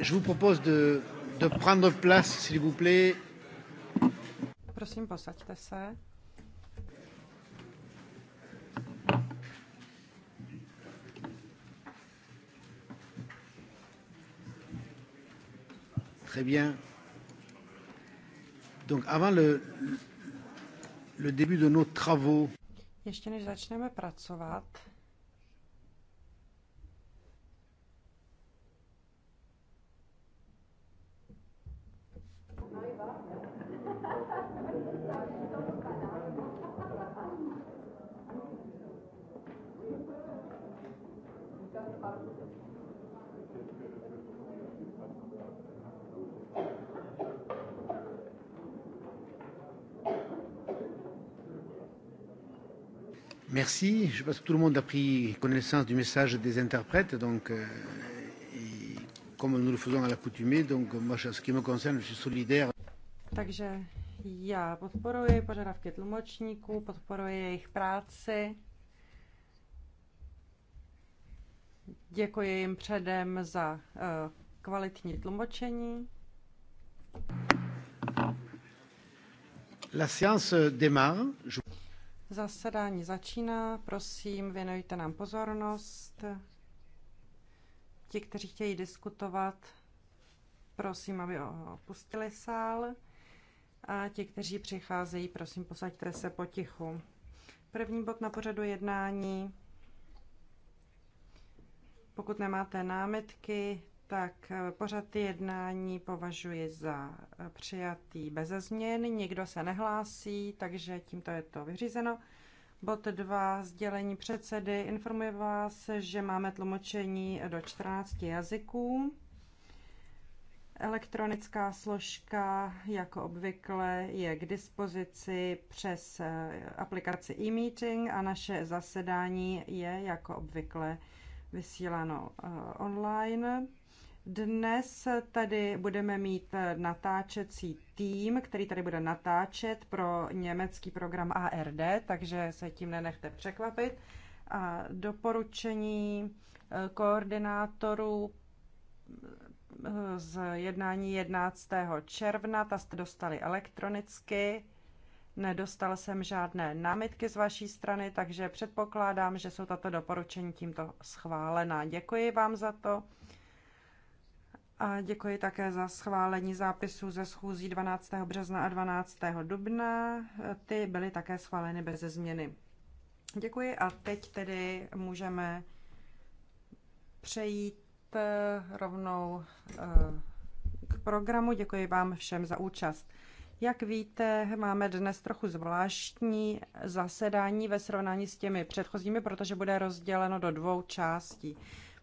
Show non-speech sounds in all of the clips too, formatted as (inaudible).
Je vous propose de, de prendre place, s'il vous plaît. Prosím, posaďte se. Très bien. Donc avant le, le début de nos travaux, ještě než začneme pracovat, Merci. Je pense que tout le monde a pris connaissance du message des interprètes. Donc, euh, et comme nous le faisons à l'accoutumée, donc moi, en ce qui me concerne, je suis solidaire. Takže já podporuji požadavky tlumočníků, podporuji jejich práci. Děkuji jim předem za uh, kvalitní tlumočení. La séance démarre. Zasedání začíná. Prosím, věnujte nám pozornost. Ti, kteří chtějí diskutovat, prosím, aby opustili sál. A ti, kteří přicházejí, prosím, posaďte se potichu. První bod na pořadu jednání. Pokud nemáte námitky, tak eh, pořad jednání považuji za eh, přijatý bez změn, nikdo se nehlásí, takže tímto je to vyřízeno. Bod 2, sdělení předsedy, informuje vás, že máme tlumočení do 14 jazyků. Elektronická složka, jako obvykle, je k dispozici přes eh, aplikaci e-meeting a naše zasedání je, jako obvykle, vysíláno online. Dnes tady budeme mít eh, natáčecí tým, který tady bude natáčet pro německý program ARD, takže se tím nenechte překvapit. A doporučení eh, koordinátorů eh, z jednání 11. června, ta jste dostali elektronicky. Nedostal jsem žádné námitky z vaší strany, takže předpokládám, že jsou tato doporučení tímto schválena. Děkuji vám za to. A děkuji také za schválení zápisů ze schůzí 12. března a 12. dubna. Ty byly také schváleny bez změny. Děkuji a teď tedy můžeme přejít eh, rovnou eh, k programu. Děkuji vám všem za účast. Jak víte, máme dnes trochu zvláštní zasedání ve srovnání s těmi předchozími, protože bude rozděleno do dvou částí.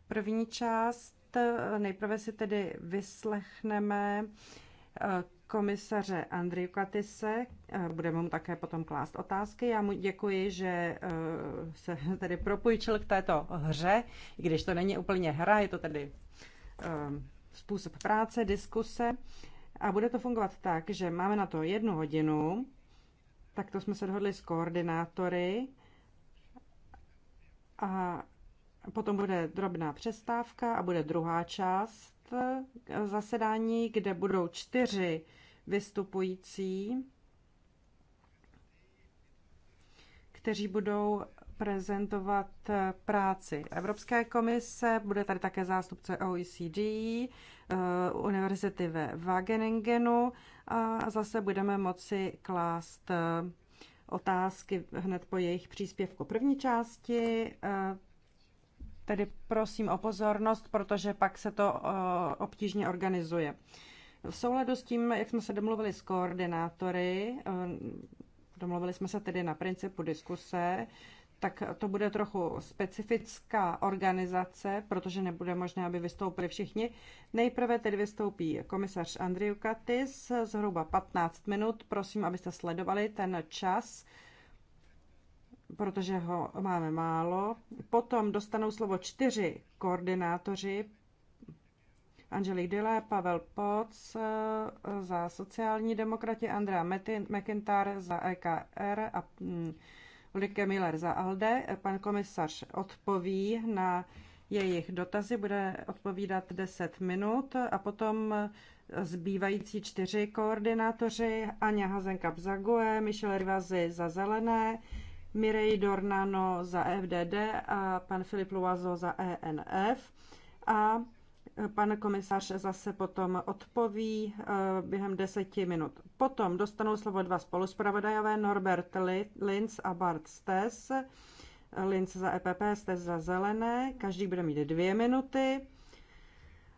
První část Eh, nejprve si tedy vyslechneme eh, komisaře Andriu Katise. Eh, budeme mu také potom klást otázky. Já mu děkuji, že se (laughs) tedy propůjčil k této hře, i když to není úplně hra, je to tedy způsob práce, diskuse. A bude to fungovat tak, že máme na to jednu hodinu, tak to jsme se dohodli s koordinátory a Potom bude drobná přestávka a bude druhá část eh, zasedání, kde budou čtyři vystupující, kteří budou prezentovat eh, práci Evropské komise. Bude tady také zástupce OECD, eh, univerzity ve Wageningenu a zase budeme moci klást otázky hned po jejich příspěvku. První části Tedy prosím o pozornost, protože pak se to eh, obtížně organizuje. V souladu s tím, jak jsme se domluvili s koordinátory, eh, domluvili jsme se tedy na principu diskuse, tak to bude trochu specifická organizace, protože nebude možné, aby vystoupili všichni. Nejprve tedy vystoupí komisař Andriukatis, zhruba 15 minut. Prosím, abyste sledovali ten čas protože ho máme málo. Potom dostanou slovo čtyři koordinátoři. Angelik Dile, Pavel Poc eh, za sociální demokrati, Andrea McIntyre za EKR a mm, Ulrike Miller za ALDE. Pan komisař odpoví na jejich dotazy, bude odpovídat 10 minut a potom eh, zbývající čtyři koordinátoři Anja Hazenka za GUE, Michel Rivazi za Zelené, Mirej Dornano za e FDD a pan Filip Luazo za ENF. A pan komisař zase potom odpoví eh, během deseti minut. Potom dostanou slovo dva spoluspravodajové Norbert Linz a Bart Stes. Linz za EPP, Stes za Zelené. Každý bude mít dvě minuty.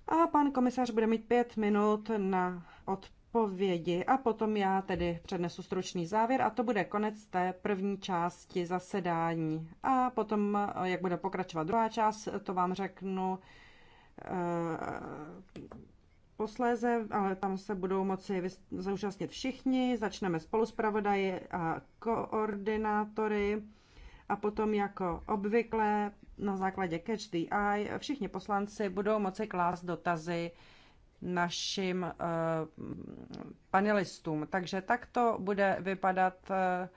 A pan komisař bude mít pět minut na odpověď odpovědi a potom já tedy přednesu stručný závěr a to bude konec té první části zasedání. A potom, jak bude pokračovat druhá část, to vám řeknu eh, posléze, ale tam se budou moci zúčastnit všichni. Začneme spolu s a koordinátory a potom jako obvykle na základě Catch the Eye všichni poslanci budou moci klást dotazy našim eh, panelistům. Takže takto bude vypadat eh,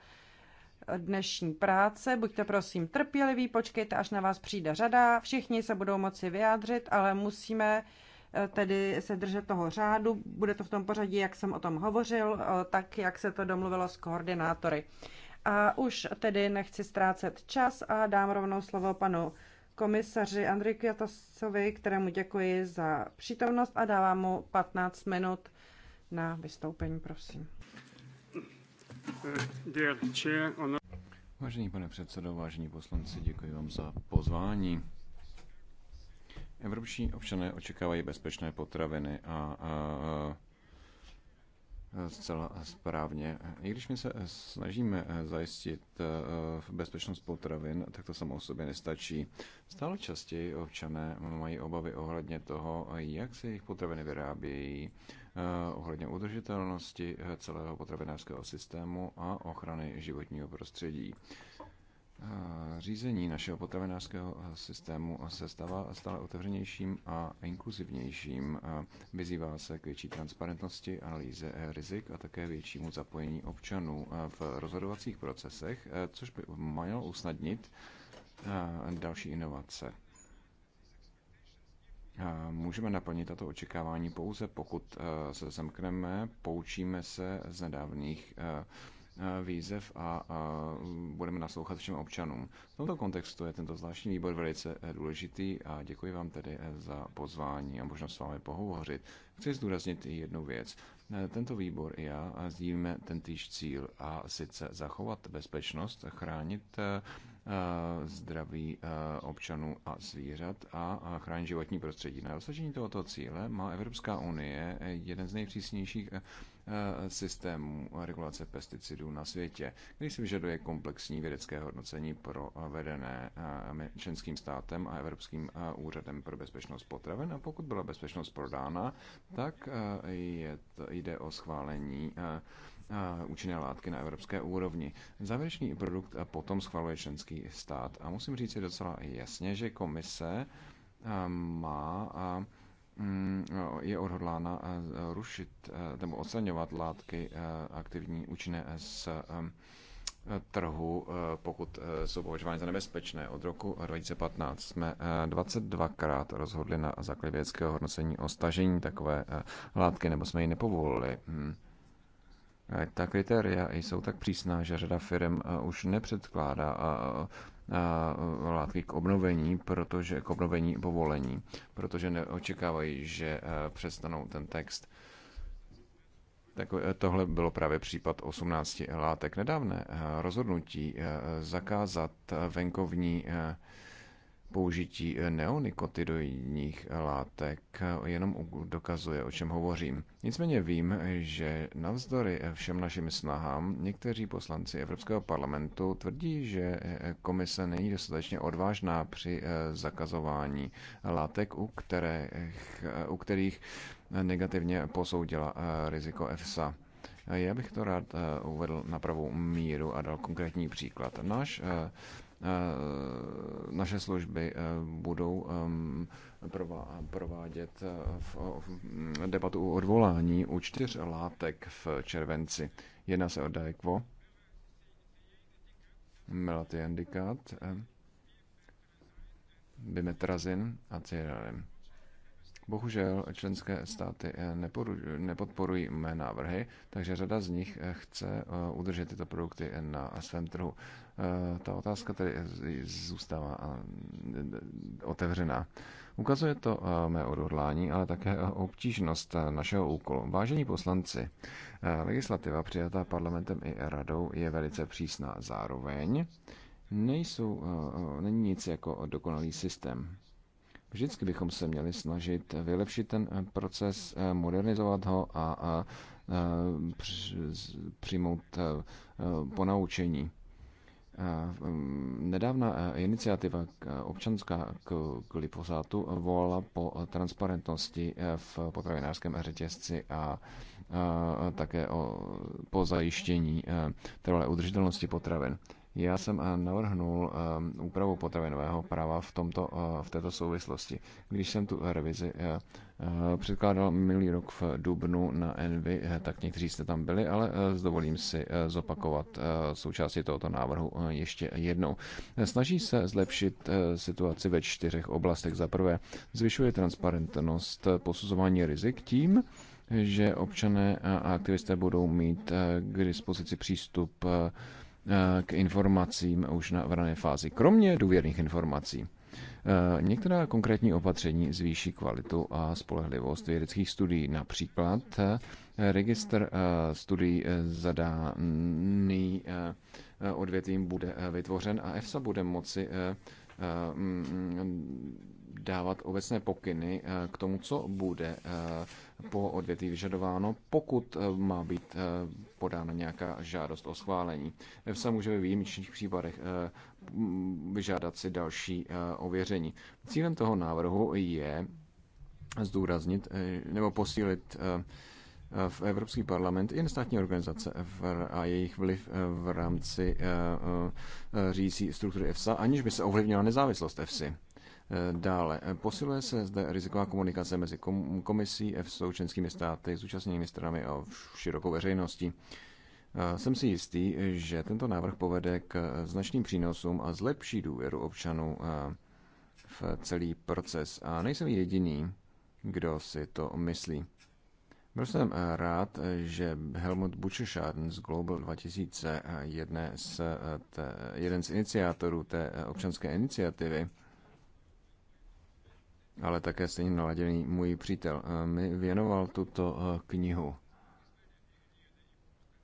dnešní práce. Buďte prosím trpěliví, počkejte, až na vás přijde řada. Všichni se budou moci vyjádřit, ale musíme eh, tedy se držet toho řádu. Bude to v tom pořadí, jak jsem o tom hovořil, tak jak se to domluvilo s koordinátory. A už tedy nechci ztrácet čas a dám rovnou slovo panu komisaři Andrej Kjatasovi, kterému děkuji za přítomnost a dávám mu 15 minut na vystoupení, prosím. Vážený pane předsedo, vážení poslanci, děkuji vám za pozvání. Evropští občané očekávají bezpečné potraviny a, a, a zcela správně. I když my se snažíme eh, zajistit eh, bezpečnost potravin, tak to samo o sobě nestačí. Stále častěji občané mají obavy ohledně toho, jak se jejich potraviny vyrábějí, eh, ohledně udržitelnosti celého potravinářského systému a ochrany životního prostředí. Řízení našeho potravinářského systému se stává stále otevřenějším a inkluzivnějším. Vyzývá se k větší transparentnosti, analýze rizik a také většímu zapojení občanů v rozhodovacích procesech, což by mělo usnadnit další inovace. Můžeme naplnit tato očekávání pouze, pokud se zamkneme, poučíme se z nedávných Eh, výzev a, budeme naslouchat všem občanům. V tomto kontextu je tento zvláštní výbor velice eh, důležitý a děkuji vám tedy eh, za pozvání a možnost s vámi pohovořit. Chci zdůraznit i jednu věc. Tento výbor i já sdílíme tentýž cíl a sice zachovat bezpečnost, chránit zdraví občanů a zvířat a chránit životní prostředí. Na dosažení tohoto cíle má Evropská unie jeden z nejpřísnějších Eh, systémů regulace pesticidů na světě, který si vyžaduje komplexní vědecké hodnocení provedené eh, eh, členským státem a Evropským úřadem pro bezpečnost potravin. A pokud byla bezpečnost prodána, tak je to, jde o schválení účinné látky na evropské úrovni. Závěrečný produkt a potom schvaluje členský stát. A musím říct si docela jasně, že komise má a Mm, no, je odhodlána eh, eh, rušit eh, nebo oceňovat látky aktivní účinné z trhu, pokud jsou považovány za nebezpečné. Od roku 2015 jsme 22krát rozhodli na základě vědeckého hodnocení o stažení takové látky, nebo jsme ji nepovolili. Hmm. Ta kritéria jsou tak přísná, že řada firm už nepředkládá látky k obnovení, protože k obnovení povolení, protože neočekávají, že přestanou ten text. Tak e, tohle bylo právě případ 18 látek. Nedávné e, rozhodnutí e, zakázat venkovní použití eh, neonikotidoidních látek eh, jenom dokazuje, o čem hovořím. Nicméně vím, že navzdory eh, všem našim snahám někteří poslanci Evropského parlamentu tvrdí, že komise není dostatečně odvážná při zakazování látek, u kterých, u kterých negativně posoudila riziko EFSA. Já bych to rád uvedl na pravou míru a dal konkrétní příklad. Náš Eh, naše služby eh, budou ehm, provádět eh, mm, debatu o odvolání u čtyř látek v červenci. Jedná se o Daekvo, Melatiandikat, Bimetrazin a Cyrilin. Bohužel členské státy nepodporují mé návrhy, takže řada z nich chce udržet tyto produkty na svém trhu. Eh, ta otázka tady zůstává eh, otevřená. Ukazuje to eh, mé odhodlání, ale také obtížnost našeho úkolu. Vážení poslanci, legislativa přijatá parlamentem i radou je velice přísná. Zároveň nejsou, není nic jako dokonalý systém. Vždycky bychom se měli snažit vylepšit ten proces, modernizovat ho a, a, a přijmout ponaučení. Um, Nedávna iniciativa občanská k glyfosátu volala po transparentnosti e, v potravinářském řetězci a také o, po zajištění e, trvalé udržitelnosti potravin. Já jsem eh, navrhnul eh, úpravu potravinového práva v, tomto, eh, v této souvislosti. Když jsem tu revizi předkládal minulý rok v Dubnu na Envy, tak někteří jste tam byli, ale dovolím si zopakovat součástí tohoto návrhu ještě jednou. Snaží se zlepšit situaci ve čtyřech oblastech. Za prvé zvyšuje transparentnost posuzování rizik tím, že občané a aktivisté budou mít k dispozici přístup Eh, k informacím už na rané fázi, kromě důvěrných informací. Eh, některá konkrétní opatření zvýší kvalitu a spolehlivost vědeckých studií. Například eh, registr studií zadaný odvětvím bude vytvořen a EFSA bude moci mm, dávat obecné pokyny k tomu, co bude po odvětví vyžadováno, pokud má být podána nějaká žádost o schválení. EFSA může ve výjimečných případech eh, vyžádat si další eh, ověření. Cílem toho návrhu je zdůraznit eh, nebo posílit v Evropský parlament i státní organizace a jejich vliv v rámci řídící struktury EFSA, aniž by se ovlivnila nezávislost EFSA. Eh, dále, eh, posiluje se zde riziková komunikace mezi komisí, EFSO, členskými státy, zúčastněnými stranami a širokou veřejností. Eh, jsem si jistý, že tento návrh povede k značným přínosům a zlepší důvěru občanů v celý proces. A nejsem jediný, kdo si to myslí. Byl jsem rád, že Helmut Bucheschaden z Global 2001 jeden z iniciátorů té občanské iniciativy, ale také stejně naladěný můj přítel, eh, mi věnoval tuto eh, knihu.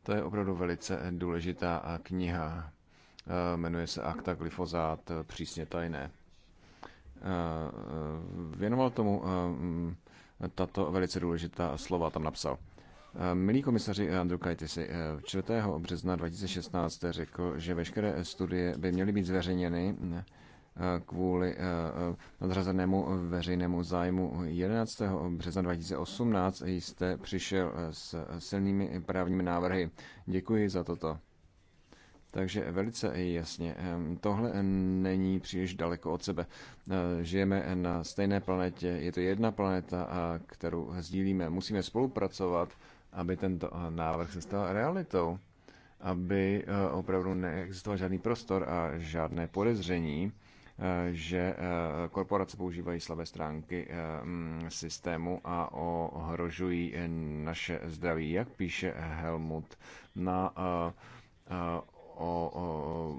To je opravdu velice eh, důležitá kniha. Jmenuje se Akta glyfozát přísně tajné. Věnoval tomu mm, tato velice důležitá slova, tam napsal. Milí komisaři Andrew Kajtisi, 4. března 2016 řekl, že veškeré studie by měly být zveřejněny kvůli eh, eh, nadřazenému veřejnému zájmu. 11. března 2018 jste přišel eh, s silnými právními návrhy. Děkuji za toto. Takže velice jasně, tohle není příliš daleko od sebe. Žijeme na stejné planetě, je to jedna planeta, kterou sdílíme. Musíme spolupracovat, aby tento návrh se stal realitou, aby opravdu neexistoval žádný prostor a žádné podezření že eh, korporace používají slabé stránky eh, mm, systému a ohrožují eh, naše zdraví. Jak píše Helmut na o, o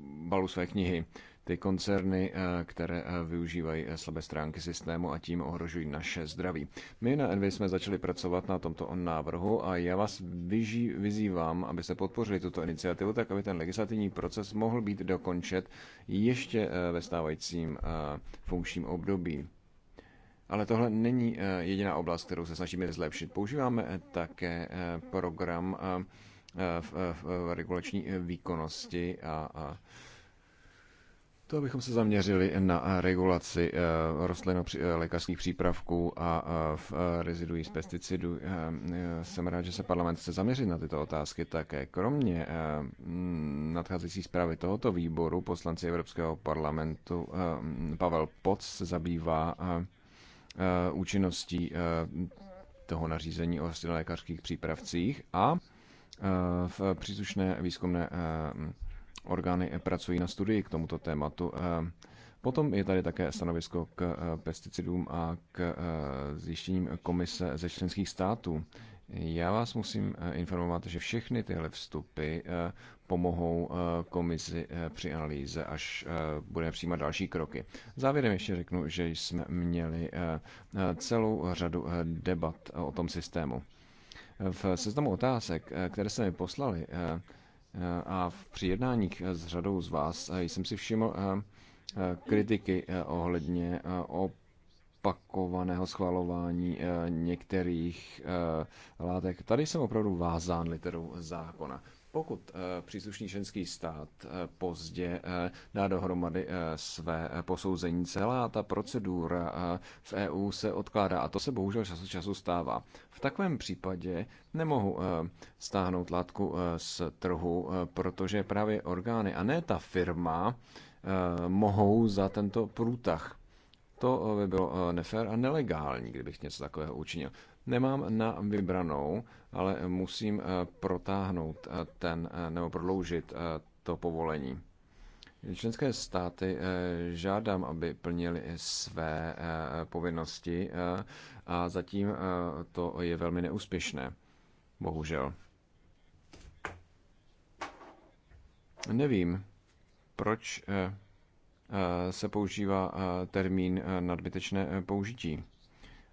balu své knihy ty koncerny, eh, které eh, využívají eh, slabé stránky systému a tím ohrožují naše zdraví. My na Envy jsme začali pracovat na tomto návrhu a já vás vyží, vyzývám, abyste podpořili tuto iniciativu, tak aby ten legislativní proces mohl být dokončet ještě ve stávajícím funkčním období. Ale tohle není jediná oblast, kterou se snažíme zlepšit. Používáme také program v regulační výkonnosti a to abychom se zaměřili na eh, regulaci eh, eh, lékařských přípravků a v rezidují z pesticidů. Jsem rád, že se parlament chce zaměřit na tyto otázky také. Kromě nadcházející zprávy tohoto výboru poslanci Evropského parlamentu Pavel Poc se zabývá účinností toho nařízení o rostlinolékařských přípravcích a v příslušné výzkumné orgány eh, pracují na studii k tomuto tématu. Eh, potom je tady také stanovisko k eh, pesticidům a k zjištěním komise ze členských států. Já vás musím informovat, že všechny tyhle vstupy pomohou komisi při analýze, až budeme přijímat další kroky. Závěrem ještě řeknu, že jsme měli celou řadu debat o tom systému. V seznamu otázek, které jsme mi poslali, Eh, a v přijednáních eh, s řadou z vás eh, jsem si všiml kritiky ohledně opakovaného schvalování některých látek. Tady jsem opravdu vázán literou zákona. Pokud eh, příslušný ženský stát eh, pozdě eh, dá dohromady své posouzení, celá ta procedura v EU se odkládá a to se bohužel od času stává. V takovém případě nemohu stáhnout látku z trhu, protože právě orgány a ne ta firma mohou za tento průtah. To by bylo nefér a nelegální, kdybych něco takového učinil. Nemám na vybranou, ale musím eh, protáhnout eh, ten eh, nebo prodloužit to povolení. Členské státy žádám, aby plnili své povinnosti a zatím to je velmi neúspěšné. Bohužel. Nevím, proč se používá termín nadbytečné použití.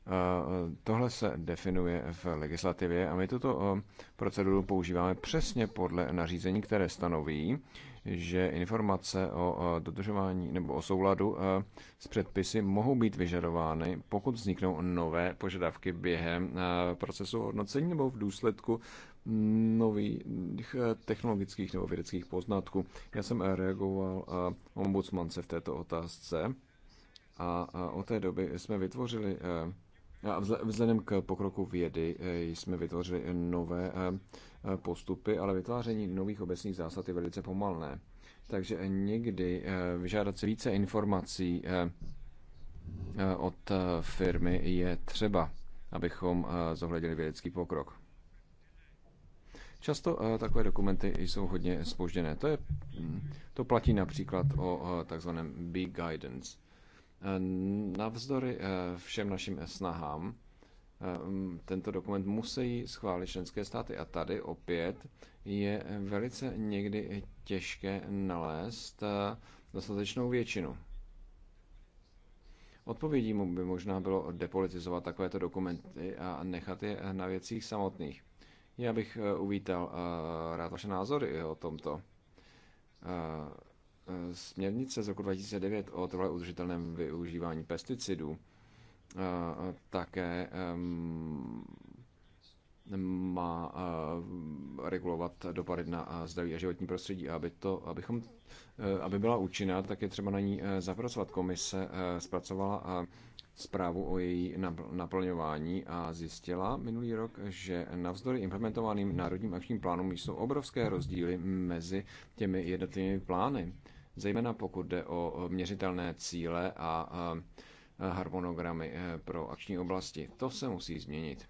Eh, tohle se definuje v legislativě a my tuto eh, proceduru používáme přesně podle nařízení, které stanoví, že informace o eh, dodržování nebo o souladu s předpisy mohou být vyžadovány, pokud vzniknou nové požadavky během procesu hodnocení nebo v důsledku nových technologických nebo vědeckých poznatků. Já jsem reagoval ombudsmance v této otázce a od té doby jsme vytvořili a vzhledem k pokroku vědy eh, jsme vytvořili nové eh, postupy, ale vytváření nových obecných zásad je velice pomalné. Takže někdy eh, vyžádat si více informací od firmy je třeba, abychom zohledili vědecký pokrok. Často takové dokumenty jsou hodně spožděné. To, je, hm, to platí například o takzvaném B-guidance. Eh, navzdory eh, všem našim eh, snahám, tento dokument musí schválit členské státy. A tady opět je velice někdy těžké nalézt dostatečnou většinu. Odpovědí mu by možná bylo depolitizovat takovéto dokumenty a nechat je na věcích samotných. Já bych uvítal rád vaše názory o tomto směrnice z roku 2009 o trvalé udržitelném využívání pesticidů eh, také ehm, má eh, regulovat dopady na eh, zdraví a životní prostředí. Aby, to, abychom, aby byla účinná, tak je třeba na ní zapracovat. Komise zpracovala zprávu o její naplňování a zjistila minulý rok, že navzdory implementovaným národním akčním plánům jsou obrovské rozdíly mezi těmi jednotlivými plány zejména pokud jde o měřitelné cíle a harmonogramy e, pro akční oblasti. To se musí změnit.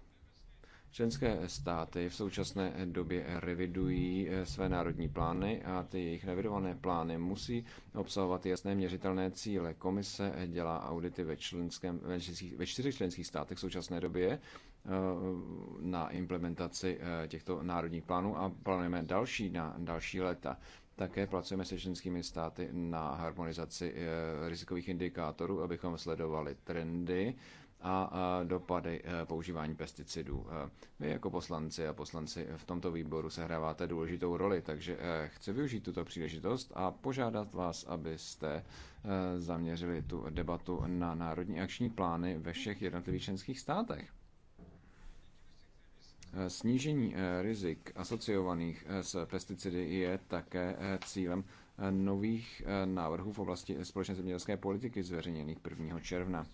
Členské státy v současné době revidují e, své národní plány a ty jejich revidované plány musí obsahovat jasné měřitelné cíle. Komise dělá audity ve, členském, ve čtyřech členských státech v současné době e, na implementaci těchto národních plánů a plánujeme další na další leta. Také pracujeme se členskými státy na harmonizaci eh, rizikových indikátorů, abychom sledovali trendy a dopady eh, používání pesticidů. Eh, vy jako poslanci a poslanci v tomto výboru sehráváte důležitou roli, takže chci využít tuto příležitost a požádat vás, abyste zaměřili tu debatu na národní akční plány ve všech jednotlivých členských státech. Snížení eh, rizik asociovaných eh, s pesticidy je také eh, cílem nových návrhů v oblasti společné zemědělské politiky zveřejněných 1. června.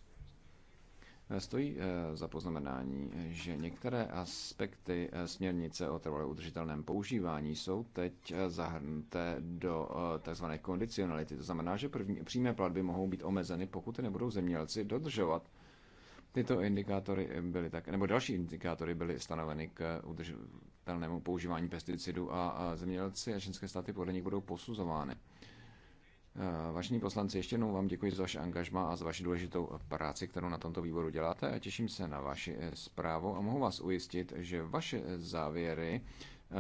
Stojí za poznamenání, že některé aspekty směrnice o trvalé udržitelném používání jsou teď zahrnuté do tzv. kondicionality. To znamená, že první, přímé platby mohou být omezeny, pokud nebudou zemědělci dodržovat Tyto indikátory byly tak, nebo další indikátory byly stanoveny k udržitelnému používání pesticidů a, a zemědělci a členské státy podle nich budou posuzovány. Eh, vážení poslanci, ještě jednou vám děkuji za vaše angažma a za vaši důležitou práci, kterou na tomto výboru děláte a těším se na vaši eh, zprávu a mohu vás ujistit, že vaše závěry eh,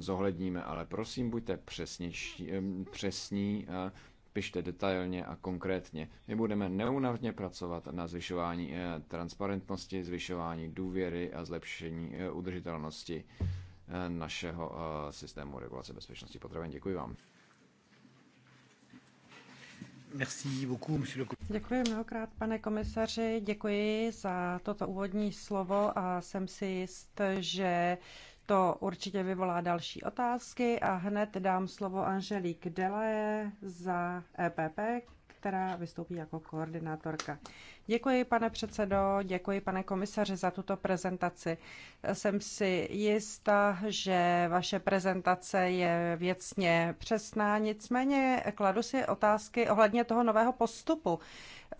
zohledníme, ale prosím, buďte přesnější, přesní pište detailně a konkrétně. My budeme neunavně pracovat na zvyšování eh, transparentnosti, zvyšování důvěry a zlepšení eh, udržitelnosti eh, našeho systému regulace bezpečnosti potravin. Děkuji vám. Děkuji mnohokrát, pane komisaři. Děkuji za toto úvodní slovo a jsem si jist, že to určitě vyvolá další otázky a hned dám slovo Angelique Delaje za EPP, která vystoupí jako koordinátorka. Děkuji, pane předsedo, děkuji, pane komisaři, za tuto prezentaci. Jsem si jistá, že vaše prezentace je věcně přesná, nicméně kladu si otázky ohledně toho nového postupu. Eh,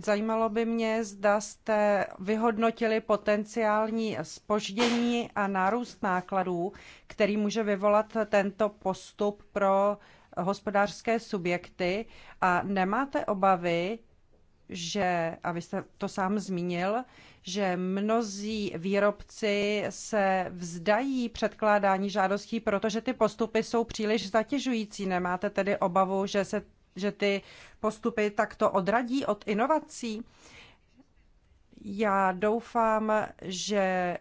zajímalo by mě, zda jste vyhodnotili potenciální spoždění a nárůst nákladů, který může vyvolat tento postup pro hospodářské subjekty a nemáte obavy, že, a vy jste to sám zmínil, že mnozí výrobci se vzdají předkládání žádostí, protože ty postupy jsou příliš zatěžující. Nemáte tedy obavu, že, se, že ty postupy takto odradí od inovací? Já doufám, že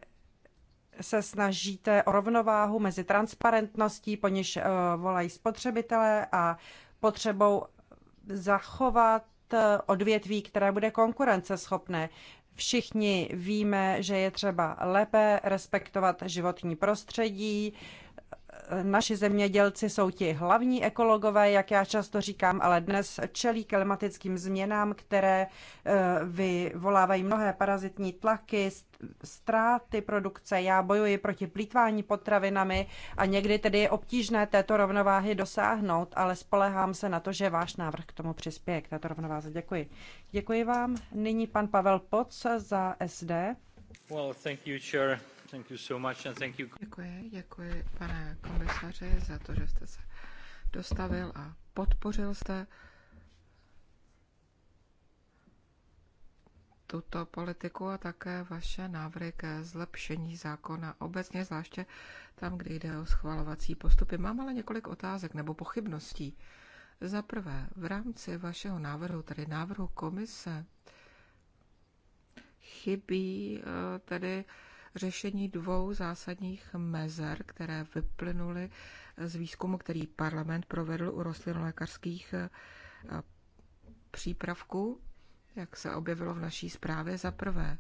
se snažíte o rovnováhu mezi transparentností, po níž eh, volají spotřebitelé, a potřebou zachovat eh, odvětví, které bude konkurenceschopné. Všichni víme, že je třeba lépe respektovat životní prostředí, naši zemědělci jsou ti hlavní ekologové, jak já často říkám, ale dnes čelí klimatickým změnám, které eh, vyvolávají mnohé parazitní tlaky, ztráty produkce. Já bojuji proti plítvání potravinami a někdy tedy je obtížné této rovnováhy dosáhnout, ale spolehám se na to, že váš návrh k tomu přispěje, k této rovnováze. Děkuji. Děkuji vám. Nyní pan Pavel Poc za SD. Well, thank you, Chair. Sure. Děkuji, děkuji pane komisaři za to, že jste se dostavil a podpořil jste tuto politiku a také vaše návrhy ke zlepšení zákona obecně, zvláště tam, kde jde o schvalovací postupy. Mám ale několik otázek nebo pochybností. Za prvé, v rámci vašeho návrhu, tedy návrhu komise, chybí eh, tedy řešení dvou zásadních mezer, které vyplynuly z výzkumu, který parlament provedl u rostlinolékařských eh, přípravků, jak se objevilo v naší zprávě za prvé.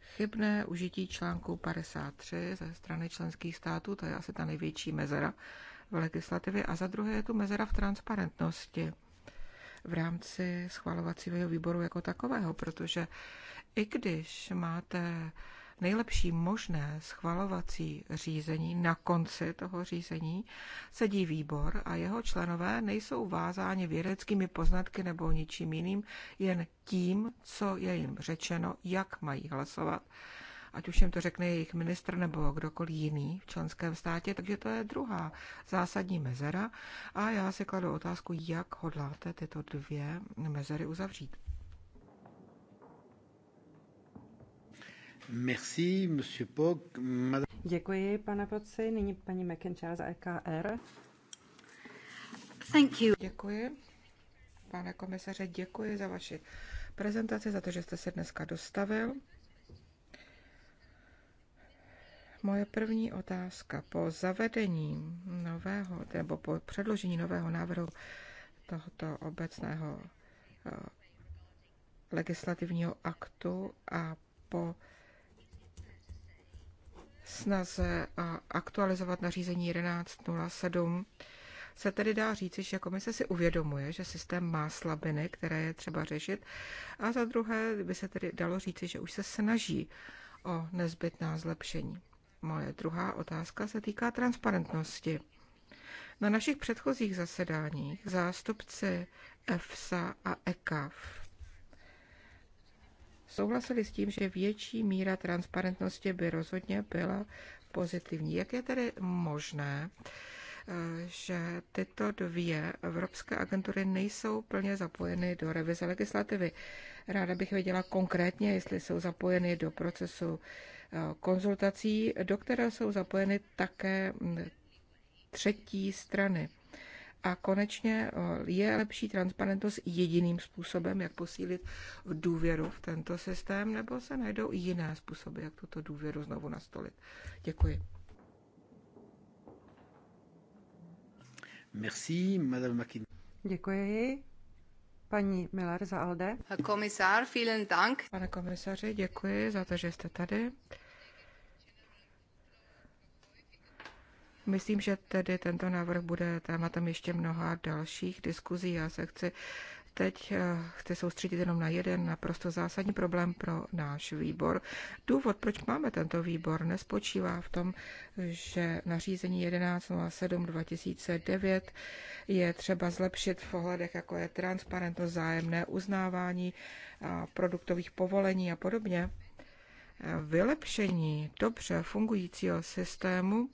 Chybné užití článku 53 ze strany členských států, to je asi ta největší mezera v legislativě, a za druhé je tu mezera v transparentnosti v rámci schvalovacího výboru jako takového, protože i když máte nejlepší možné schvalovací řízení, na konci toho řízení sedí výbor a jeho členové nejsou vázáni vědeckými poznatky nebo ničím jiným, jen tím, co je jim řečeno, jak mají hlasovat. Ať už jim to řekne jejich ministr nebo kdokoliv jiný v členském státě, takže to je druhá zásadní mezera. A já si kladu otázku, jak hodláte tyto dvě mezery uzavřít. Merci, monsieur Pog. Madame... Děkuji, pane Poci. Nyní paní McIntyre za EKR. Thank you. Děkuji. Pane komisaře, děkuji za vaši prezentaci, za to, že jste se dneska dostavil. Moje první otázka. Po zavedení nového, nebo po předložení nového návrhu tohoto obecného eh, legislativního aktu a po snaze aktualizovat nařízení 1107 se tedy dá říci, že komise si uvědomuje, že systém má slabiny, které je třeba řešit, a za druhé by se tedy dalo říci, že už se snaží o nezbytná zlepšení. Moje druhá otázka se týká transparentnosti. Na našich předchozích zasedáních zástupci EFSA a ECAF souhlasili s tím, že větší míra transparentnosti by rozhodně byla pozitivní. Jak je tedy možné, eh, že tyto dvě evropské agentury nejsou plně zapojeny do revize legislativy. Ráda bych věděla konkrétně, jestli jsou zapojeny do procesu eh, konzultací, do které jsou zapojeny také mm, třetí strany. A konečně je lepší transparentnost jediným způsobem, jak posílit důvěru v tento systém, nebo se najdou i jiné způsoby, jak tuto důvěru znovu nastolit. Děkuji. Merci, Madame Makin. Děkuji. Paní Miller za Alde. Komisár, vielen Dank. Pane komisaři, děkuji za to, že jste tady. Myslím, že tedy tento návrh bude tématem ještě mnoha dalších diskuzí. Já se chci teď eh, chci soustředit jenom na jeden naprosto zásadní problém pro náš výbor. Důvod, proč máme tento výbor, nespočívá v tom, že nařízení 1107-2009 je třeba zlepšit v ohledech, jako je transparentnost, zájemné uznávání eh, produktových povolení a podobně. Eh, vylepšení dobře fungujícího systému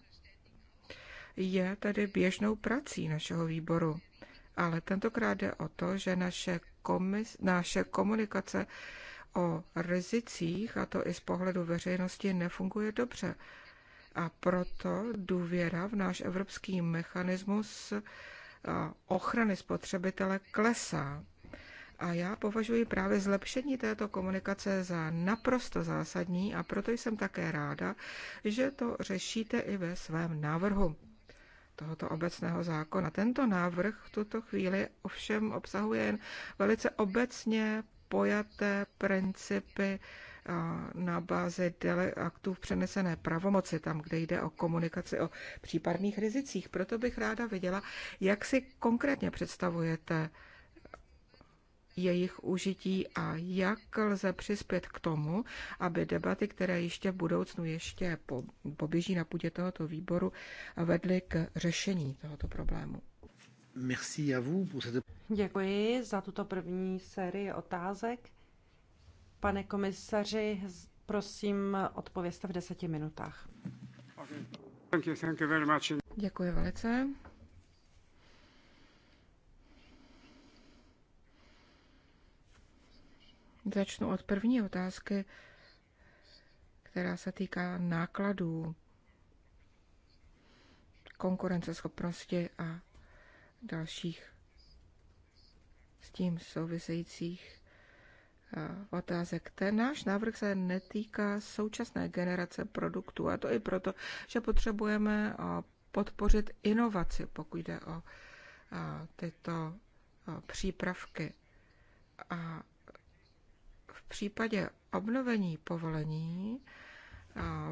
je tedy běžnou prací našeho výboru. Ale tentokrát jde o to, že naše, komis, naše komunikace o rizicích, a to i z pohledu veřejnosti, nefunguje dobře. A proto důvěra v náš evropský mechanismus ochrany spotřebitele klesá. A já považuji právě zlepšení této komunikace za naprosto zásadní a proto jsem také ráda, že to řešíte i ve svém návrhu tohoto obecného zákona. Tento návrh v tuto chvíli ovšem obsahuje jen velice obecně pojaté principy na bázi aktů v přenesené pravomoci, tam, kde jde o komunikaci o případných rizicích. Proto bych ráda viděla, jak si konkrétně představujete jejich užití a jak lze přispět k tomu, aby debaty, které ještě v budoucnu ještě poběží na půdě tohoto výboru, vedly k řešení tohoto problému. Merci à vous pour cette... Děkuji za tuto první sérii otázek. Pane komisaři, prosím, odpověste v deseti minutách. Okay. Thank you, thank you Děkuji velice. Začnu od první otázky, která se týká nákladů, konkurenceschopnosti a dalších s tím souvisejících eh, otázek. Ten náš návrh se netýká současné generace produktů a to i proto, že potřebujeme eh, podpořit inovaci, pokud jde o eh, tyto přípravky. A případě obnovení povolení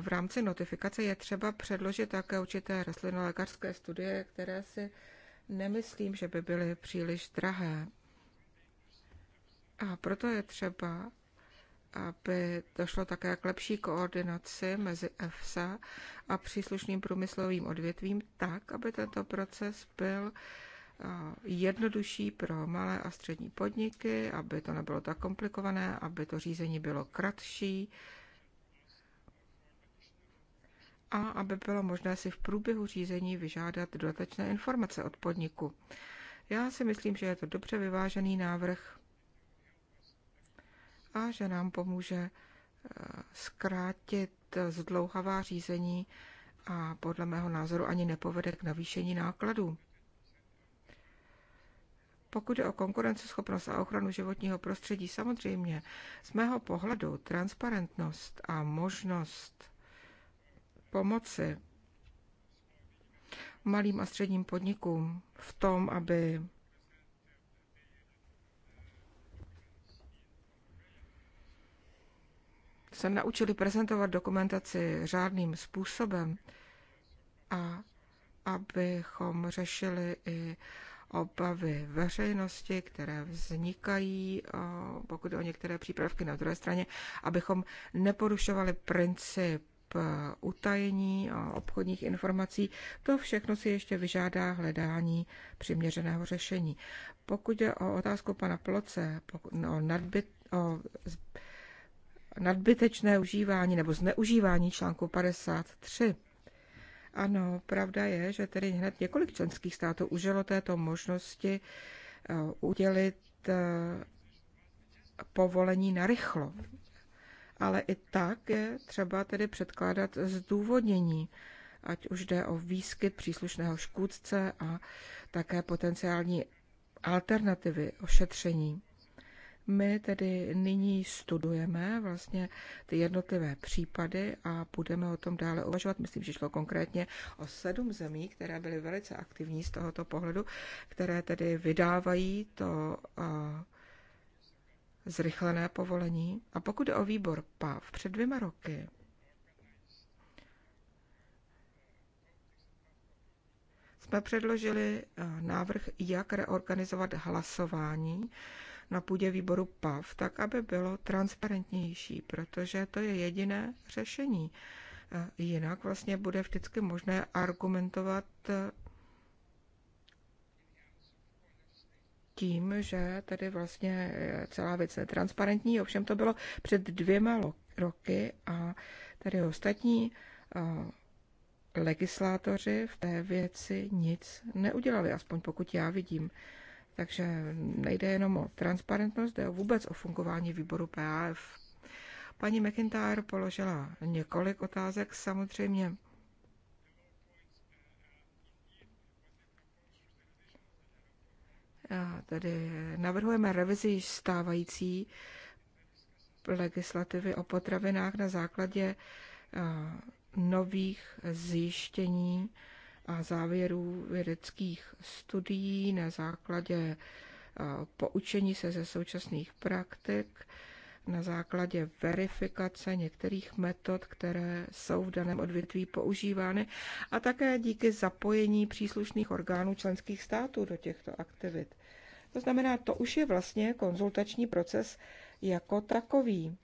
v rámci notifikace je třeba předložit také určité rostlinolékařské studie, které si nemyslím, že by byly příliš drahé. A proto je třeba, aby došlo také k lepší koordinaci mezi EFSA a příslušným průmyslovým odvětvím tak, aby tento proces byl jednodušší pro malé a střední podniky, aby to nebylo tak komplikované, aby to řízení bylo kratší a aby bylo možné si v průběhu řízení vyžádat dodatečné informace od podniku. Já si myslím, že je to dobře vyvážený návrh a že nám pomůže eh, zkrátit zdlouhavá řízení a podle mého názoru ani nepovede k navýšení nákladů. Pokud je o konkurenceschopnost a ochranu životního prostředí, samozřejmě z mého pohledu transparentnost a možnost pomoci malým a středním podnikům v tom, aby se naučili prezentovat dokumentaci řádným způsobem a abychom řešili i obavy veřejnosti, které vznikají, eh, pokud o některé přípravky na druhé straně, abychom neporušovali princip eh, utajení a eh, obchodních informací, to všechno si ještě vyžádá hledání přiměřeného řešení. Pokud je o otázku pana Ploce, o, no, nadbyt, o nadbytečné užívání nebo zneužívání článku 53, ano, pravda je, že tedy hned několik členských států užilo této možnosti eh, udělit eh, povolení na rychlo. Ale i tak je třeba tedy předkládat zdůvodnění, ať už jde o výskyt příslušného škůdce a také potenciální alternativy ošetření. My tedy nyní studujeme vlastně ty jednotlivé případy a budeme o tom dále uvažovat. Myslím, že šlo konkrétně o sedm zemí, které byly velice aktivní z tohoto pohledu, které tedy vydávají to eh, zrychlené povolení. A pokud o výbor PAV, před dvěma roky jsme předložili eh, návrh, jak reorganizovat hlasování na půdě výboru PAV, tak aby bylo transparentnější, protože to je jediné řešení. Eh, jinak vlastně bude vždycky možné argumentovat eh, tím, že tady vlastně celá věc je transparentní. ovšem to bylo před dvěma roky a tady ostatní eh, legislátoři v té věci nic neudělali, aspoň pokud já vidím. Takže nejde jenom o transparentnost, jde vůbec o fungování výboru PAF. Paní McIntyre položila několik otázek, samozřejmě A tedy navrhujeme revizi již stávající legislativy o potravinách na základě eh, nových zjištění a závěrů vědeckých studií na základě eh, poučení se ze současných praktik, na základě verifikace některých metod, které jsou v daném odvětví používány a také díky zapojení příslušných orgánů členských států do těchto aktivit. To znamená, to už je vlastně konzultační proces jako takový,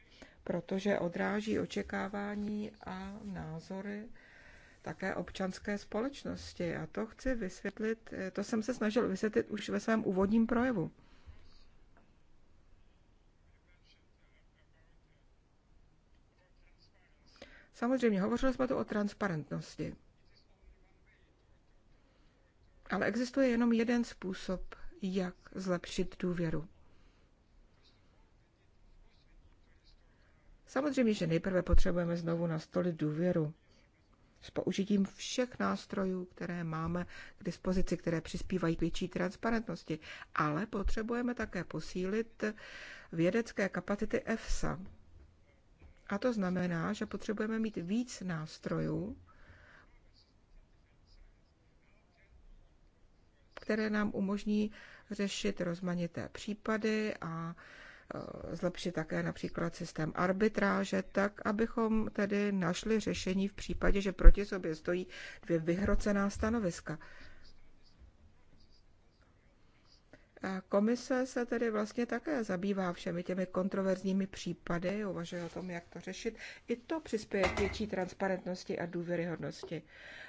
protože odráží očekávání a názory také občanské společnosti. A to chci vysvětlit, eh, to jsem se snažil vysvětlit už ve svém úvodním projevu. Samozřejmě, hovořili jsme tu o transparentnosti. Ale existuje jenom jeden způsob, jak zlepšit důvěru. Samozřejmě, že nejprve potřebujeme znovu nastolit důvěru s použitím všech nástrojů, které máme k dispozici, které přispívají k větší transparentnosti. Ale potřebujeme také posílit vědecké kapacity EFSA. A to znamená, že potřebujeme mít víc nástrojů, které nám umožní řešit rozmanité případy a Eh, zlepšit také například systém arbitráže, tak abychom tedy našli řešení v případě, že proti sobě stojí dvě vyhrocená stanoviska. A komise se tedy vlastně také zabývá všemi těmi kontroverzními případy, uvažuje o tom, jak to řešit. I to přispěje k větší transparentnosti a důvěryhodnosti.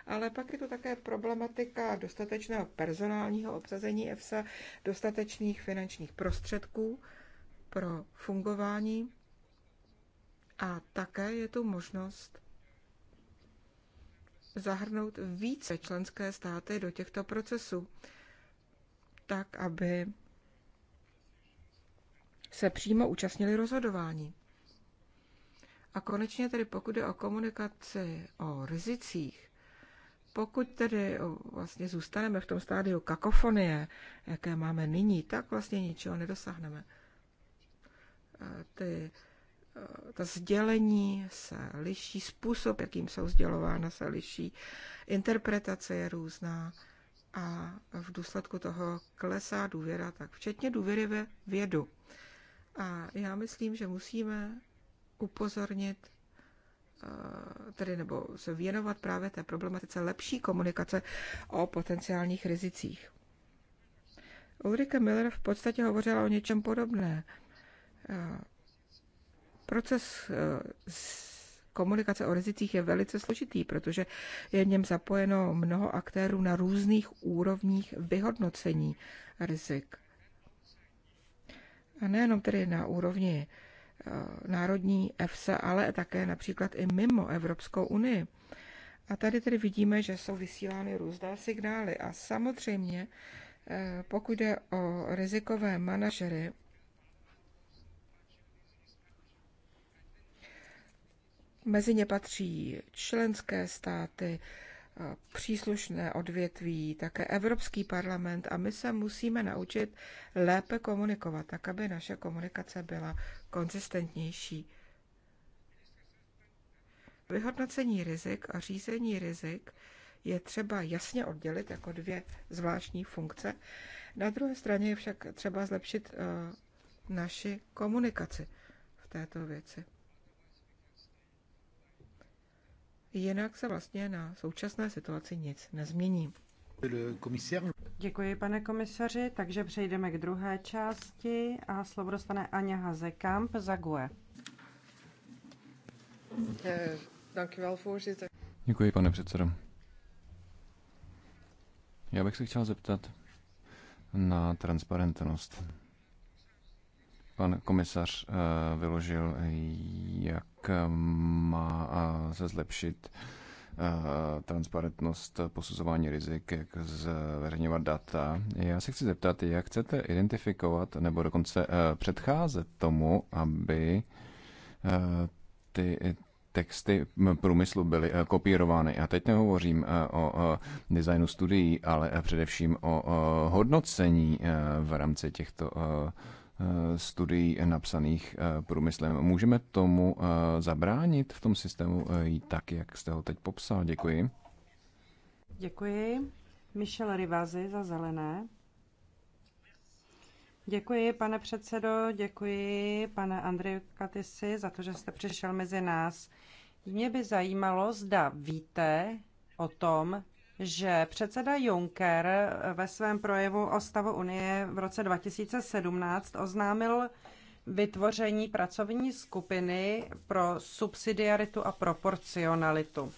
Ale pak je to také problematika dostatečného personálního obsazení EFSA, dostatečných finančních prostředků pro fungování a také je tu možnost zahrnout více členské státy do těchto procesů, tak aby se přímo účastnili rozhodování. A konečně tedy pokud je o komunikaci o rizicích, pokud tedy vlastně zůstaneme v tom stádiu kakofonie, jaké máme nyní, tak vlastně ničeho nedosáhneme ty, eh, ta sdělení se liší, způsob, jakým jsou sdělována, se liší, interpretace je různá a v důsledku toho klesá důvěra, tak včetně důvěry ve vědu. A já myslím, že musíme upozornit eh, tedy nebo se věnovat právě té problematice lepší komunikace o potenciálních rizicích. Ulrike Miller v podstatě hovořila o něčem podobné. Eh, proces eh, komunikace o rizicích je velice složitý, protože je v něm zapojeno mnoho aktérů na různých úrovních vyhodnocení rizik. A nejenom tedy na úrovni eh, národní EFSA, ale také například i mimo Evropskou unii. A tady tedy vidíme, že jsou vysílány různé signály. A samozřejmě, pokud jde o rizikové manažery, Mezi ně patří členské státy, příslušné odvětví, také Evropský parlament a my se musíme naučit lépe komunikovat, tak aby naše komunikace byla konzistentnější. Vyhodnocení rizik a řízení rizik je třeba jasně oddělit jako dvě zvláštní funkce. Na druhé straně je však třeba zlepšit naši komunikaci v této věci. jinak se vlastně na současné situaci nic nezmění. Děkuji, pane komisaři. Takže přejdeme k druhé části a slovo dostane Aně Hazekamp za GUE. Děkuji, pane předsedo. Já bych se chtěl zeptat na transparentnost. Pan komisař eh, vyložil, jak má se zlepšit transparentnost posuzování rizik, jak zveřejňovat data. Já se chci zeptat, jak chcete identifikovat nebo dokonce e, předcházet tomu, aby e, ty texty průmyslu byly e, kopírovány. A teď nehovořím o designu studií, ale především o hodnocení v rámci těchto Eh, studií napsaných eh, průmyslem. Můžeme tomu eh, zabránit v tom systému tak, jak jste ho teď popsal? Děkuji. Děkuji. Michel Rivazi za zelené. Děkuji, pane předsedo, děkuji, pane Andrej Katisi, za to, že jste přišel mezi nás. Mě by zajímalo, zda víte o tom, že předseda Juncker ve svém projevu o stavu Unie v roce 2017 oznámil vytvoření pracovní skupiny pro subsidiaritu a proporcionalitu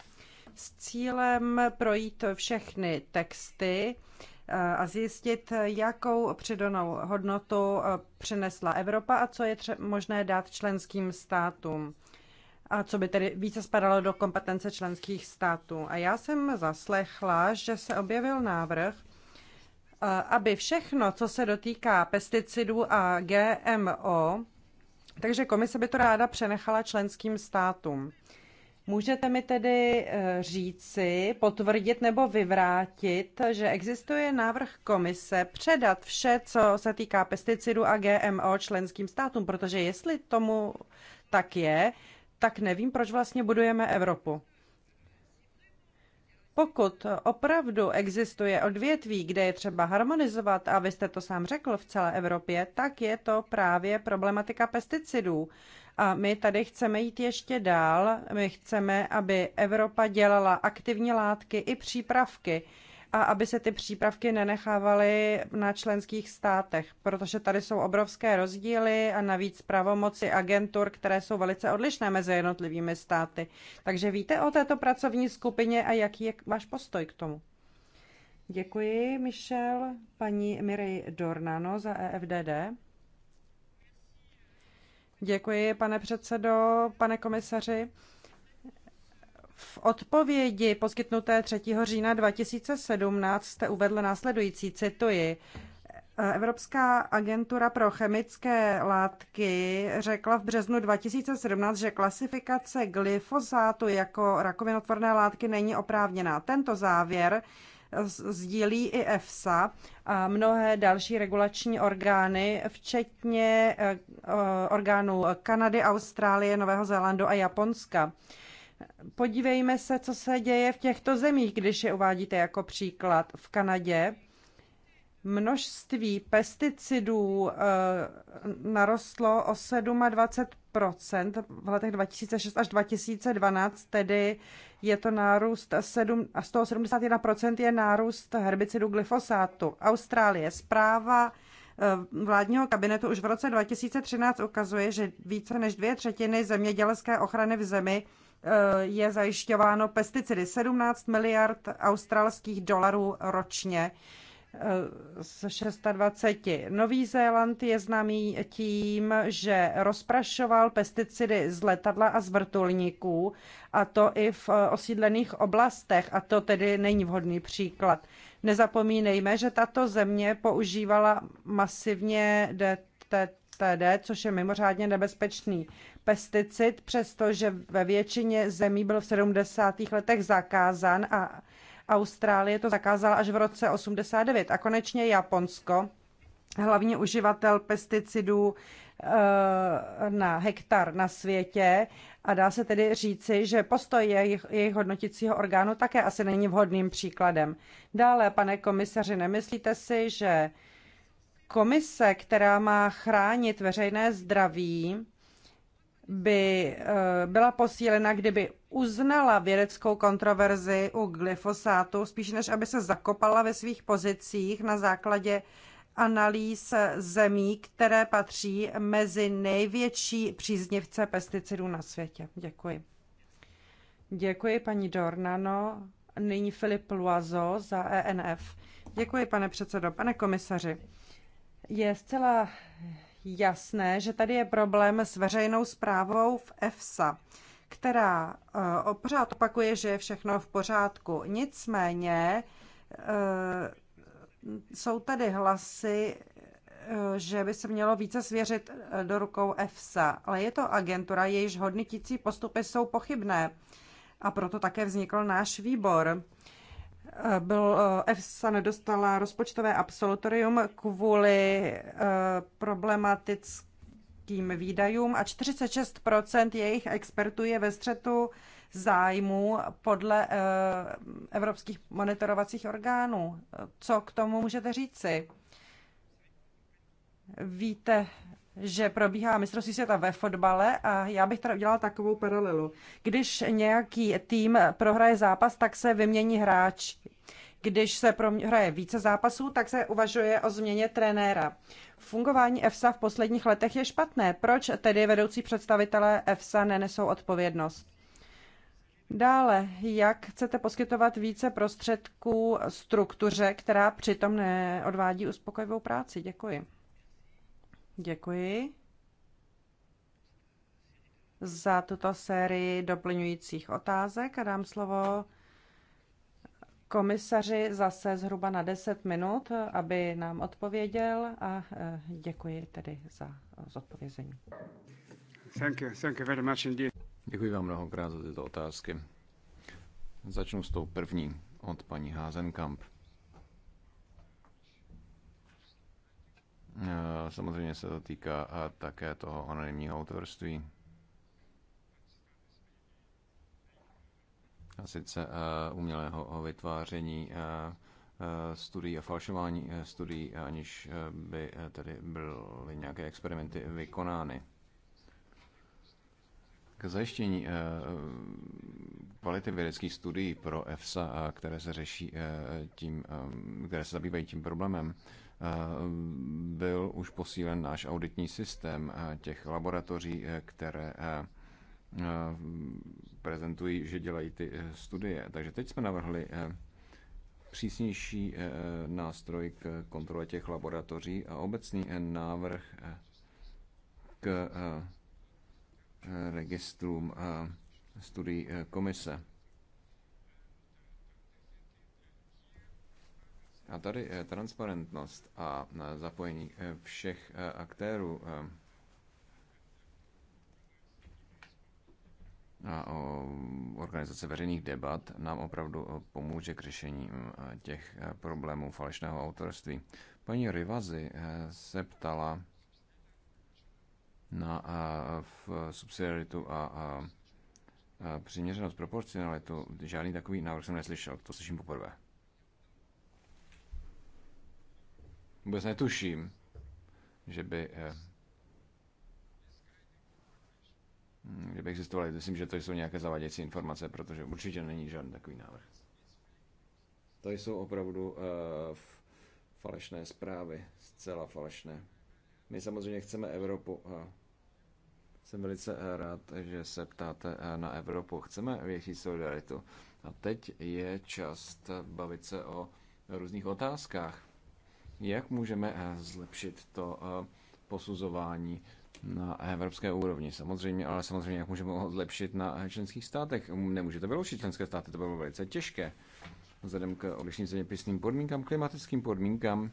s cílem projít všechny texty eh, a zjistit, jakou přidanou hodnotu eh, přinesla Evropa a co je možné dát členským státům a co by tedy více spadalo do kompetence členských států. A já jsem zaslechla, že se objevil návrh, eh, aby všechno, co se dotýká pesticidů a GMO, takže komise by to ráda přenechala členským státům. Můžete mi tedy eh, říci, potvrdit nebo vyvrátit, že existuje návrh komise předat vše, co se týká pesticidů a GMO členským státům, protože jestli tomu tak je, tak nevím, proč vlastně budujeme Evropu. Pokud opravdu existuje odvětví, kde je třeba harmonizovat, a vy jste to sám řekl v celé Evropě, tak je to právě problematika pesticidů. A my tady chceme jít ještě dál. My chceme, aby Evropa dělala aktivní látky i přípravky a aby se ty přípravky nenechávaly na členských státech, protože tady jsou obrovské rozdíly a navíc pravomoci agentur, které jsou velice odlišné mezi jednotlivými státy. Takže víte o této pracovní skupině a jaký je váš postoj k tomu? Děkuji, Michel. Paní Mirej Dornano za EFDD. Děkuji, pane předsedo, pane komisaři. V odpovědi poskytnuté 3. října 2017 jste uvedl následující, cituji, Evropská agentura pro chemické látky řekla v březnu 2017, že klasifikace glyfosátu jako rakovinotvorné látky není oprávněná. Tento závěr sdílí i EFSA a mnohé další regulační orgány, včetně eh, orgánů Kanady, Austrálie, Nového Zélandu a Japonska. Podívejme se, co se děje v těchto zemích, když je uvádíte jako příklad. V Kanadě množství pesticidů eh, narostlo o 27 v letech 2006 až 2012, tedy je to nárůst 7, a 171 je nárůst herbicidu glyfosátu. Austrálie zpráva eh, vládního kabinetu už v roce 2013 ukazuje, že více než dvě třetiny zemědělské ochrany v zemi Eh, je zajišťováno pesticidy 17 miliard australských dolarů ročně eh, z 26. Nový Zéland je známý tím, že rozprašoval pesticidy z letadla a z vrtulníků, a to i v eh, osídlených oblastech, a to tedy není vhodný příklad. Nezapomínejme, že tato země používala masivně DTD, což je mimořádně nebezpečný pesticid, přestože ve většině zemí byl v 70. letech zakázán a Austrálie to zakázala až v roce 89. A konečně Japonsko, hlavní uživatel pesticidů eh, na hektar na světě a dá se tedy říci, že postoj jejich, jejich hodnotícího orgánu také asi není vhodným příkladem. Dále, pane komisaři, nemyslíte si, že komise, která má chránit veřejné zdraví, by eh, byla posílena, kdyby uznala vědeckou kontroverzi u glyfosátu, spíš než aby se zakopala ve svých pozicích na základě analýz zemí, které patří mezi největší příznivce pesticidů na světě. Děkuji. Děkuji paní Dornano. Nyní Filip Luazo za ENF. Děkuji, pane předsedo. Pane komisaři, je zcela jasné, že tady je problém s veřejnou zprávou v EFSA, která eh, pořád opakuje, že je všechno v pořádku. Nicméně eh, jsou tady hlasy, eh, že by se mělo více svěřit do rukou EFSA, ale je to agentura, jejíž hodnotící postupy jsou pochybné. A proto také vznikl náš výbor byl, eh, EFSA nedostala rozpočtové absolutorium kvůli eh, problematickým výdajům a 46 jejich expertů je ve střetu zájmu podle eh, evropských monitorovacích orgánů. Co k tomu můžete říci? Víte že probíhá mistrovství světa ve fotbale a já bych teda udělala takovou paralelu. Když nějaký tým prohraje zápas, tak se vymění hráč. Když se prohraje více zápasů, tak se uvažuje o změně trenéra. Fungování EFSA v posledních letech je špatné. Proč tedy vedoucí představitelé EFSA nenesou odpovědnost? Dále, jak chcete poskytovat více prostředků struktuře, která přitom neodvádí uspokojivou práci? Děkuji. Děkuji za tuto sérii doplňujících otázek a dám slovo komisaři zase zhruba na 10 minut, aby nám odpověděl a e, děkuji tedy za zodpovězení. Thank you, thank you very much indeed. Děkuji vám mnohokrát za tyto otázky. Začnu s tou první od paní Házenkamp. Eh, samozřejmě se to týká eh, také toho anonymního autorství. A sice eh, umělého vytváření studií a falšování studií, aniž by tedy byly nějaké experimenty vykonány. K zajištění kvality vědeckých studií pro EFSA, které se řeší tím, které se zabývají tím problémem, byl už posílen náš auditní systém eh, těch laboratoří, eh, které eh, prezentují, že dělají ty studie. Takže teď jsme navrhli přísnější nástroj k kontrole těch laboratoří a obecný návrh k registrům studií komise. A tady eh, transparentnost a eh, zapojení eh, všech aktérů a organizace veřejných debat nám opravdu pomůže k řešení mm, těch problémů falešného autorství. Paní Rivazi se ptala na v subsidiaritu a přiměřenost, proporcionalitu. Žádný takový návrh jsem neslyšel, to slyším poprvé. vůbec netuším, že by kdyby eh, existovaly. Myslím, že to jsou nějaké zavaděcí informace, protože určitě není žádný takový návrh. To jsou opravdu uh, falešné zprávy, zcela falešné. My samozřejmě chceme Evropu Uh, jsem velice eh, rád, že se ptáte na Evropu. Chceme větší solidaritu. A teď je čas bavit se o různých otázkách jak můžeme eh, zlepšit to eh, posuzování na evropské úrovni samozřejmě, ale samozřejmě jak můžeme ho zlepšit na eh, členských státech. Nemůžete vyloučit členské státy, to bylo velice těžké. Vzhledem k odlišným zeměpisným podmínkám, klimatickým podmínkám,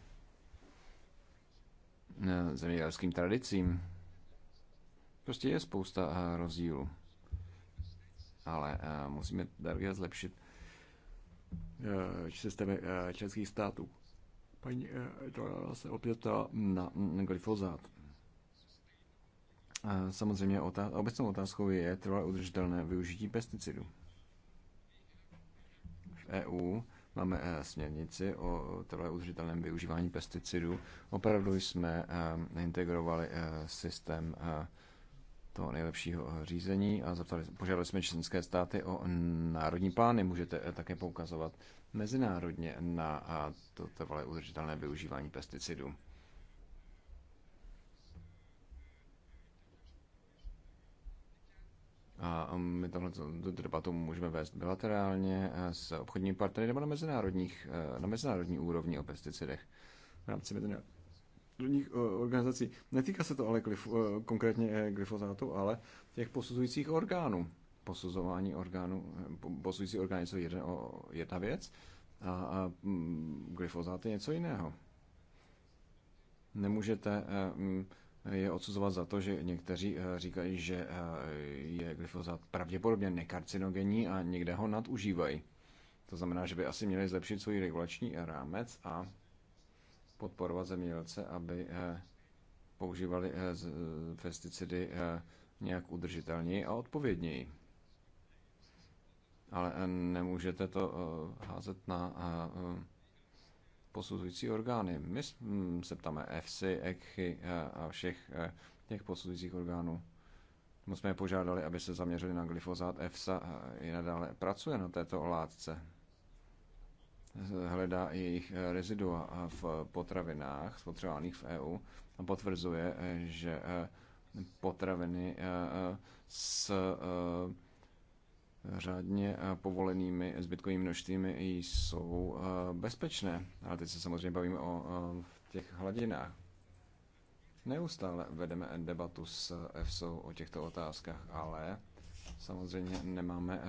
zemědělským tradicím. Prostě je spousta rozdílů. Ale musíme také zlepšit systémy členských států. Paní eh, Dorala se opět ptala na glyfozát. Samozřejmě otáz- obecnou otázkou je trvalé udržitelné využití pesticidů. V EU máme eh, směrnici o trvalé udržitelném využívání pesticidů. Opravdu jsme eh, integrovali systém toho nejlepšího eh, řízení a zaptali, požádali jsme členské státy o národní plány. Můžete eh, také poukazovat mezinárodně na eh, to trvalé udržitelné využívání pesticidů. A my tohle debatu můžeme vést bilaterálně s obchodními partnery nebo na, mezinárodních, na mezinárodní úrovni o pesticidech v rámci obchodních eh, organizací. Netýká se to ale glyf, eh, konkrétně eh, glyfozátu, ale těch posuzujících orgánů. Posuzování orgánů, posuzující orgány jsou jedna, jedna věc a, a mm, glyfozát je něco jiného. Nemůžete mm, je odsuzovat za to, že někteří říkají, že je glyfozát pravděpodobně nekarcinogenní a někde ho nadužívají. To znamená, že by asi měli zlepšit svůj regulační rámec a podporovat zemědělce, aby eh, používali eh, eh, pesticidy nějak udržitelněji a odpovědněji. Ale nemůžete to házet na posuzující orgány. My hm, se ptáme EFSI, ECHY a všech těch posuzujících orgánů. My jsme je požádali, aby se zaměřili na glyfozát. EFSA i nadále pracuje na této látce hledá i jejich eh, rezidua eh, v potravinách spotřebovaných v EU a potvrzuje, eh, že potraviny s řádně povolenými zbytkovými množstvími jsou bezpečné. Ale teď se samozřejmě bavíme o těch hladinách. Neustále vedeme debatu s EFSO o těchto otázkách, ale samozřejmě nemáme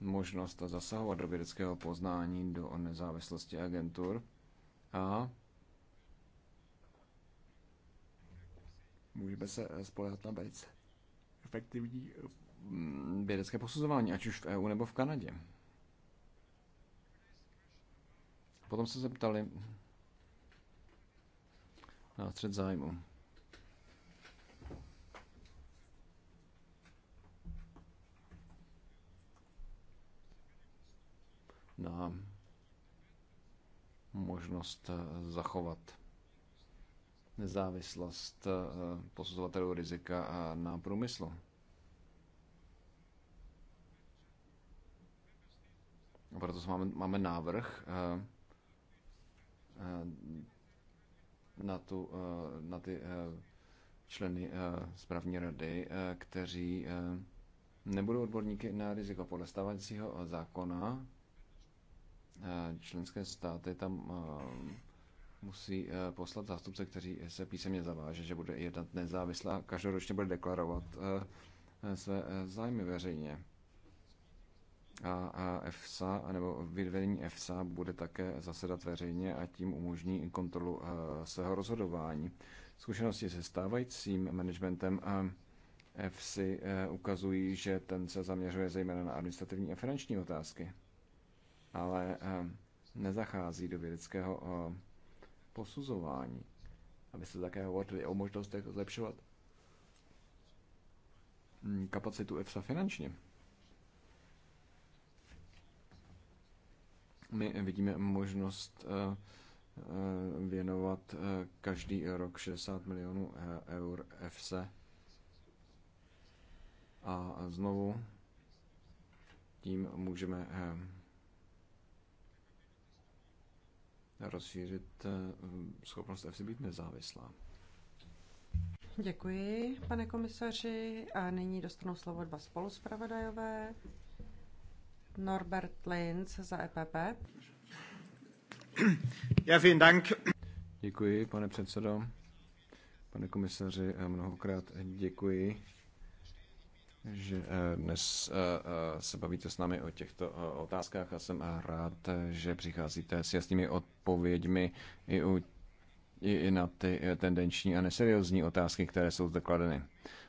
možnost zasahovat do vědeckého poznání, do nezávislosti agentur a můžeme se spolehat na velice efektivní mm, vědecké posuzování, ať už v EU nebo v Kanadě. Potom se zeptali na střed zájmu. na možnost eh, zachovat nezávislost eh, posuzovatelů rizika na průmyslu. A proto máme, máme návrh eh, na, tu, na ty členy správní rady, kteří nebudou odborníky na riziko podle stávajícího zákona, Eh, členské státy tam eh, musí eh, poslat zástupce, kteří se písemně zaváže, že bude jednat nezávisle a každoročně bude deklarovat své zájmy veřejně. A EFSA, nebo vyvedení EFSA bude také zasedat veřejně a tím umožní kontrolu svého rozhodování. Zkušenosti se stávajícím managementem EFSI ukazují, že ten se zaměřuje zejména na administrativní a finanční otázky ale ehm, nezachází do vědeckého ehm, posuzování. se také hovořili o možnostech zlepšovat hm, kapacitu EFSA finančně. My vidíme možnost ehm, věnovat každý rok 60 milionů eh, eur EFSA. A znovu tím můžeme rozšířit eh, schopnost EFSI být nezávislá. Děkuji, pane komisaři. A nyní dostanou slovo dva spoluspravodajové. Norbert Linz za EPP. Já vím, Dank. Děkuji, pane předsedo. Pane komisaři, mnohokrát děkuji že eh, dnes eh, eh, se bavíte s námi o těchto otázkách a jsem rád, že přicházíte s jasnými odpověďmi i, u, i na ty tendenční a neseriózní otázky, které jsou zde kladeny.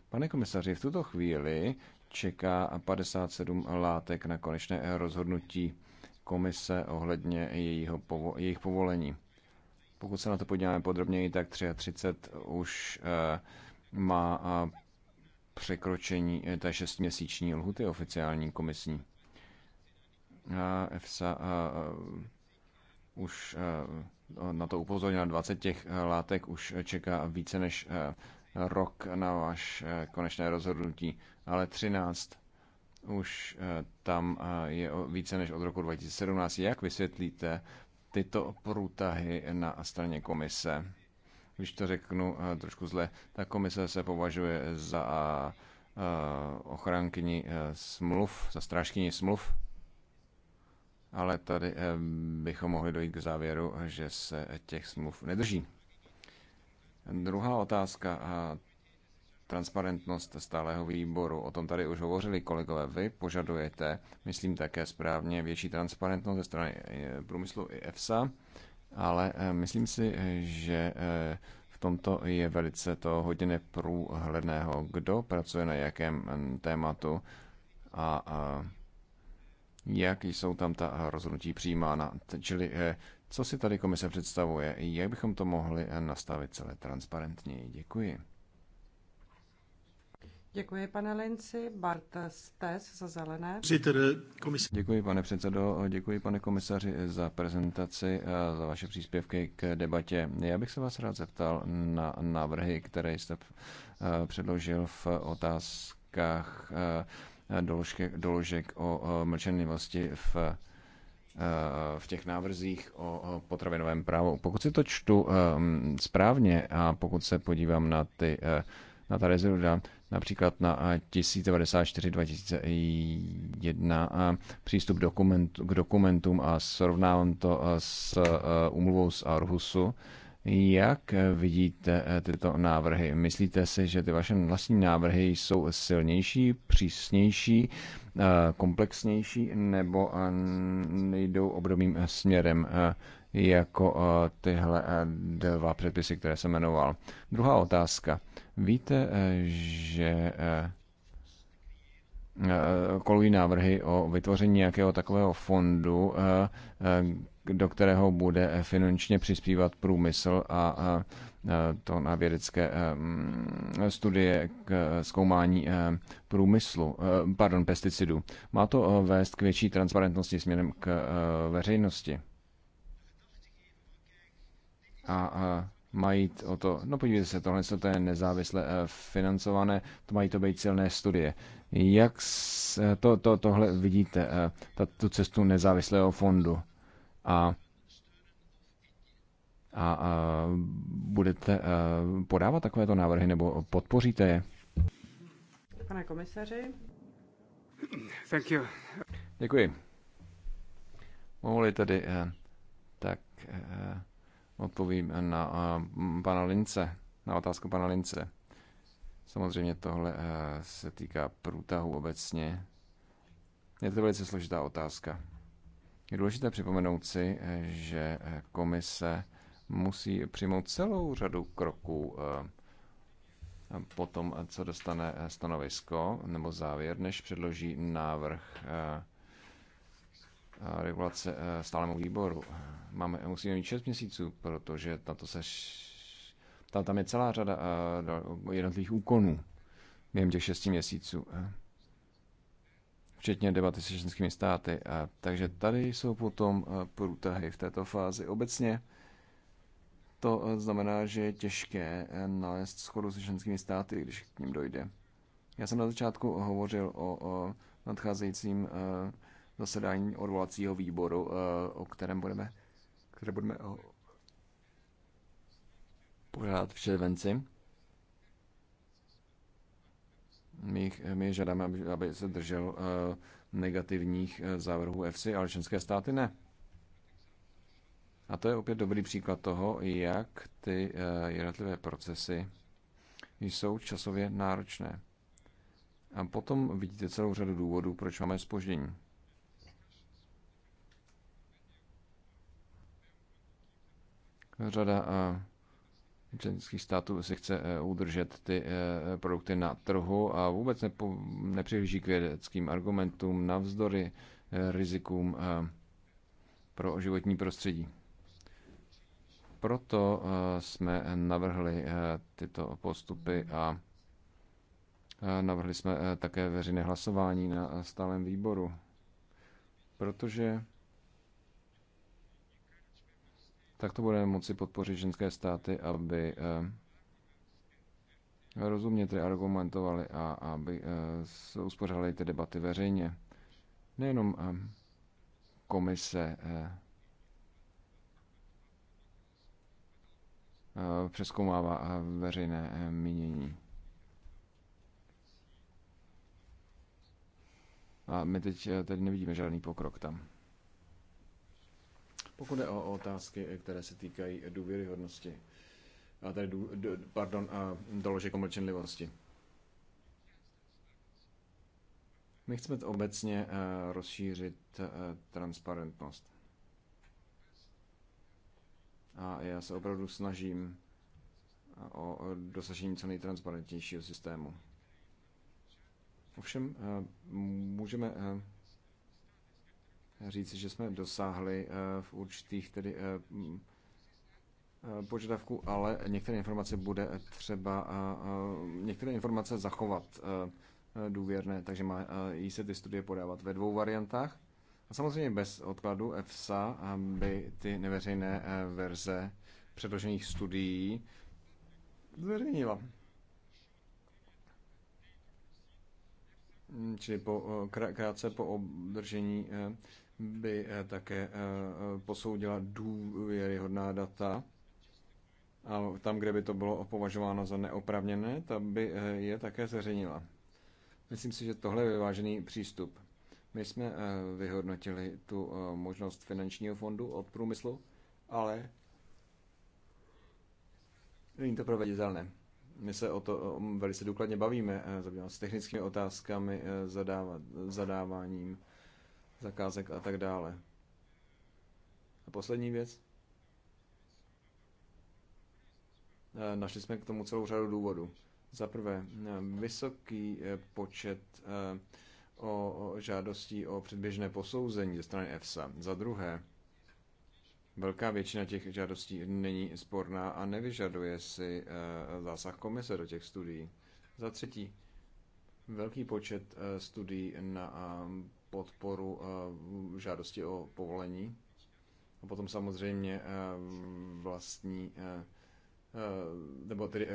Pane komisaři, v tuto chvíli čeká 57 látek na konečné rozhodnutí komise ohledně jejího povo- jejich povolení. Pokud se na to podíváme podrobněji, tak 33 už má překročení eh, té šestměsíční lhuty oficiální komisní. A EFSA a, už a, na to upozornila 20 těch eh, látek, už čeká více než eh, rok na váš konečné rozhodnutí, ale 13 už tam je více než od roku 2017. Jak vysvětlíte tyto průtahy na straně komise? když to řeknu eh, trošku zle, ta komise se považuje za eh, ochránkyni eh, smluv, za strážkyni smluv, ale tady bychom mohli dojít k závěru, že se těch smluv nedrží. Druhá otázka, transparentnost stálého výboru. O tom tady už hovořili kolegové. Vy požadujete, myslím také správně, větší transparentnost ze strany průmyslu i EFSA ale eh, myslím si, eh, že eh, v tomto je velice to hodně neprůhledného, kdo pracuje na jakém mm, tématu a jak jsou tam ta rozhodnutí přijímána. Čili co si tady komise představuje, jak bychom to mohli nastavit celé transparentněji. Děkuji. Děkuji, pane Linci. Bart Stes za zelené. Děkuji, pane předsedo. Děkuji, pane komisaři, za prezentaci, za vaše příspěvky k debatě. Já bych se vás rád zeptal na návrhy, které jste eh, předložil v otázkách eh, doložek, doložek o mlčenlivosti v eh, v těch návrzích o potravinovém právu. Pokud si to čtu správně a pokud se podívám na, ty, na ta rezerva, například na 1094-2001 eh, a přístup dokument, k dokumentům a srovnávám to eh, s umluvou eh, z Arhusu. Jak vidíte tyto návrhy? Myslíte si, že ty vaše vlastní návrhy jsou silnější, přísnější, komplexnější nebo nejdou obdobným směrem? jako eh, tyhle eh, dva předpisy, které jsem jmenoval. Druhá otázka. Víte, eh, že kolují návrhy o vytvoření nějakého takového fondu, do kterého bude finančně přispívat průmysl a to na vědecké mm, studie k zkoumání průmyslu, pardon, pesticidů. Má to vést k větší transparentnosti směrem k veřejnosti a, a mají o to, no podívejte se, tohle to je nezávisle eh, financované, to mají to být silné studie. Jak eh, to, to, tohle vidíte, eh, ta, tu cestu nezávislého fondu a, a, a budete podávat takovéto návrhy nebo podpoříte je? Pane komisaři. Thank you. Děkuji. Mohu-li tak odpovím na eh, pana Lince, na otázku pana Lince. Samozřejmě tohle eh, se týká průtahu obecně. Je to velice složitá otázka. Je důležité připomenout si, eh, že komise musí přijmout celou řadu kroků po tom, co dostane stanovisko nebo závěr, než předloží návrh regulace eh, stálemu výboru. Máme, musíme mít 6 měsíců, protože tato se, tam, tam je celá řada eh, jednotlivých úkonů během těch 6 měsíců, eh, včetně debaty se členskými státy. Takže tady jsou potom průtahy v této fázi. Obecně to znamená, že je těžké nalézt schodu se členskými státy, když k ním dojde. Já jsem na začátku hovořil o, o nadcházejícím uh, zasedání odvolacího výboru, eh, o kterém budeme, které budeme pořád v červenci. My, my žádáme, aby, aby se držel uh, negativních eh, závrhů EFSI, ale členské státy ne. A to je opět dobrý příklad toho, jak ty uh, jednotlivé procesy jsou časově náročné. A potom vidíte celou řadu důvodů, proč máme spoždění. Řada eh, členských států si chce eh, udržet ty eh, produkty na trhu a vůbec nepo, nepřihlíží k vědeckým argumentům navzdory rizikům pro životní prostředí. Proto jsme navrhli tyto postupy a navrhli jsme také veřejné hlasování na stálem výboru, protože tak to budeme moci podpořit ženské státy, aby eh, rozumně tedy argumentovali a aby eh, uspořádali ty debaty veřejně. Nejenom eh, komise přeskoumává veřejné mínění. A my teď, teď nevidíme žádný pokrok tam. Pokud jde o otázky, eh, které se týkají důvěryhodnosti, a tady, dů, d, pardon, a doložek omlčenlivosti. My chceme obecně eh, rozšířit eh, transparentnost. A já se opravdu snažím o dosažení co nejtransparentnějšího systému. Ovšem, můžeme říci, že jsme dosáhli eh, v určitých tedy eh, mm, eh, požadavků, ale některé informace bude třeba, některé informace zachovat důvěrné, takže má jí se ty studie podávat ve dvou variantách. A samozřejmě bez odkladu EFSA, aby ty neveřejné verze předložených studií zveřejnila. Čili po, krátce po obdržení by eh, také eh, eh, posoudila důvěryhodná data a tam, kde by to bylo považováno za neopravněné, ta by je také zveřejnila. Myslím si, že tohle je vyvážený přístup. My jsme vyhodnotili tu možnost finančního fondu od průmyslu, ale není to proveditelné. My se o to velice důkladně bavíme, zabýváme se technickými otázkami, zadáváním zakázek a tak dále. A poslední věc. Eh, našli jsme k tomu celou řadu důvodů. Za prvé, eh, vysoký eh, počet o žádostí o předběžné posouzení ze strany EFSA. Za druhé, velká většina těch žádostí není sporná a nevyžaduje si zásah komise do těch studií. Za třetí, velký počet studií na podporu eh, žádosti o povolení. A potom samozřejmě eh, vlastní, eh, nebo tedy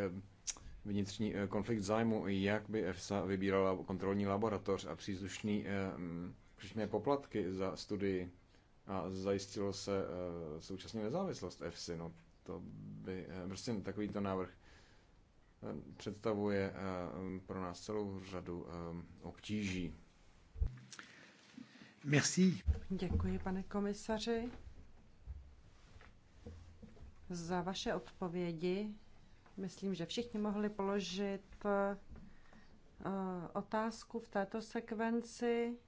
vnitřní konflikt zájmu, jak by EFSA vybírala kontrolní laboratoř a příslušný, mm, příslušné poplatky za studii a zajistilo se současně nezávislost EFSA. No, to by, prostě takovýto návrh představuje pro nás celou řadu obtíží. Merci. Děkuji, pane komisaři, za vaše odpovědi. Myslím, že všichni mohli položit eh, otázku v této sekvenci.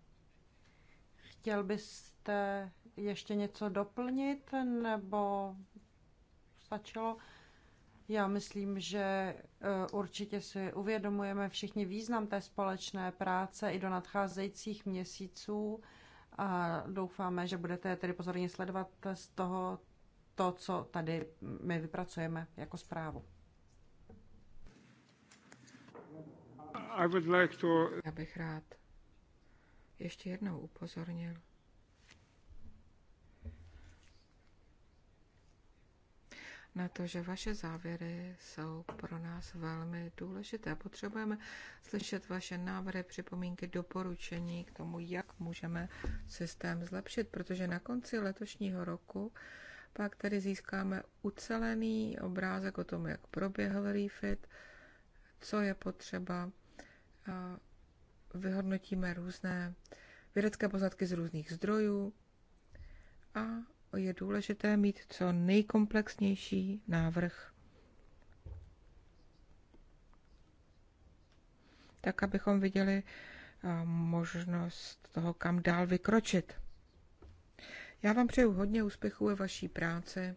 Chtěl byste ještě něco doplnit, nebo stačilo? Já myslím, že eh, určitě si uvědomujeme všichni význam té společné práce i do nadcházejících měsíců a doufáme, že budete tedy pozorně sledovat z toho to, co tady my vypracujeme jako zprávu. Já bych rád ještě jednou upozornil na to, že vaše závěry jsou pro nás velmi důležité. Potřebujeme slyšet vaše návrhy, připomínky, doporučení k tomu, jak můžeme systém zlepšit, protože na konci letošního roku pak tady získáme ucelený obrázek o tom, jak proběhl refit, co je potřeba. Vyhodnotíme různé vědecké poznatky z různých zdrojů a je důležité mít co nejkomplexnější návrh, tak abychom viděli eh, možnost toho, kam dál vykročit. Já vám přeju hodně úspěchů ve vaší práci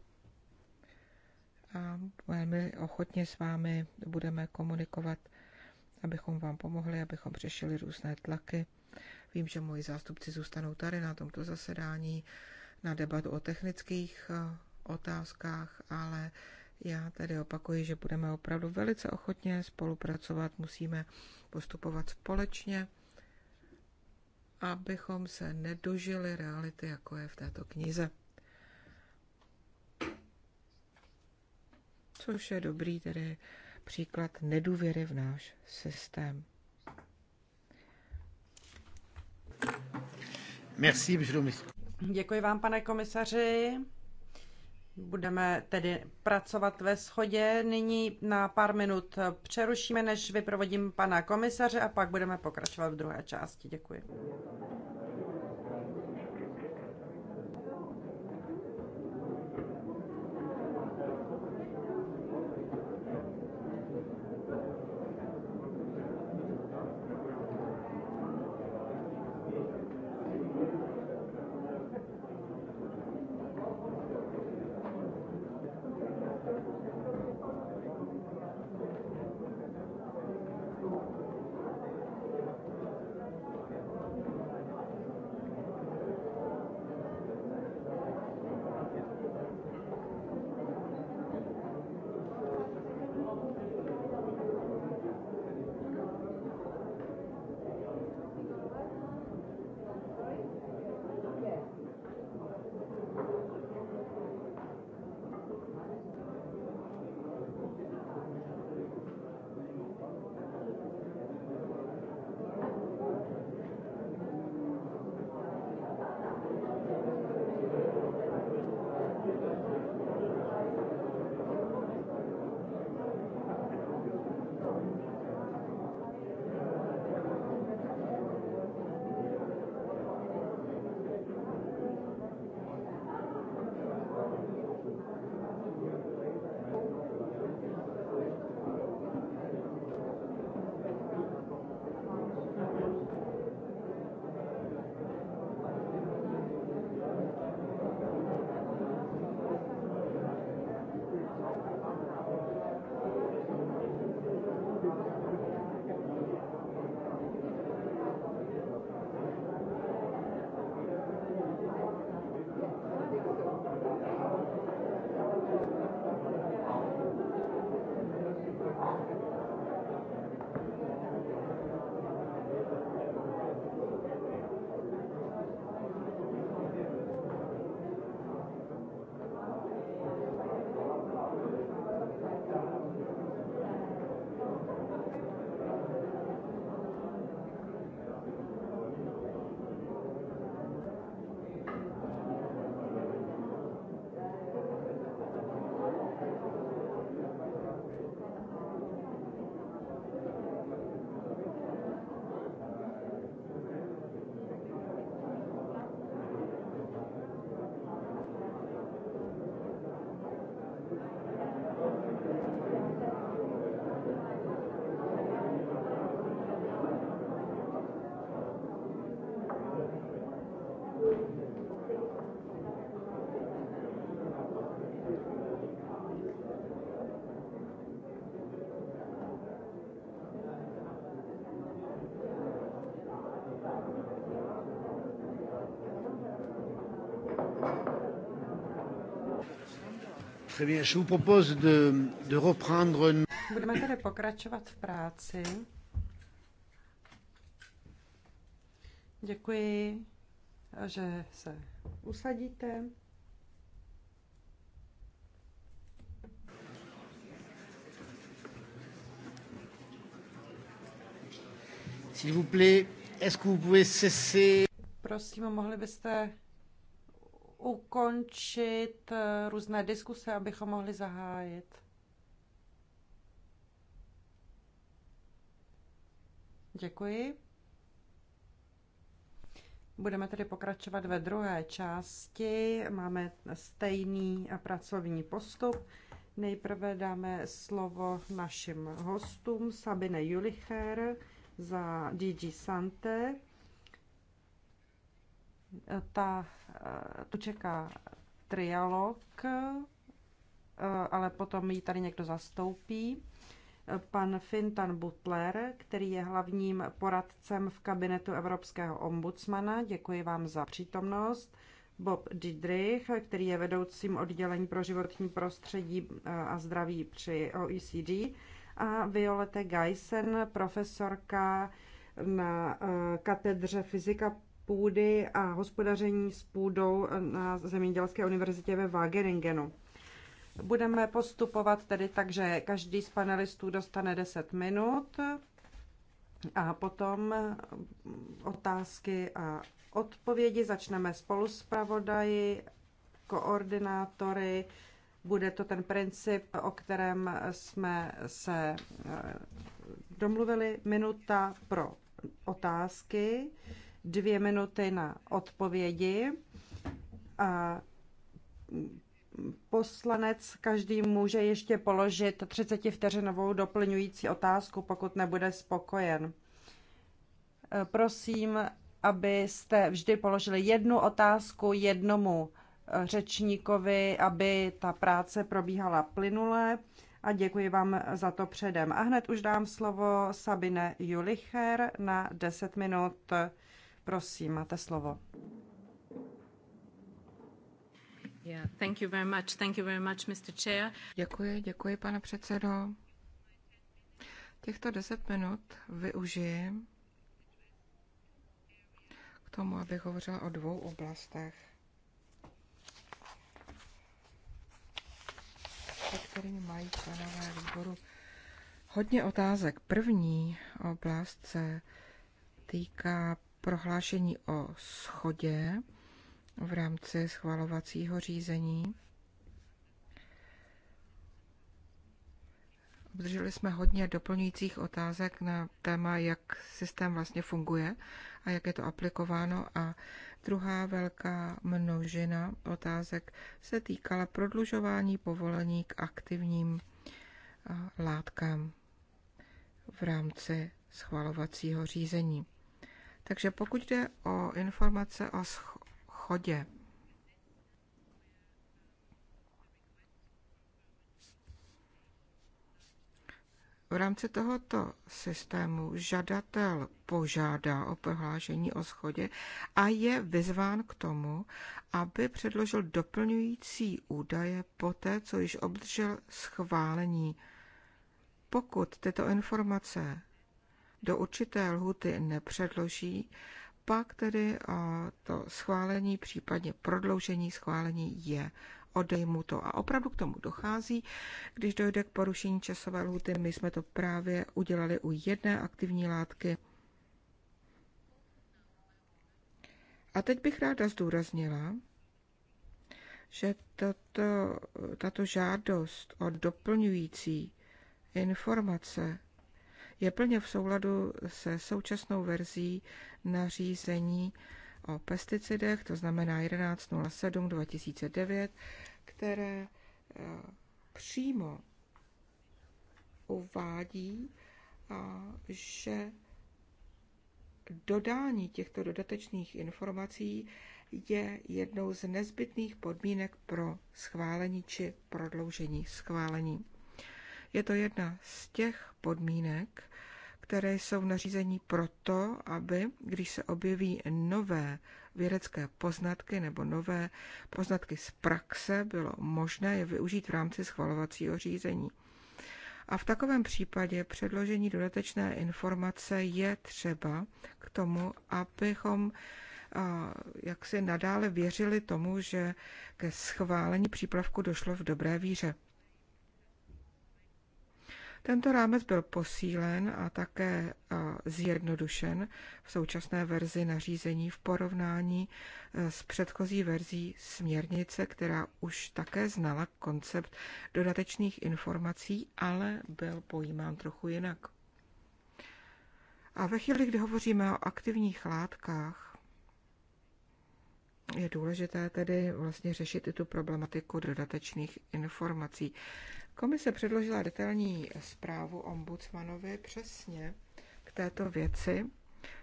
a velmi ochotně s vámi budeme komunikovat, abychom vám pomohli, abychom řešili různé tlaky. Vím, že moji zástupci zůstanou tady na tomto zasedání na debatu o technických eh, otázkách, ale já tedy opakuji, že budeme opravdu velice ochotně spolupracovat, musíme postupovat společně, abychom se nedožili reality, jako je v této knize. Což je dobrý tedy příklad nedůvěry v náš systém. Merci, monsieur Děkuji vám, pane komisaři. Budeme tedy pracovat ve schodě. Nyní na pár minut přerušíme, než vyprovodím pana komisaře a pak budeme pokračovat v druhé části. Děkuji. Budeme tedy pokračovat v práci. Děkuji, že se usadíte. S'il vous plaît, est-ce que vous pouvez cesser Prosím, mohli byste ukončit eh, různé diskuse, abychom mohli zahájit. Děkuji. Budeme tedy pokračovat ve druhé části. Máme stejný pracovní postup. Nejprve dáme slovo našim hostům Sabine Julicher za DG Sante, ta, tu čeká trialog, ale potom ji tady někdo zastoupí. Pan Fintan Butler, který je hlavním poradcem v kabinetu evropského ombudsmana. Děkuji vám za přítomnost. Bob Didrich, který je vedoucím oddělení pro životní prostředí eh, a zdraví při OECD. A Violete Geisen, profesorka na eh, katedře fyzika půdy a hospodaření s půdou na Zemědělské univerzitě ve Wageningenu. Budeme postupovat tedy tak, že každý z panelistů dostane 10 minut a potom otázky a odpovědi. Začneme spolu s pravodaji, koordinátory. Bude to ten princip, o kterém jsme se eh, domluvili. Minuta pro otázky dvě minuty na odpovědi a poslanec každý může ještě položit 30 vteřinovou doplňující otázku, pokud nebude spokojen. Eh, prosím, abyste vždy položili jednu otázku jednomu eh, řečníkovi, aby ta práce probíhala plynule a děkuji vám za to předem. A hned už dám slovo Sabine Julicher na 10 minut. Prosím, máte slovo. Yeah, thank you very much. Thank you very much, Mr. Chair. Děkuji, děkuji, pane předsedo. Těchto deset minut využiji k tomu, abych hovořila o dvou oblastech, se kterými mají členové výboru hodně otázek. První oblast se týká prohlášení o schodě v rámci schvalovacího řízení. Obdrželi jsme hodně doplňujících otázek na téma, jak systém vlastně funguje a jak je to aplikováno. A druhá velká množina otázek se týkala prodlužování povolení k aktivním eh, látkám v rámci schvalovacího řízení. Takže pokud jde o informace o schodě, v rámci tohoto systému žadatel požádá o prohlášení o schodě a je vyzván k tomu, aby předložil doplňující údaje poté, co již obdržel schválení. Pokud tyto informace do určité lhuty nepředloží, pak tedy to schválení, případně prodloužení schválení je odejmu to. A opravdu k tomu dochází, když dojde k porušení časové lhuty. My jsme to právě udělali u jedné aktivní látky. A teď bych ráda zdůraznila, že tato, tato žádost o doplňující informace je plně v souladu se současnou verzí nařízení o pesticidech, to znamená 1107 2009, které eh, přímo uvádí, eh, že dodání těchto dodatečných informací je jednou z nezbytných podmínek pro schválení či prodloužení schválení. Je to jedna z těch podmínek, které jsou nařízení proto, aby, když se objeví nové vědecké poznatky nebo nové poznatky z praxe, bylo možné je využít v rámci schvalovacího řízení. A v takovém případě předložení dodatečné informace je třeba k tomu, abychom jak si nadále věřili tomu, že ke schválení přípravku došlo v dobré víře. Tento rámec byl posílen a také zjednodušen v současné verzi nařízení v porovnání e, s předchozí verzí směrnice, která už také znala koncept dodatečných informací, ale byl pojímán trochu jinak. A ve chvíli, kdy hovoříme o aktivních látkách, je důležité tedy vlastně řešit i tu problematiku dodatečných informací. Komise předložila detailní zprávu ombudsmanovi přesně k této věci.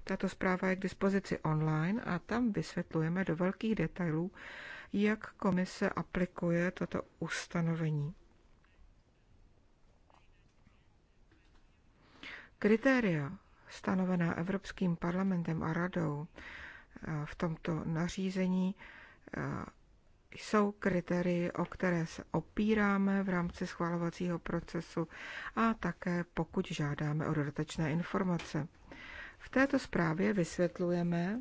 Tato zpráva je k dispozici online a tam vysvětlujeme do velkých detailů, jak komise aplikuje toto ustanovení. Kritéria stanovená Evropským parlamentem a radou eh, v tomto nařízení eh, jsou kritérii, o které se opíráme v rámci schvalovacího procesu a také pokud žádáme o dodatečné informace. V této zprávě vysvětlujeme,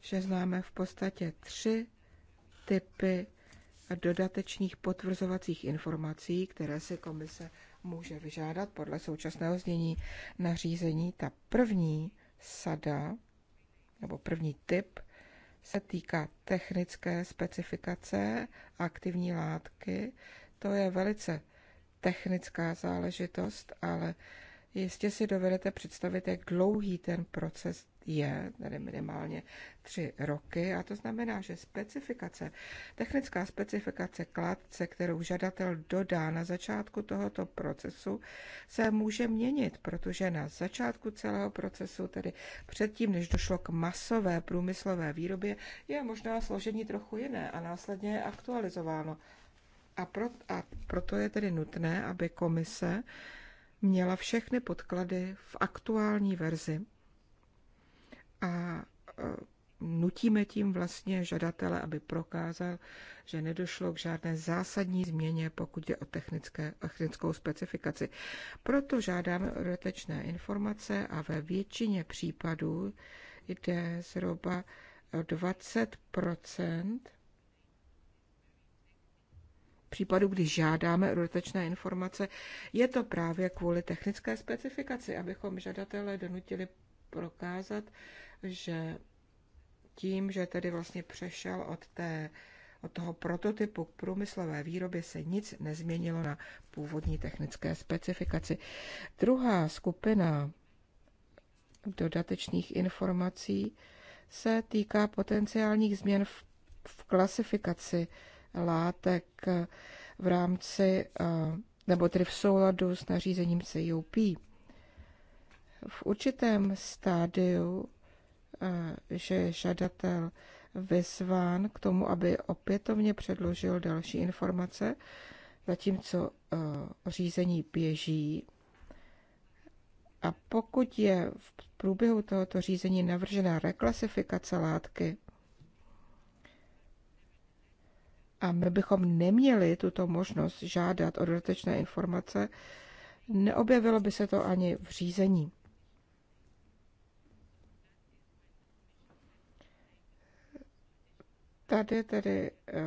že známe v podstatě tři typy dodatečných potvrzovacích informací, které si komise může vyžádat podle současného znění nařízení. Ta první sada nebo první typ se týká technické specifikace aktivní látky. To je velice technická záležitost, ale jistě si dovedete představit, jak dlouhý ten proces je tedy minimálně tři roky a to znamená, že specifikace, technická specifikace kladce, kterou žadatel dodá na začátku tohoto procesu, se může měnit, protože na začátku celého procesu, tedy předtím, než došlo k masové průmyslové výrobě, je možná složení trochu jiné a následně je aktualizováno. A, pro, a proto je tedy nutné, aby komise měla všechny podklady v aktuální verzi a e, nutíme tím vlastně žadatele, aby prokázal, že nedošlo k žádné zásadní změně, pokud je o technické, technickou specifikaci. Proto žádáme o dodatečné informace a ve většině případů jde zhruba 20 případu, kdy žádáme o dodatečné informace, je to právě kvůli technické specifikaci, abychom žadatele donutili prokázat, že tím, že tedy vlastně přešel od, té, od toho prototypu k průmyslové výrobě, se nic nezměnilo na původní technické specifikaci. Druhá skupina dodatečných informací se týká potenciálních změn v, v klasifikaci látek v rámci, eh, nebo tedy v souladu s nařízením CUP. V určitém stádiu že je žadatel vyzván k tomu, aby opětovně předložil další informace, zatímco e, řízení běží. A pokud je v průběhu tohoto řízení navržena reklasifikace látky, a my bychom neměli tuto možnost žádat o dodatečné informace, neobjevilo by se to ani v řízení. Tady tedy eh,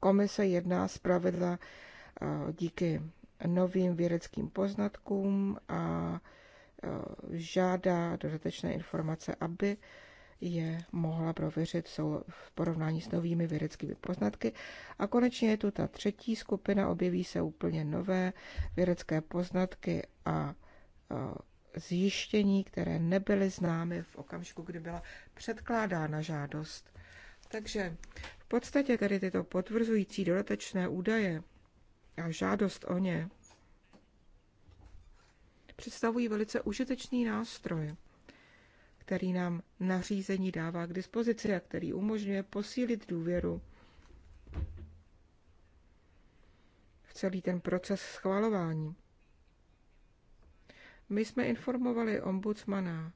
komise jedná z pravidla eh, díky novým vědeckým poznatkům a eh, žádá dodatečné informace, aby je mohla prověřit v porovnání s novými vědeckými poznatky. A konečně je tu ta třetí skupina, objeví se úplně nové vědecké poznatky a zjištění, které nebyly známy v okamžiku, kdy byla předkládána žádost. Takže v podstatě tady tyto potvrzující dodatečné údaje a žádost o ně představují velice užitečný nástroj, který nám nařízení dává k dispozici a který umožňuje posílit důvěru v celý ten proces schvalování. My jsme informovali ombudsmana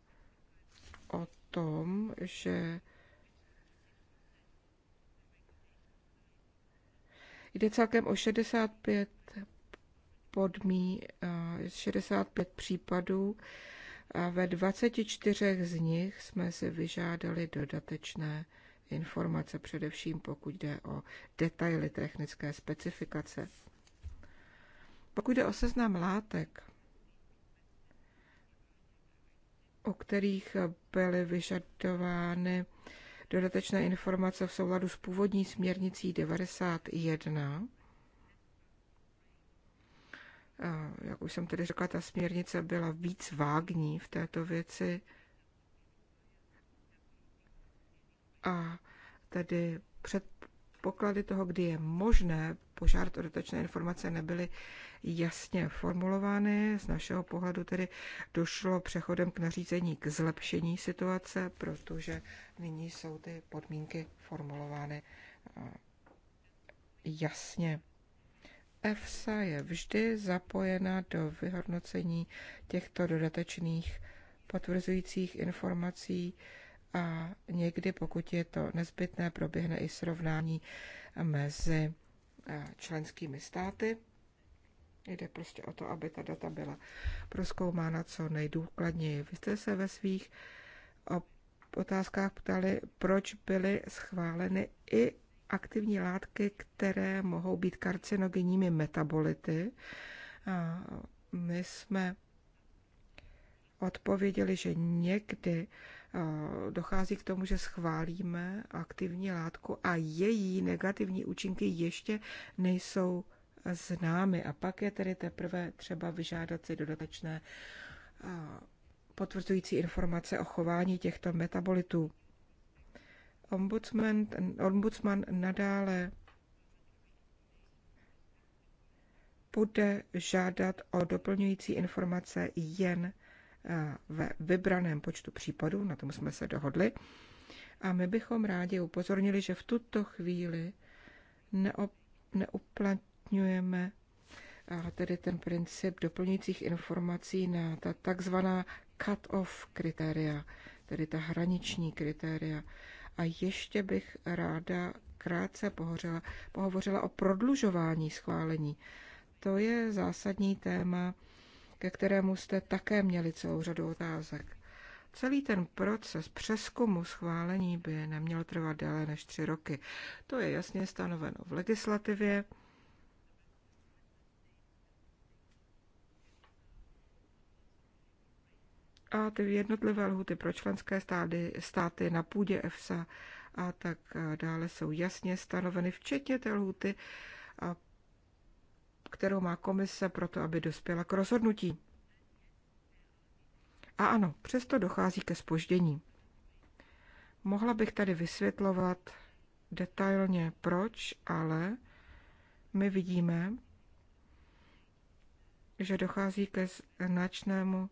o tom, že jde celkem o 65 podmí, 65 eh, případů a ve 24 z nich jsme si vyžádali dodatečné informace, především pokud jde o detaily technické specifikace. Pokud jde o seznam látek, o kterých byly vyžadovány dodatečné informace v souladu s původní směrnicí 91. Jak už jsem tedy řekla, ta směrnice byla víc vágní v této věci a tedy před předpoklady toho, kdy je možné požádat o dotačné informace, nebyly jasně formulovány. Z našeho pohledu tedy došlo přechodem k nařízení k zlepšení situace, protože nyní jsou ty podmínky formulovány eh, jasně. EFSA je vždy zapojena do vyhodnocení těchto dodatečných potvrzujících informací a někdy, pokud je to nezbytné, proběhne i srovnání mezi eh, členskými státy. Jde prostě o to, aby ta data byla proskoumána co nejdůkladněji. Vy jste se ve svých otázkách ptali, proč byly schváleny i aktivní látky, které mohou být karcinogenními metabolity. My jsme odpověděli, že někdy dochází k tomu, že schválíme aktivní látku a její negativní účinky ještě nejsou známy. A pak je tedy teprve třeba vyžádat si dodatečné potvrzující informace o chování těchto metabolitů. Ombudsman, ombudsman nadále bude žádat o doplňující informace jen ve vybraném počtu případů, na tom jsme se dohodli. A my bychom rádi upozornili, že v tuto chvíli neop, neuplatňujeme a tedy ten princip doplňujících informací na ta takzvaná cut-off kritéria, tedy ta hraniční kritéria. A ještě bych ráda krátce pohořila, pohovořila o prodlužování schválení. To je zásadní téma ke kterému jste také měli celou řadu otázek. Celý ten proces přeskumu schválení by neměl trvat déle než tři roky. To je jasně stanoveno v legislativě. A ty jednotlivé lhuty pro členské státy, státy na půdě EFSA a tak dále jsou jasně stanoveny, včetně té lhuty kterou má komise pro to, aby dospěla k rozhodnutí. A ano, přesto dochází ke spoždění. Mohla bych tady vysvětlovat detailně proč, ale my vidíme, že dochází ke značnému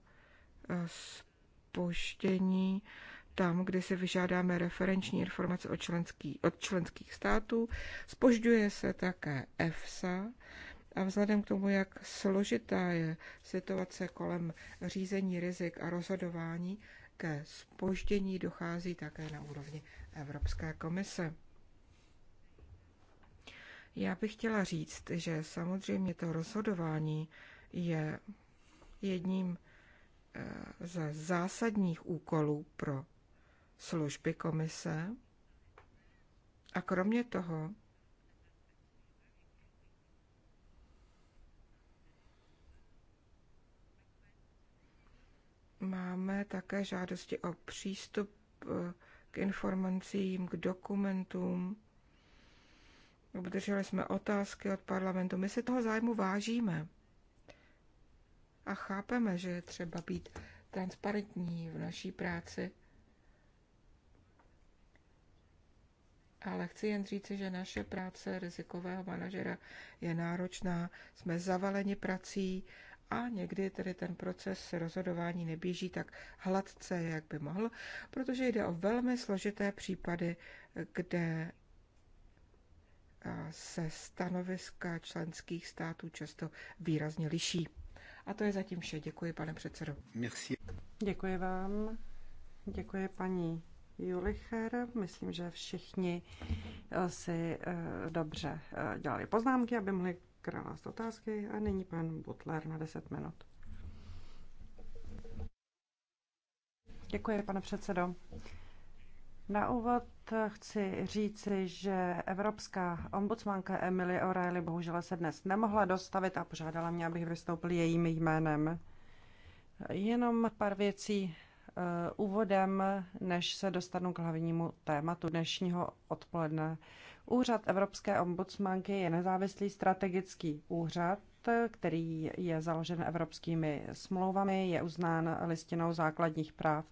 spoždění eh, tam, kde si vyžádáme referenční informace od, členský, od členských států. Spožďuje se také EFSA, a vzhledem k tomu, jak složitá je situace kolem řízení rizik a rozhodování, ke spoždění dochází také na úrovni Evropské komise. Já bych chtěla říct, že samozřejmě to rozhodování je jedním eh, ze zásadních úkolů pro služby komise. A kromě toho máme také žádosti o přístup eh, k informacím, k dokumentům. Obdrželi jsme otázky od parlamentu. My se toho zájmu vážíme a chápeme, že je třeba být transparentní v naší práci. Ale chci jen říci, že naše práce rizikového manažera je náročná. Jsme zavaleni prací, a někdy tedy ten proces rozhodování neběží tak hladce, jak by mohl, protože jde o velmi složité případy, kde se stanoviska členských států často výrazně liší. A to je zatím vše. Děkuji, pane předsedo. Merci. Děkuji vám. Děkuji, paní Julicher. Myslím, že všichni eh, si eh, dobře eh, dělali poznámky, aby mohli krást otázky a nyní pan Butler na 10 minut. Děkuji, pane předsedo. Na úvod chci říci, že evropská ombudsmanka Emily O'Reilly bohužel se dnes nemohla dostavit a požádala mě, abych vystoupil jejím jménem. Jenom pár věcí eh, úvodem, než se dostanu k hlavnímu tématu dnešního odpoledne. Úřad Evropské ombudsmanky je nezávislý strategický úřad, který je založen evropskými smlouvami, je uznán listinou základních práv.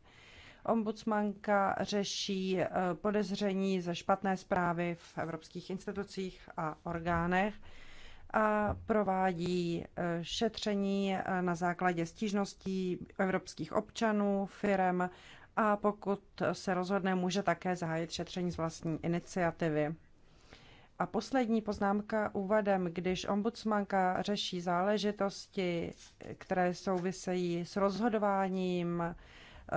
Ombudsmanka řeší eh, podezření ze špatné zprávy v evropských institucích a orgánech a provádí eh, šetření eh, na základě stížností evropských občanů, firem a pokud se rozhodne, může také zahájit šetření z vlastní iniciativy. A poslední poznámka úvadem, když ombudsmanka řeší záležitosti, které souvisejí s rozhodováním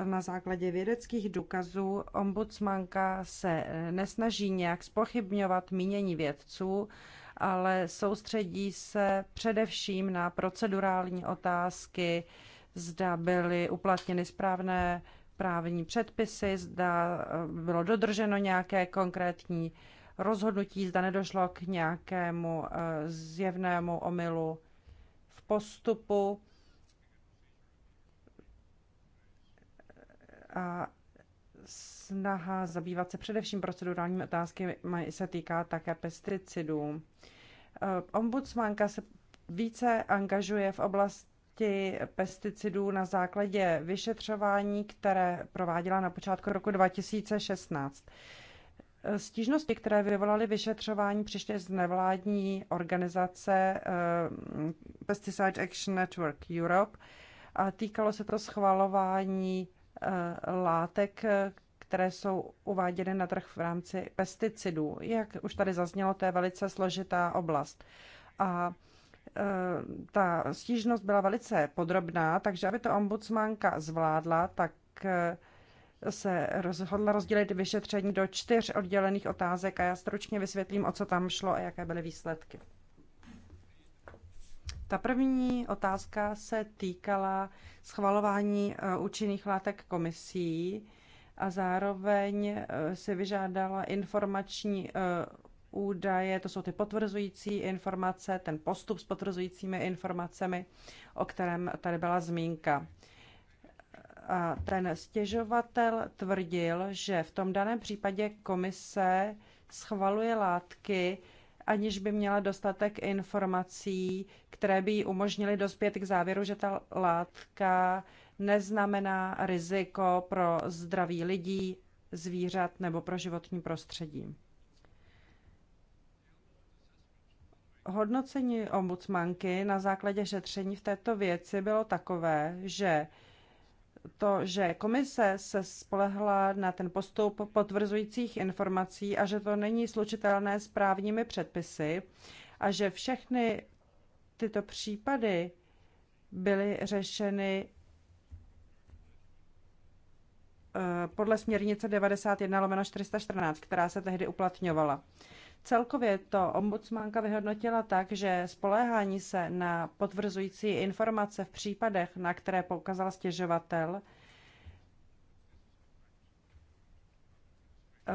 na základě vědeckých důkazů, ombudsmanka se nesnaží nějak spochybňovat mínění vědců, ale soustředí se především na procedurální otázky, zda byly uplatněny správné právní předpisy, zda bylo dodrženo nějaké konkrétní rozhodnutí, zda nedošlo k nějakému eh, zjevnému omylu v postupu. A snaha zabývat se především procedurálními otázky se týká také pesticidů. Eh, ombudsmanka se více angažuje v oblasti pesticidů na základě vyšetřování, které prováděla na počátku roku 2016. Eh, stížnosti, které vyvolaly vyšetřování, přišly z nevládní organizace eh, Pesticide Action Network Europe a týkalo se to schvalování eh, látek, které jsou uváděny na trh v rámci pesticidů. Jak už tady zaznělo, to je velice složitá oblast. A ta stížnost byla velice podrobná, takže aby to ombudsmanka zvládla, tak se rozhodla rozdělit vyšetření do čtyř oddělených otázek a já stručně vysvětlím, o co tam šlo a jaké byly výsledky. Ta první otázka se týkala schvalování e, účinných látek komisí a zároveň e, si vyžádala informační e, údaje, to jsou ty potvrzující informace, ten postup s potvrzujícími informacemi, o kterém tady byla zmínka ten stěžovatel tvrdil, že v tom daném případě komise schvaluje látky, aniž by měla dostatek informací, které by jí umožnily dospět k závěru, že ta látka neznamená riziko pro zdraví lidí, zvířat nebo pro životní prostředí. Hodnocení ombudsmanky na základě šetření v této věci bylo takové, že to, že komise se spolehla na ten postup potvrzujících informací a že to není slučitelné s právními předpisy a že všechny tyto případy byly řešeny eh, podle směrnice 91 414, která se tehdy uplatňovala. Celkově to ombudsmanka vyhodnotila tak, že spoléhání se na potvrzující informace v případech, na které poukázal stěžovatel,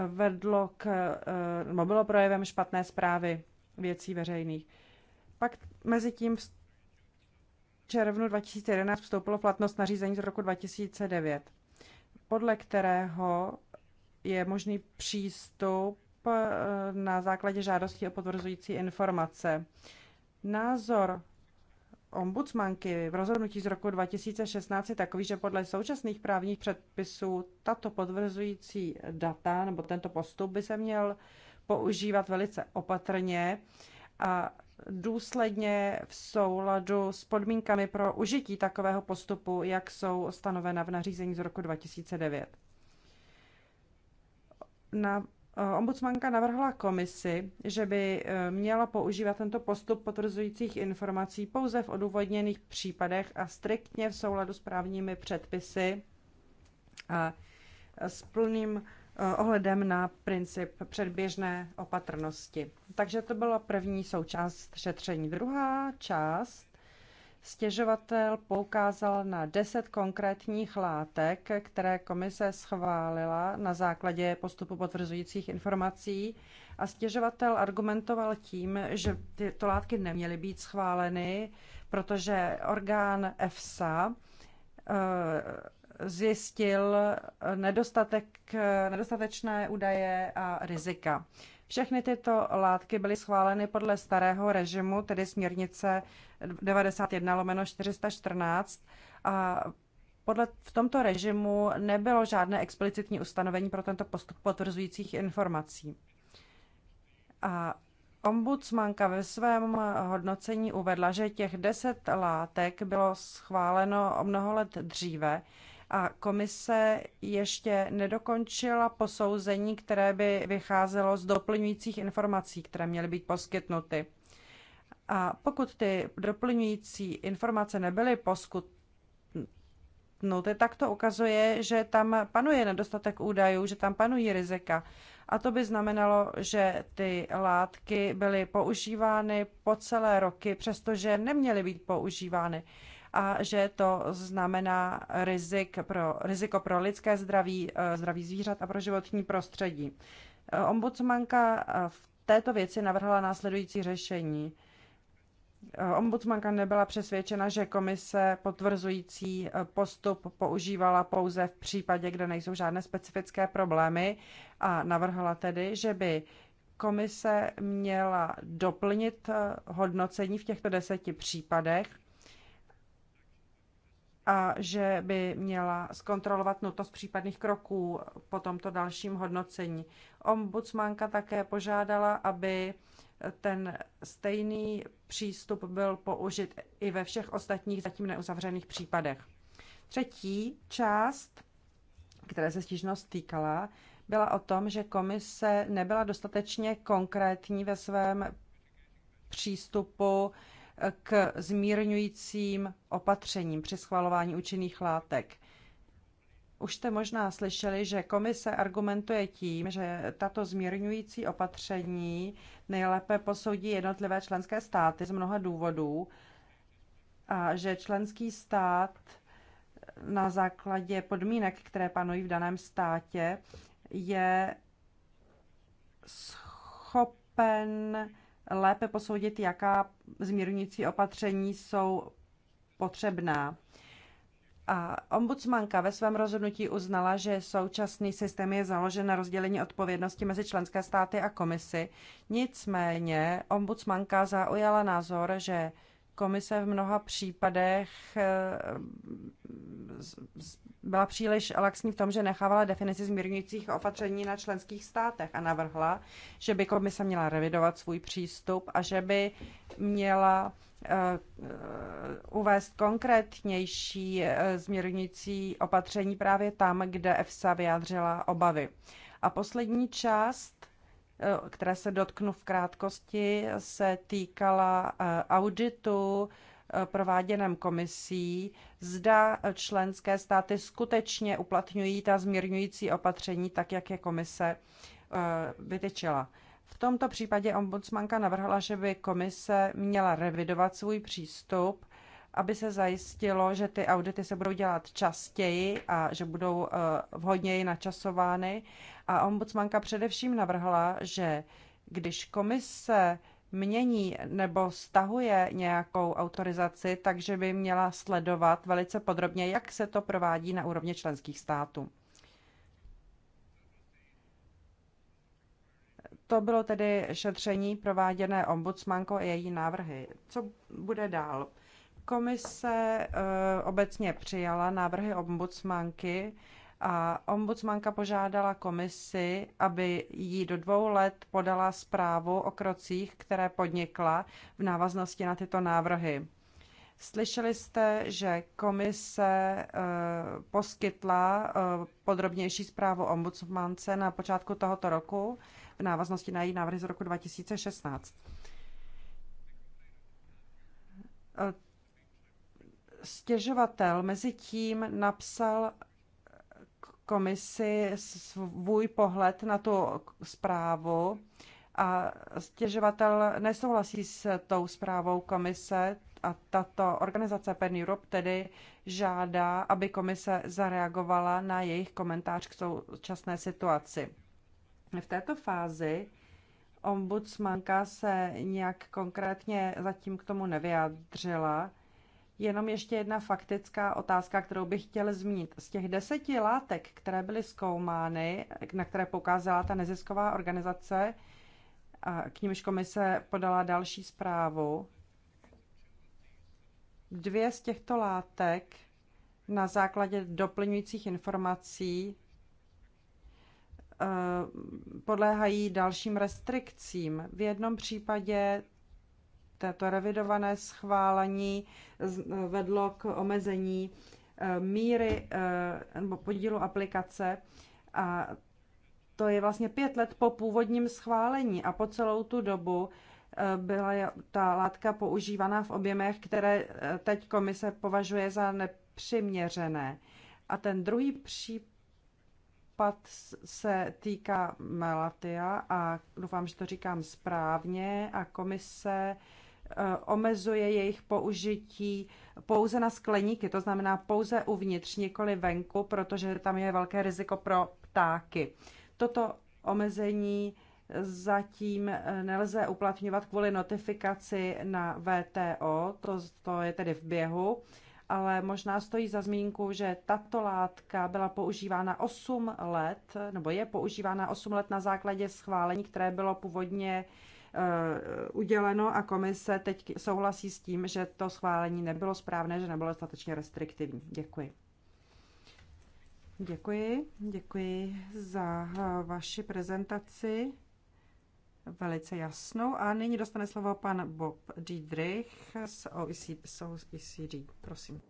vedlo k, eh, nebo bylo projevem špatné zprávy věcí veřejných. Pak mezi tím v červnu 2011 vstoupilo v platnost nařízení z roku 2009, podle kterého je možný přístup Eh, na základě žádosti o potvrzující informace. Názor ombudsmanky v rozhodnutí z roku 2016 je takový, že podle současných právních předpisů tato potvrzující data nebo tento postup by se měl používat velice opatrně a důsledně v souladu s podmínkami pro užití takového postupu, jak jsou stanovena v nařízení z roku 2009. Na Eh, ombudsmanka navrhla komisi, že by eh, měla používat tento postup potvrzujících informací pouze v odůvodněných případech a striktně v souladu s právními předpisy a s plným eh, ohledem na princip předběžné opatrnosti. Takže to byla první součást šetření. Druhá část Stěžovatel poukázal na deset konkrétních látek, které komise schválila na základě postupu potvrzujících informací a stěžovatel argumentoval tím, že tyto látky neměly být schváleny, protože orgán EFSA eh, zjistil nedostatek, nedostatečné údaje a rizika. Všechny tyto látky byly schváleny podle starého režimu, tedy směrnice 91 lomeno 414 a podle, v tomto režimu nebylo žádné explicitní ustanovení pro tento postup potvrzujících informací. A ombudsmanka ve svém hodnocení uvedla, že těch deset látek bylo schváleno o mnoho let dříve, a komise ještě nedokončila posouzení, které by vycházelo z doplňujících informací, které měly být poskytnuty. A pokud ty doplňující informace nebyly poskytnuty, tak to ukazuje, že tam panuje nedostatek údajů, že tam panují rizika. A to by znamenalo, že ty látky byly používány po celé roky, přestože neměly být používány a že to znamená rizik pro, riziko pro lidské zdraví, eh, zdraví zvířat a pro životní prostředí. Eh, ombudsmanka eh, v této věci navrhla následující řešení. Ombudsmanka nebyla přesvědčena, že komise potvrzující postup používala pouze v případě, kde nejsou žádné specifické problémy a navrhla tedy, že by komise měla doplnit hodnocení v těchto deseti případech a že by měla zkontrolovat nutnost případných kroků po tomto dalším hodnocení. Ombudsmanka také požádala, aby ten stejný přístup byl použit i ve všech ostatních zatím neuzavřených případech. Třetí část, která se stížnost týkala, byla o tom, že komise nebyla dostatečně konkrétní ve svém přístupu k zmírňujícím opatřením při schvalování účinných látek. Už jste možná slyšeli, že komise argumentuje tím, že tato zmírňující opatření nejlépe posoudí jednotlivé členské státy z mnoha důvodů a že členský stát na základě podmínek, které panují v daném státě, je schopen lépe posoudit, jaká zmírňující opatření jsou potřebná. A ombudsmanka ve svém rozhodnutí uznala, že současný systém je založen na rozdělení odpovědnosti mezi členské státy a komisi. Nicméně ombudsmanka zaujala názor, že komise v mnoha případech eh, byla příliš laxní v tom, že nechávala definici zmírňujících opatření na členských státech a navrhla, že by komise měla revidovat svůj přístup a že by měla eh, eh, uvést konkrétnější zmírňující opatření právě tam, kde EFSA vyjádřila obavy. A poslední část Eh, které se dotknu v krátkosti, se týkala eh, auditu eh, prováděném komisí, zda členské státy skutečně uplatňují ta zmírňující opatření tak, jak je komise vytyčila. V tomto případě ombudsmanka navrhla, že by komise měla revidovat svůj přístup, aby se zajistilo, že ty audity se budou dělat častěji a že budou vhodněji načasovány a ombudsmanka především navrhla, že když komise mění nebo stahuje nějakou autorizaci, takže by měla sledovat velice podrobně, jak se to provádí na úrovni členských států. To bylo tedy šetření prováděné ombudsmankou a její návrhy. Co bude dál? Komise eh, obecně přijala návrhy ombudsmanky, a ombudsmanka požádala komisi, aby jí do dvou let podala zprávu o krocích, které podnikla v návaznosti na tyto návrhy. Slyšeli jste, že komise eh, poskytla eh, podrobnější zprávu ombudsmance na počátku tohoto roku v návaznosti na její návrhy z roku 2016 eh, stěžovatel mezi tím napsal komisi svůj pohled na tu zprávu a stěžovatel nesouhlasí s tou zprávou komise a tato organizace Pen Europe tedy žádá, aby komise zareagovala na jejich komentář k současné situaci. V této fázi ombudsmanka se nějak konkrétně zatím k tomu nevyjádřila, Jenom ještě jedna faktická otázka, kterou bych chtěl zmínit. Z těch deseti látek, které byly zkoumány, na které poukázala ta nezisková organizace, k nímž komise podala další zprávu, dvě z těchto látek na základě doplňujících informací eh, podléhají dalším restrikcím. V jednom případě to revidované schválení eh, vedlo k omezení eh, míry eh, nebo podílu aplikace a to je vlastně pět let po původním schválení a po celou tu dobu byla ta látka používaná v objemech, které teď komise považuje za nepřiměřené. A ten druhý případ se týká Melatia a doufám, že to říkám správně a komise Eh, omezuje jejich použití pouze na skleníky, to znamená pouze uvnitř, nikoli venku, protože tam je velké riziko pro ptáky. Toto omezení zatím eh, nelze uplatňovat kvůli notifikaci na VTO, to, to je tedy v běhu, ale možná stojí za zmínku, že tato látka byla používána 8 let, nebo je používána 8 let na základě schválení, které bylo původně Eh, uděleno a komise teď souhlasí s tím, že to schválení nebylo správné, že nebylo dostatečně restriktivní. Děkuji. Děkuji, děkuji za eh, vaši prezentaci velice jasnou. A nyní dostane slovo pan Bob Diedrich z OECD. Z OECD. Prosím.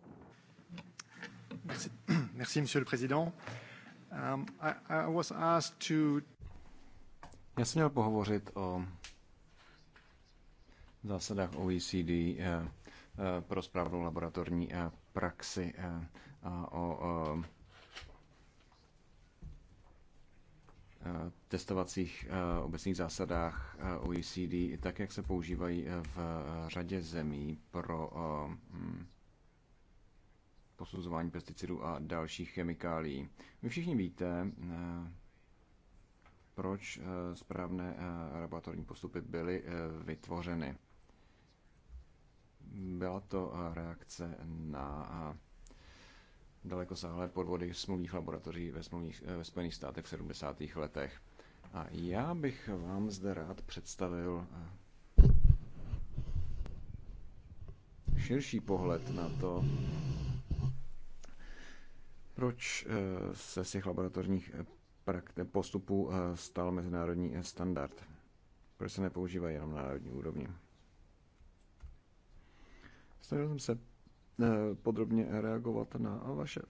Merci, (clears throat) Merci monsieur le président. Um, I, I was asked to... Já jsem měl pohovořit o zásadách OECD eh, eh, pro správnou laboratorní eh, praxi a o testovacích obecných zásadách OECD, tak jak se používají v řadě zemí pro hm, posuzování pesticidů a dalších chemikálií. Vy všichni víte, proč správné laboratorní postupy byly vytvořeny. Byla to eh, reakce na eh, dalekosáhlé podvody smluvních laboratoří ve, smluvních, eh, ve Spojených státech v 70. letech. A já bych vám zde rád představil širší pohled na to, proč se z těch laboratorních postupů stal mezinárodní standard. Proč se nepoužívají jenom na národní úrovni. Snažil jsem se eh, podrobně reagovat na vaše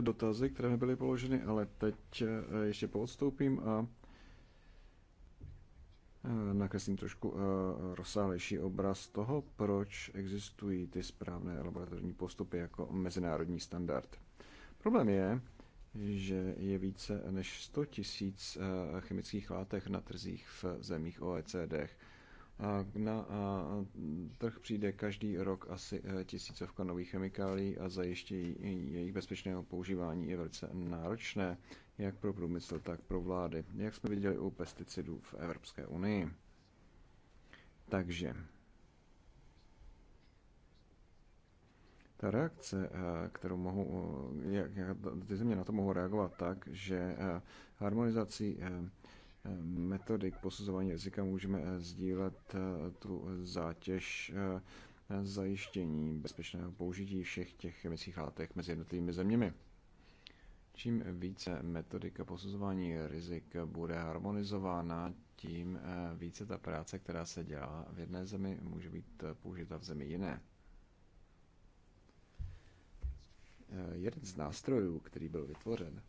dotazy, které mi byly položeny, ale teď eh, ještě poodstoupím a eh, nakreslím trošku rozsáhlejší obraz toho, proč existují ty správné laboratorní postupy jako mezinárodní standard. Problém je, že je více než 100 tisíc chemických látek na trzích v zemích OECD e na trh přijde každý rok asi e, tisícovka nových chemikálií a zajištění jejich bezpečného používání je velice náročné, jak pro průmysl, tak pro vlády, jak jsme viděli u pesticidů v Evropské unii. Takže ta reakce, e, kterou mohu, e, jak, jak ty země na to mohou reagovat tak, že harmonizací metodik posuzování rizika můžeme eh, sdílet eh, tu zátěž eh, zajištění bezpečného použití všech těch chemických látek mezi jednotlivými zeměmi. Čím více metodika posuzování rizik bude harmonizována, tím více ta práce, která se dělá v jedné zemi, může být použita v zemi jiné. Jeden z nástrojů, který byl vytvořen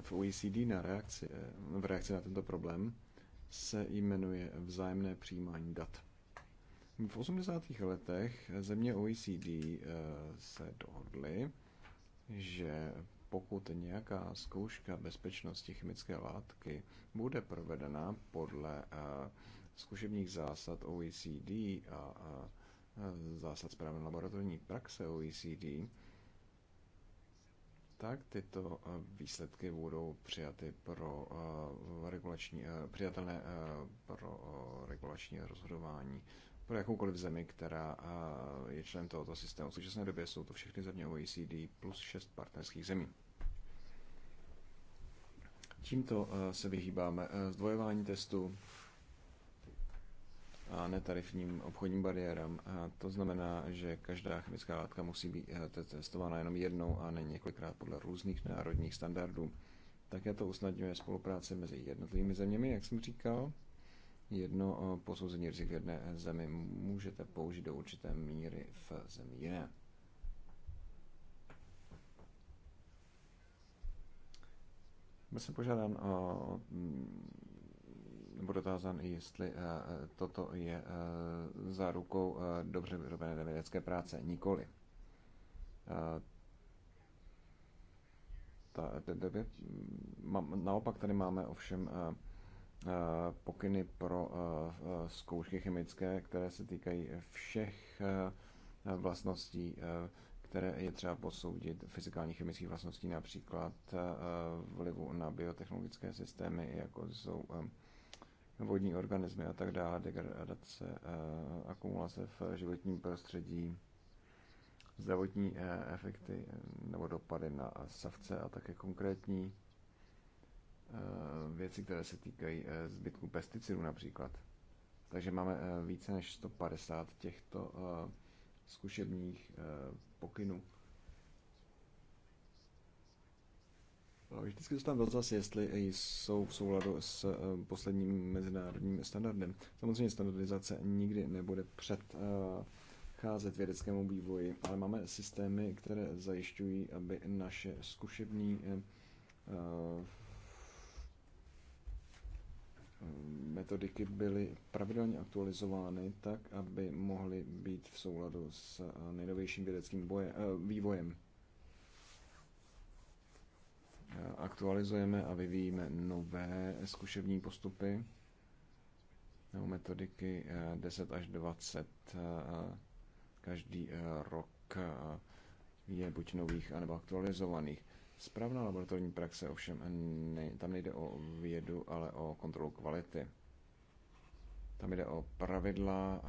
v OECD na reakci, v reakci na tento problém se jmenuje vzájemné přijímání dat. V 80. letech země OECD eh, se dohodly, že pokud nějaká zkouška bezpečnosti chemické látky bude provedena podle eh, zkušebních zásad OECD a zásad správné laboratorní praxe OECD, tak tyto eh, výsledky budou přijaty pro eh, regulační, eh, přijatelné pro regulační rozhodování pro jakoukoliv zemi, která je člen tohoto systému. V současné době jsou to všechny země OECD plus šest partnerských zemí. Tímto se vyhýbáme zdvojování testů, a netarifním obchodním bariérám. A to znamená, že každá chemická látka musí být eh, testována jenom jednou a ne několikrát podle různých národních standardů. Také to usnadňuje spolupráci mezi jednotlivými zeměmi, jak jsem říkal. Jedno eh, posouzení rizik v jedné zemi můžete použít do určité míry v zemi jiné. Byl jsem požádán o mm, bude tázán, jestli eh, eh, toto je eh, za rukou dobře vyrobené vědecké práce. Nikoli. Ta, naopak tady máme ovšem pokyny pro zkoušky chemické, které se týkají všech vlastností, které je třeba posoudit, fyzikálních chemických vlastností, například vlivu na biotechnologické systémy, jako jsou vodní organismy a tak dále, degradace, eh, akumulace v životním prostředí, zdravotní eh, efekty eh, nebo dopady na savce a také konkrétní věci, které se týkají zbytku pesticidů například. Takže máme více než 150 těchto zkušebních pokynů Vždycky dostávám dotaz, jestli jsou v souladu s eh, posledním mezinárodním standardem. Samozřejmě standardizace nikdy nebude předcházet vědeckému vývoji, ale máme systémy, které zajišťují, aby naše zkušební eh, eh, metodiky byly pravidelně aktualizovány tak, aby mohly být v souladu s nejnovějším vědeckým boje, vývojem aktualizujeme a vyvíjíme nové zkušební postupy nebo metodiky 10 eh, až 20 eh, každý eh, rok je buď nových, anebo aktualizovaných. Správná laboratorní praxe ovšem ne, tam nejde o vědu, ale o kontrolu kvality. Tam jde o pravidla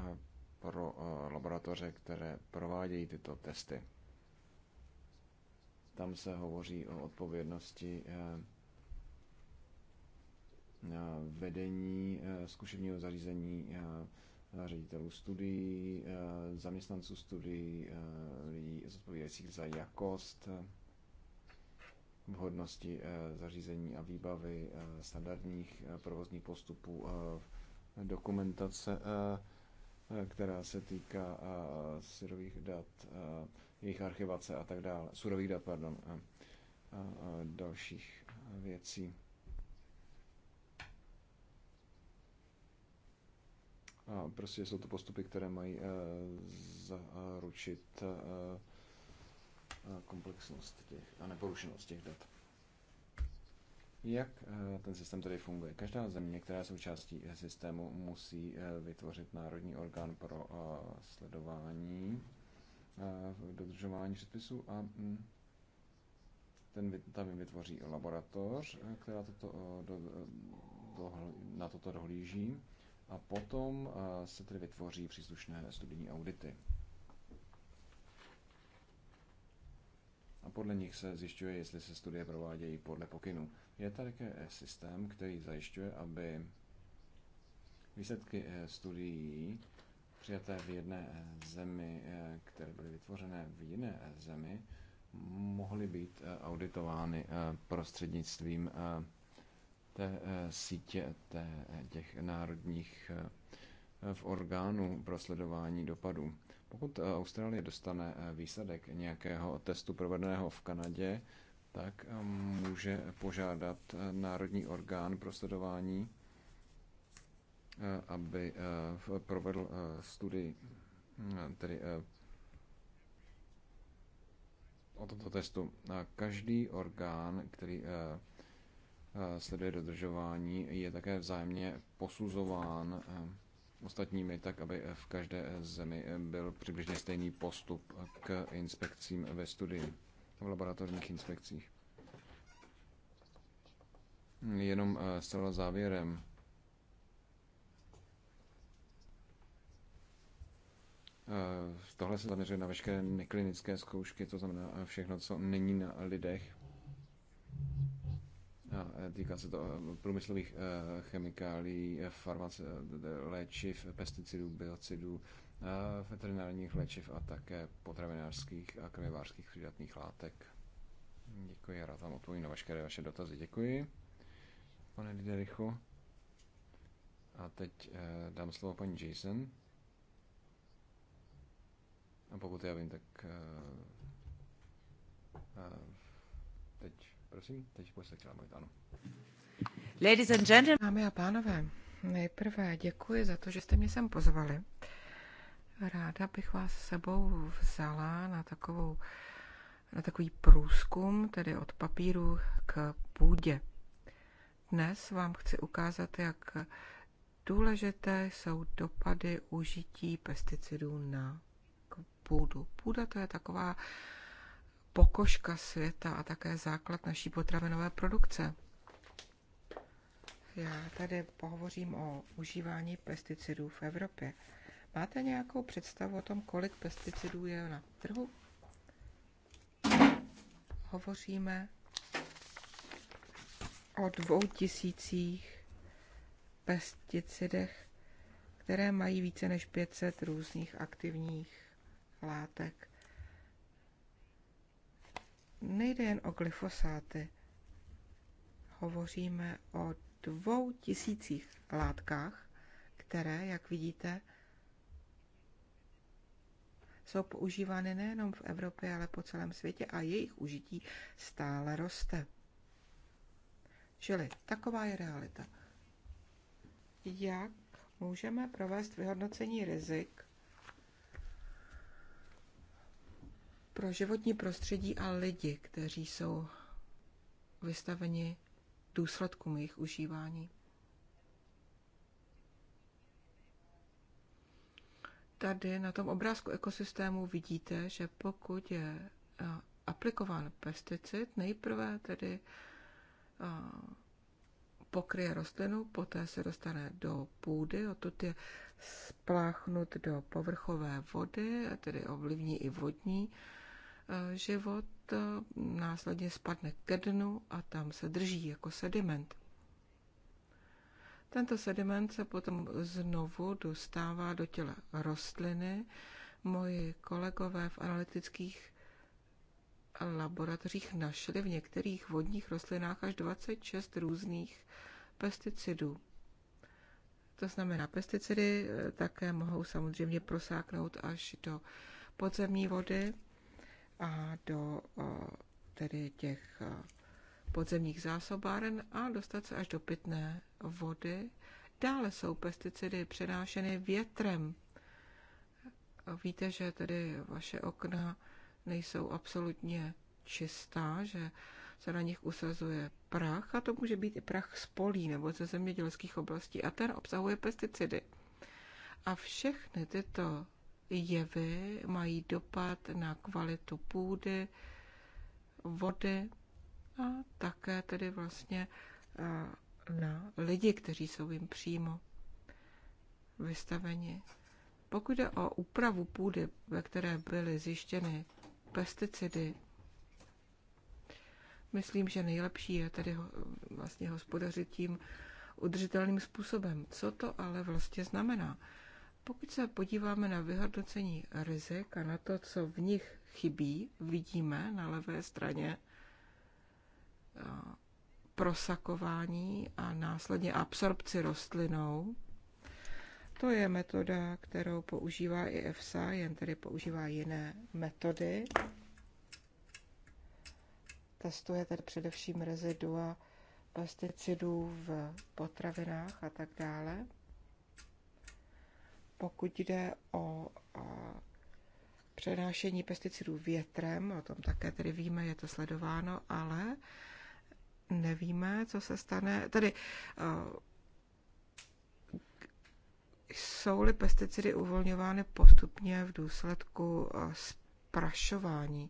pro laboratoře, které provádějí tyto testy. Tam se hovoří o odpovědnosti eh, eh, vedení eh, zkušebního zařízení ředitelů studií, zaměstnanců studií, lidí zodpovědajících za jakost, vhodnosti zařízení a výbavy, standardních provozních postupů, dokumentace, která se týká syrových dat, jejich archivace a tak dále, surových dat, pardon, a, a, a dalších věcí. A prostě jsou to postupy, které mají uh, zaručit uh, komplexnost těch a neporušenost těch dat. Jak ten systém tedy funguje? Každá země, která je součástí systému, musí vytvořit národní orgán pro sledování v dodržování předpisů a mm, ten, tam vytvoří laboratoř, která toto, eh, do, do, na toto dohlíží a potom eh, se tedy vytvoří příslušné studijní audity. A podle nich se zjišťuje, jestli se studie provádějí podle pokynů. Je tady také eh, systém, který zajišťuje, aby výsledky studií přijaté v jedné eh, zemi, eh, které byly vytvořené v jiné eh, zemi, mohly být auditovány prostřednictvím té sítě té, těch národních v orgánu pro sledování dopadů. Pokud Austrálie dostane výsledek nějakého testu provedeného v Kanadě, tak může požádat národní orgán pro sledování Eh, aby eh, provedl eh, studii, tedy o tomto testu. Každý orgán, který sleduje dodržování, je také vzájemně posuzován ostatními tak, aby v každé zemi byl přibližně stejný postup k inspekcím ve studii, v laboratorních inspekcích. Jenom zcela závěrem Eh, tohle se zaměřuje na veškeré neklinické zkoušky, to znamená eh, všechno, co není na lidech. A eh, týká se to průmyslových chemikálií, farmace, léčiv, pesticidů, biocidů, veterinárních léčiv a také potravinářských a krmivářských přidatných látek. Děkuji, já rád vám odpovím na veškeré vaše dotazy. Děkuji, pane Diderichu. A teď dám slovo paní Jason. A pokud já vím, tak eh, eh, teď, prosím, teď se chtěla mluvit, ano. Ladies and gentlemen. Dámy a pánové, nejprve děkuji za to, že jste mě sem pozvali. Ráda bych vás sebou vzala na takovou na takový průzkum, tedy od papíru k půdě. Dnes vám chci ukázat, jak důležité jsou dopady užití pesticidů na půdu. Půda to je taková pokožka světa a také základ naší potravinové produkce. Já tady pohovořím o užívání pesticidů v Evropě. Máte nějakou představu o tom, kolik pesticidů je na trhu? Hovoříme o dvou tisících pesticidech, které mají více než 500 různých aktivních látek. Nejde jen o glyfosáty. Hovoříme o dvou tisících látkách, které, jak vidíte, jsou používány nejenom v Evropě, ale po celém světě a jejich užití stále roste. Čili taková je realita. Jak můžeme provést vyhodnocení rizik pro životní prostředí a lidi, kteří jsou vystaveni důsledkům jejich užívání. Tady na tom obrázku ekosystému vidíte, že pokud je eh, aplikován pesticid, nejprve tedy eh, pokryje rostlinu, poté se dostane do půdy, odtud je spláchnut do povrchové vody, a tedy ovlivní i vodní Eh, život eh, následně spadne ke dnu a tam se drží jako sediment. Tento sediment se potom znovu dostává do těla rostliny. Moji kolegové v analytických laboratořích našli v některých vodních rostlinách až 26 různých pesticidů. To znamená, pesticidy eh, také mohou samozřejmě prosáknout až do podzemní vody a do eh, tedy těch eh, podzemních zásobáren a dostat se až do pitné vody. Dále jsou pesticidy přenášeny větrem. Víte, že tedy vaše okna nejsou absolutně čistá, že se na nich usazuje prach a to může být i prach z polí nebo ze zemědělských oblastí a ten obsahuje pesticidy. A všechny tyto jevy mají dopad na kvalitu půdy, vody a také tedy vlastně na lidi, kteří jsou jim přímo vystaveni. Pokud jde o úpravu půdy, ve které byly zjištěny pesticidy, myslím, že nejlepší je tedy vlastně hospodařit tím udržitelným způsobem. Co to ale vlastně znamená? Pokud se podíváme na vyhodnocení rizik a na to, co v nich chybí, vidíme na levé straně eh, prosakování a následně absorpci rostlinou. To je metoda, kterou používá i EFSA, jen tedy používá jiné metody. Testuje tedy především rezidua pesticidů v potravinách a tak dále pokud jde o přenášení pesticidů větrem, o tom také tedy víme, je to sledováno, ale nevíme, co se stane. Tedy jsou-li pesticidy uvolňovány postupně v důsledku sprašování.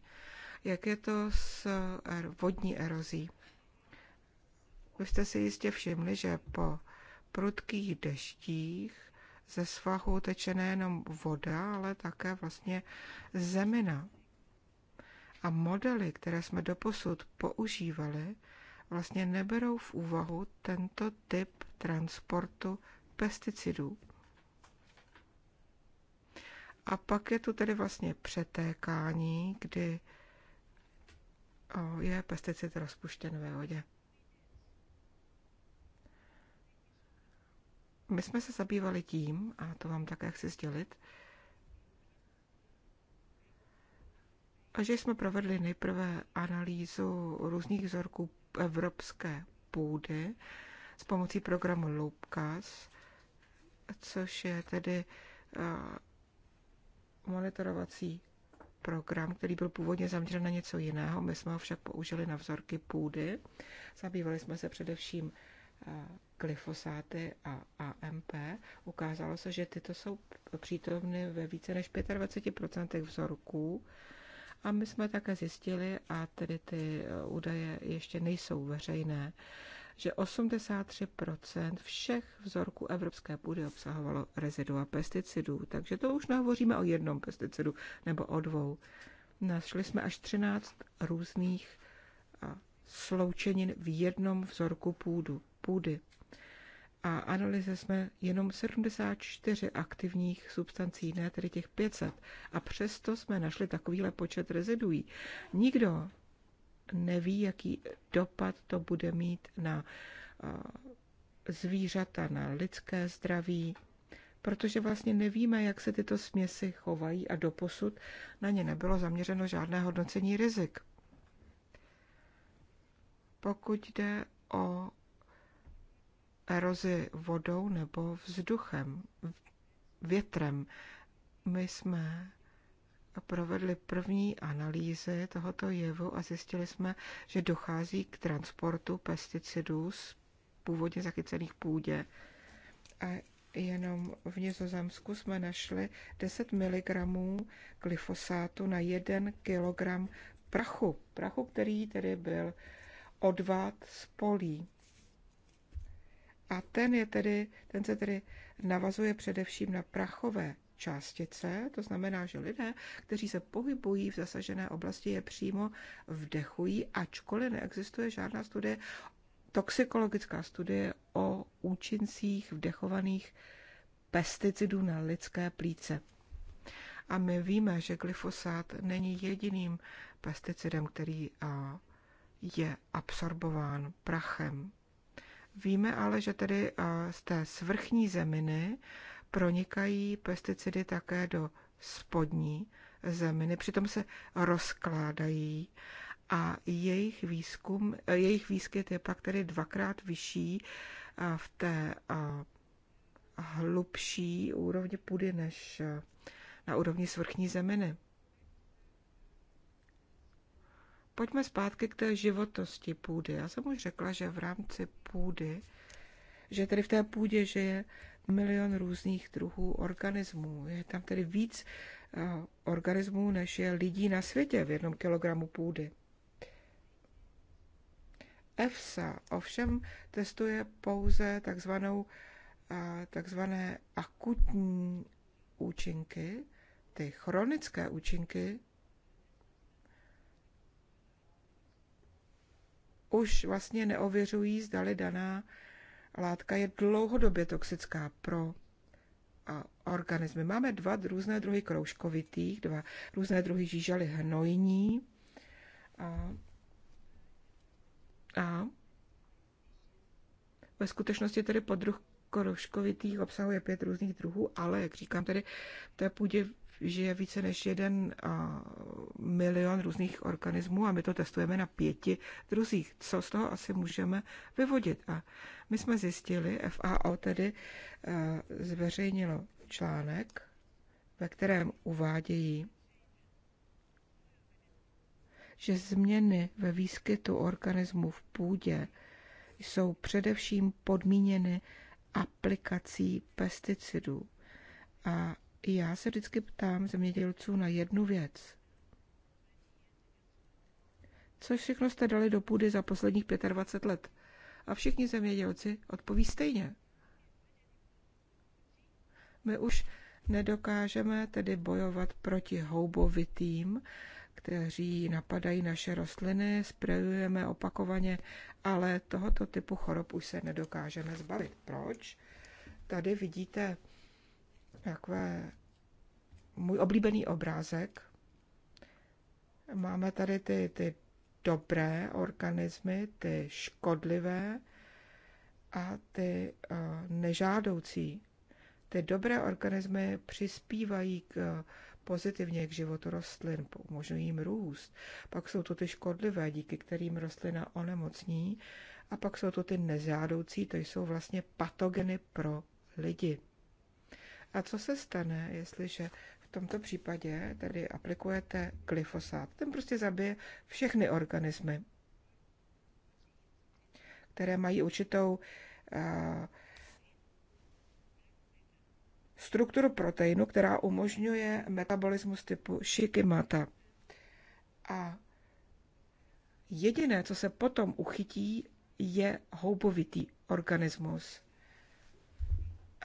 Jak je to s er, vodní erozí? Vy jste si jistě všimli, že po prudkých deštích ze svahu teče nejenom voda, ale také vlastně zemina. A modely, které jsme doposud používali, vlastně neberou v úvahu tento typ transportu pesticidů. A pak je tu tedy vlastně přetékání, kdy je pesticid rozpuštěn ve vodě. My jsme se zabývali tím, a to vám také chci sdělit, že jsme provedli nejprve analýzu různých vzorků evropské půdy s pomocí programu Loopcast, což je tedy eh, monitorovací program, který byl původně zaměřen na něco jiného. My jsme ho však použili na vzorky půdy. Zabývali jsme se především glyfosáty a AMP, ukázalo se, že tyto jsou přítomny ve více než 25% vzorků. A my jsme také zjistili, a tedy ty eh, údaje ještě nejsou veřejné, že 83% všech vzorků evropské půdy obsahovalo rezidua pesticidů. Takže to už nehovoříme o jednom pesticidu nebo o dvou. Našli jsme až 13 různých sloučenin v jednom vzorku půdu, půdy. A analýze jsme jenom 74 aktivních substancí, ne tedy těch 500. A přesto jsme našli takovýhle počet reziduí. Nikdo neví, jaký dopad to bude mít na zvířata, na lidské zdraví, protože vlastně nevíme, jak se tyto směsi chovají a doposud na ně nebylo zaměřeno žádné hodnocení rizik. Pokud jde o erozi vodou nebo vzduchem, větrem. My jsme provedli první analýzy tohoto jevu a zjistili jsme, že dochází k transportu pesticidů z původně zachycených půdě. A jenom v Nizozemsku jsme našli 10 mg glyfosátu na 1 kg prachu. Prachu, který tedy byl odvad z polí. A ten, je tedy, ten se tedy navazuje především na prachové částice, to znamená, že lidé, kteří se pohybují v zasažené oblasti, je přímo vdechují, ačkoliv neexistuje žádná studie, toxikologická studie o účincích vdechovaných pesticidů na lidské plíce. A my víme, že glyfosát není jediným pesticidem, který je absorbován prachem. Víme ale, že tedy eh, z té svrchní zeminy pronikají pesticidy také do spodní zeminy, přitom se rozkládají a jejich, výzkum, eh, jejich výskyt je pak tedy dvakrát vyšší eh, v té hlubší úrovni půdy než na úrovni svrchní zeminy. Pojďme zpátky k té životnosti půdy. Já jsem už řekla, že v rámci půdy, že tedy v té půdě, že je milion různých druhů organismů. Je tam tedy víc eh, organismů, než je lidí na světě v jednom kilogramu půdy. EFSA ovšem testuje pouze takzvanou, eh, takzvané akutní účinky, ty chronické účinky už vlastně neověřují, zdali daná látka je dlouhodobě toxická pro organismy. Máme dva různé druhy kroužkovitých, dva různé druhy žížaly hnojní. A, a ve skutečnosti tedy podruh kroužkovitých obsahuje pět různých druhů, ale, jak říkám, tedy v té půdě žije více než jeden milion různých organismů a my to testujeme na pěti druzích. Co z toho asi můžeme vyvodit? A my jsme zjistili, FAO tedy e, zveřejnilo článek, ve kterém uvádějí, že změny ve výskytu organismů v půdě jsou především podmíněny aplikací pesticidů. A já se vždycky ptám zemědělců na jednu věc. Co všechno jste dali do půdy za posledních 25 let? A všichni zemědělci odpoví stejně. My už nedokážeme tedy bojovat proti houbovitým, kteří napadají naše rostliny, sprejujeme opakovaně, ale tohoto typu chorob už se nedokážeme zbavit. Proč? Tady vidíte takové můj oblíbený obrázek. Máme tady ty, ty dobré organismy, ty škodlivé a ty eh, nežádoucí. Ty dobré organismy přispívají k, eh, pozitivně k životu rostlin, umožňují jim růst. Pak jsou to ty škodlivé, díky kterým rostlina onemocní. A pak jsou to ty nežádoucí, to jsou vlastně patogeny pro lidi. A co se stane, jestliže v tomto případě tedy aplikujete glyfosát? Ten prostě zabije všechny organismy, které mají určitou uh, strukturu proteinu, která umožňuje metabolismus typu Shikimata. A jediné, co se potom uchytí, je houbovitý organismus.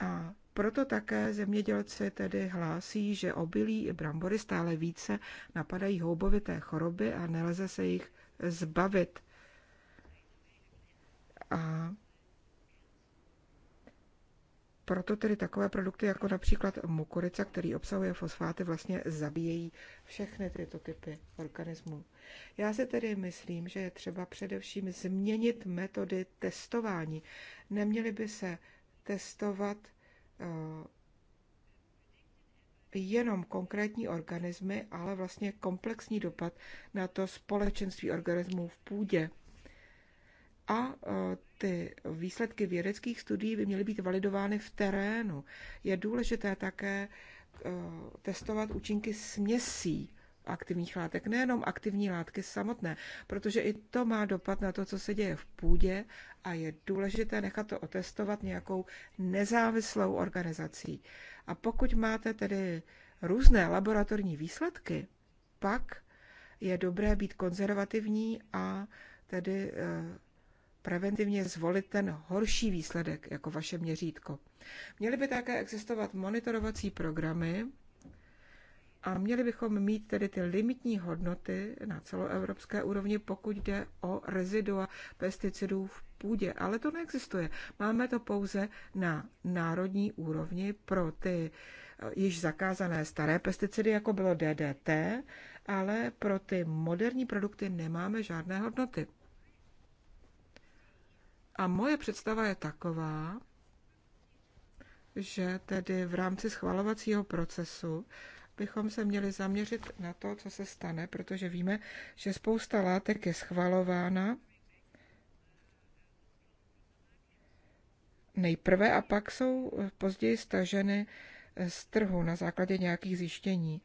A proto také zemědělci tedy hlásí, že obilí i brambory stále více napadají houbovité choroby a nelze se jich zbavit. A proto tedy takové produkty jako například mukurica, který obsahuje fosfáty, vlastně zabíjejí všechny tyto typy organismů. Já si tedy myslím, že je třeba především změnit metody testování. Neměly by se testovat Eh, jenom konkrétní organismy, ale vlastně komplexní dopad na to společenství organismů v půdě. A eh, ty výsledky vědeckých studií by měly být validovány v terénu. Je důležité také eh, testovat účinky směsí aktivních látek, nejenom aktivní látky samotné, protože i to má dopad na to, co se děje v půdě a je důležité nechat to otestovat nějakou nezávislou organizací. A pokud máte tedy různé laboratorní výsledky, pak je dobré být konzervativní a tedy eh, preventivně zvolit ten horší výsledek jako vaše měřítko. Měly by také existovat monitorovací programy, a měli bychom mít tedy ty limitní hodnoty na celoevropské úrovni, pokud jde o rezidua pesticidů v půdě. Ale to neexistuje. Máme to pouze na národní úrovni pro ty eh, již zakázané staré pesticidy, jako bylo DDT, ale pro ty moderní produkty nemáme žádné hodnoty. A moje představa je taková, že tedy v rámci schvalovacího procesu bychom se měli zaměřit na to, co se stane, protože víme, že spousta látek je schvalována nejprve a pak jsou později staženy z trhu na základě nějakých zjištění.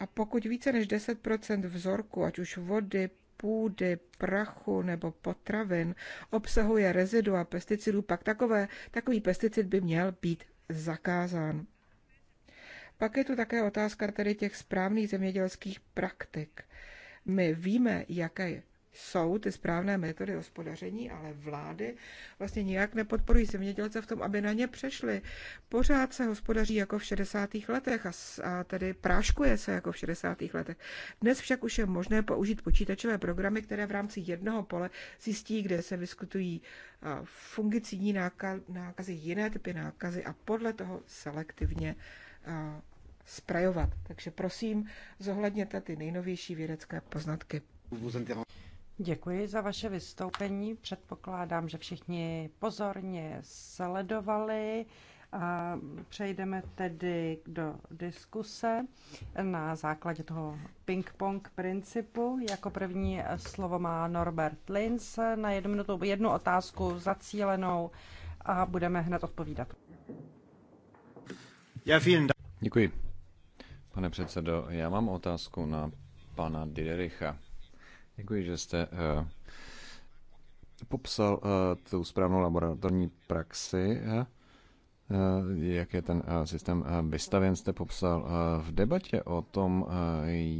A pokud více než 10 vzorku, ať už vody, půdy, prachu nebo potravin obsahuje rezidua pesticidů, pak takové, takový pesticid by měl být zakázán. Pak je tu také otázka tedy těch správných zemědělských praktik. My víme, jaké jsou ty správné metody hospodaření, ale vlády vlastně nijak nepodporují zemědělce v tom, aby na ně přešli. Pořád se hospodaří jako v 60. letech a, a tedy práškuje se jako v 60. letech. Dnes však už je možné použít počítačové programy, které v rámci jednoho pole zjistí, kde se vyskytují fungicidní nákazy, jiné typy nákazy a podle toho selektivně sprajovat. Takže prosím, zohledněte ty nejnovější vědecké poznatky. Děkuji za vaše vystoupení. Předpokládám, že všichni pozorně sledovali. A přejdeme tedy do diskuse na základě toho ping-pong principu. Jako první slovo má Norbert Linz na jednu minutu jednu otázku zacílenou a budeme hned odpovídat. Děkuji. Pane předsedo, já mám otázku na pana Didericha. Děkuji, že jste uh, popsal uh, tu správnou laboratorní praxi. Uh, jak je ten systém vystavěn, jste popsal v debatě o tom,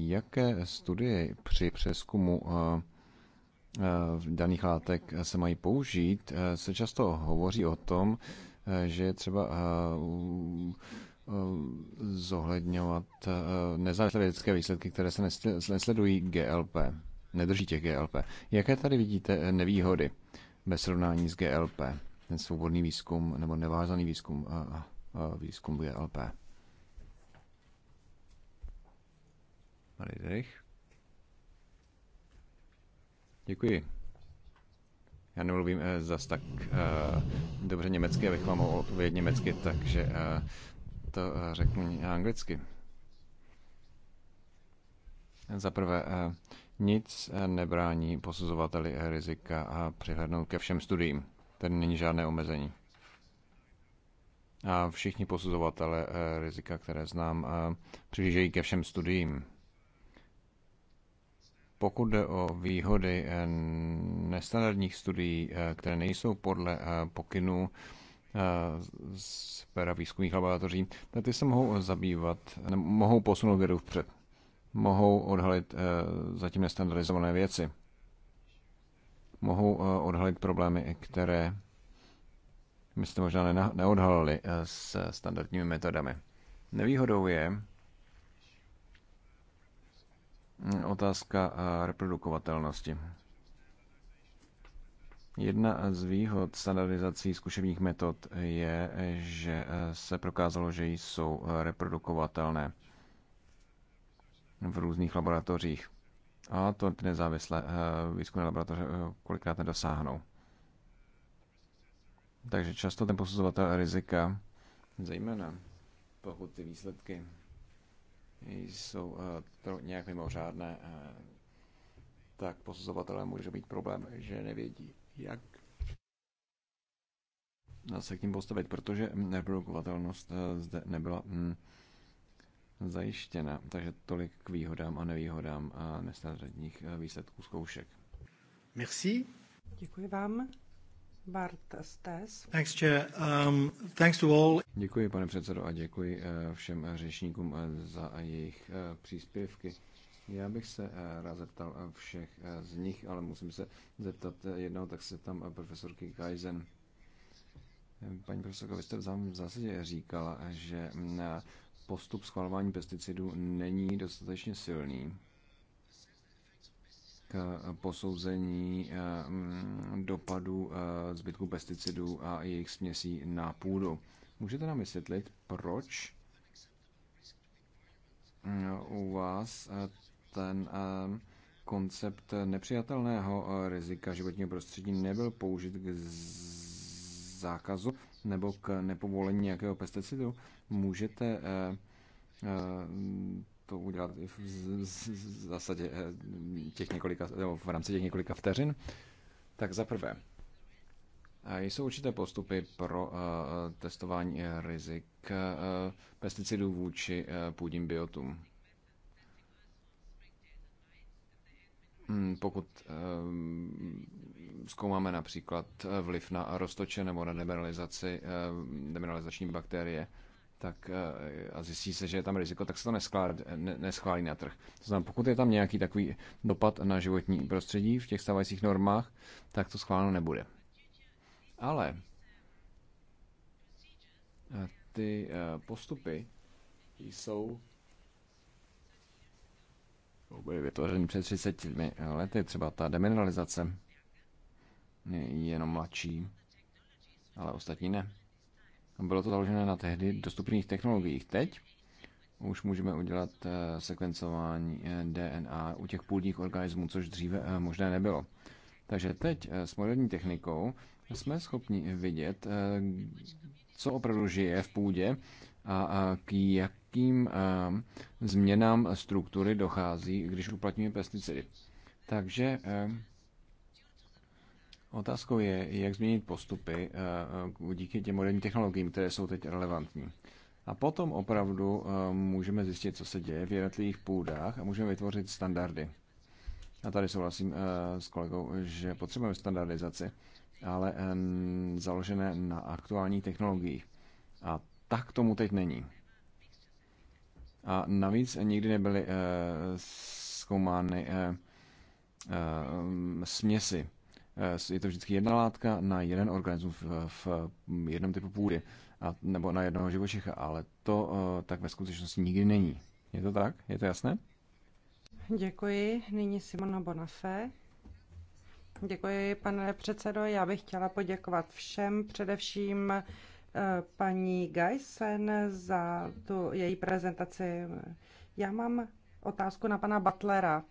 jaké studie při přeskumu daných látek se mají použít, se často hovoří o tom, že je třeba zohledňovat eh, nezávislé vědecké výsledky, které se nesledují GLP, nedrží těch GLP. Jaké tady vidíte eh, nevýhody ve srovnání s GLP, ten svobodný výzkum nebo nevázaný výzkum, eh, výzkum GLP? Maridech. Děkuji. Já nemluvím zas tak eh, dobře německy, abych vám mohl odpovědět německy, takže to eh, řeknu eh, anglicky. Za prvé, eh, nic nebrání posuzovateli rizika a přihlednout ke všem studiím. Tady není žádné omezení. A všichni posuzovatele rizika, které znám, přihlížejí ke všem studiím. Pokud jde o výhody nestandardních studií, které nejsou podle pokynů, Eh, z pera výzkumných laboratoří, tak eh, ty se mohou zabývat, mohou posunout vědu vpřed. Mohou odhalit eh, zatím nestandardizované věci. Mohou odhalit problémy, které my jste možná neodhalili s standardními metodami. Nevýhodou je mm, otázka reprodukovatelnosti. Jedna z výhod standardizací zkušebních metod je, že se prokázalo, že jsou reprodukovatelné v různých laboratořích. A to ty nezávislé eh, výzkumné laboratoře eh, kolikrát nedosáhnou. Takže často ten posuzovatel rizika, zejména pokud ty výsledky jsou pro eh, nějak mimořádné, tak posuzovatelé může být problém, že nevědí, jak se k ním postavit, protože neprodukovatelnost eh, zde nebyla hm, zajištěna. Takže tolik k výhodám a nevýhodám a nestandardních eh, výsledků zkoušek. Merci. Děkuji vám. Bart Stes. Thanks, chair. Um, thanks to all. Děkuji, pane předsedo, a děkuji eh, všem řečníkům za jejich příspěvky. Já bych se eh, rád zeptal eh, všech eh, z nich, ale musím se zeptat jednou, tak se tam profesorky Kaizen. Paní profesorka, vy jste v zásadě říkala, že mm, postup schvalování pesticidů není dostatečně silný k posouzení mm, dopadu zbytku pesticidů a jejich směsí na půdu. Můžete nám vysvětlit, proč mm, u vás ten eh, koncept nepřijatelného eh, rizika životního prostředí nebyl použit k zákazu nebo k nepovolení nějakého pesticidu. Můžete eh, to udělat i v zásadě těch několika, nebo v rámci těch několika vteřin. Tak za prvé, jsou určité postupy pro testování rizik pesticidů vůči půdním biotům. Mm, pokud ehm, zkoumáme například eh, vliv na roztoče nebo na demineralizaci, ehm, demineralizační bakterie, tak eh, a zjistí se, že je tam riziko, tak se to neskládá, ne, neschválí na trh. To znamená, pokud je tam nějaký takový dopad na životní prostředí v těch stávajících normách, tak to schváleno nebude. Ale eh, ty postupy jsou byly vytvořeny před 30 lety, třeba ta demineralizace je jenom mladší, ale ostatní ne. Bylo to založené na tehdy dostupných technologiích. Teď už můžeme udělat eh, sekvencování eh, DNA u těch půdních organismů, což dříve eh, možné nebylo. Takže teď s moderní technikou jsme schopni vidět, co opravdu žije v půdě a k jak uh, změnám struktury dochází, když uplatňuje pesticidy. Takže ehm, otázkou je, jak změnit postupy ehm, díky těm moderním technologiím, které jsou teď relevantní. A potom opravdu můžeme zjistit, co se děje v jednotlivých půdách a můžeme vytvořit standardy. A tady souhlasím s kolegou, že potřebujeme standardizaci, ale založené na aktuálních technologiích. A tak tomu teď není. A navíc nikdy nebyly eh, zkoumány eh, eh, směsi. Je to vždycky jedna látka na jeden organismus v, v jednom typu půdy, a, nebo na jednoho živočicha, ale to tak ve skutečnosti nikdy není. Je to tak? Je to jasné? Děkuji. Nyní Simona Bonafé. Děkuji, pane předsedo. Já bych chtěla poděkovat všem, především Eh, paní Geisen za tu její prezentaci. Já mám otázku na pana Butlera.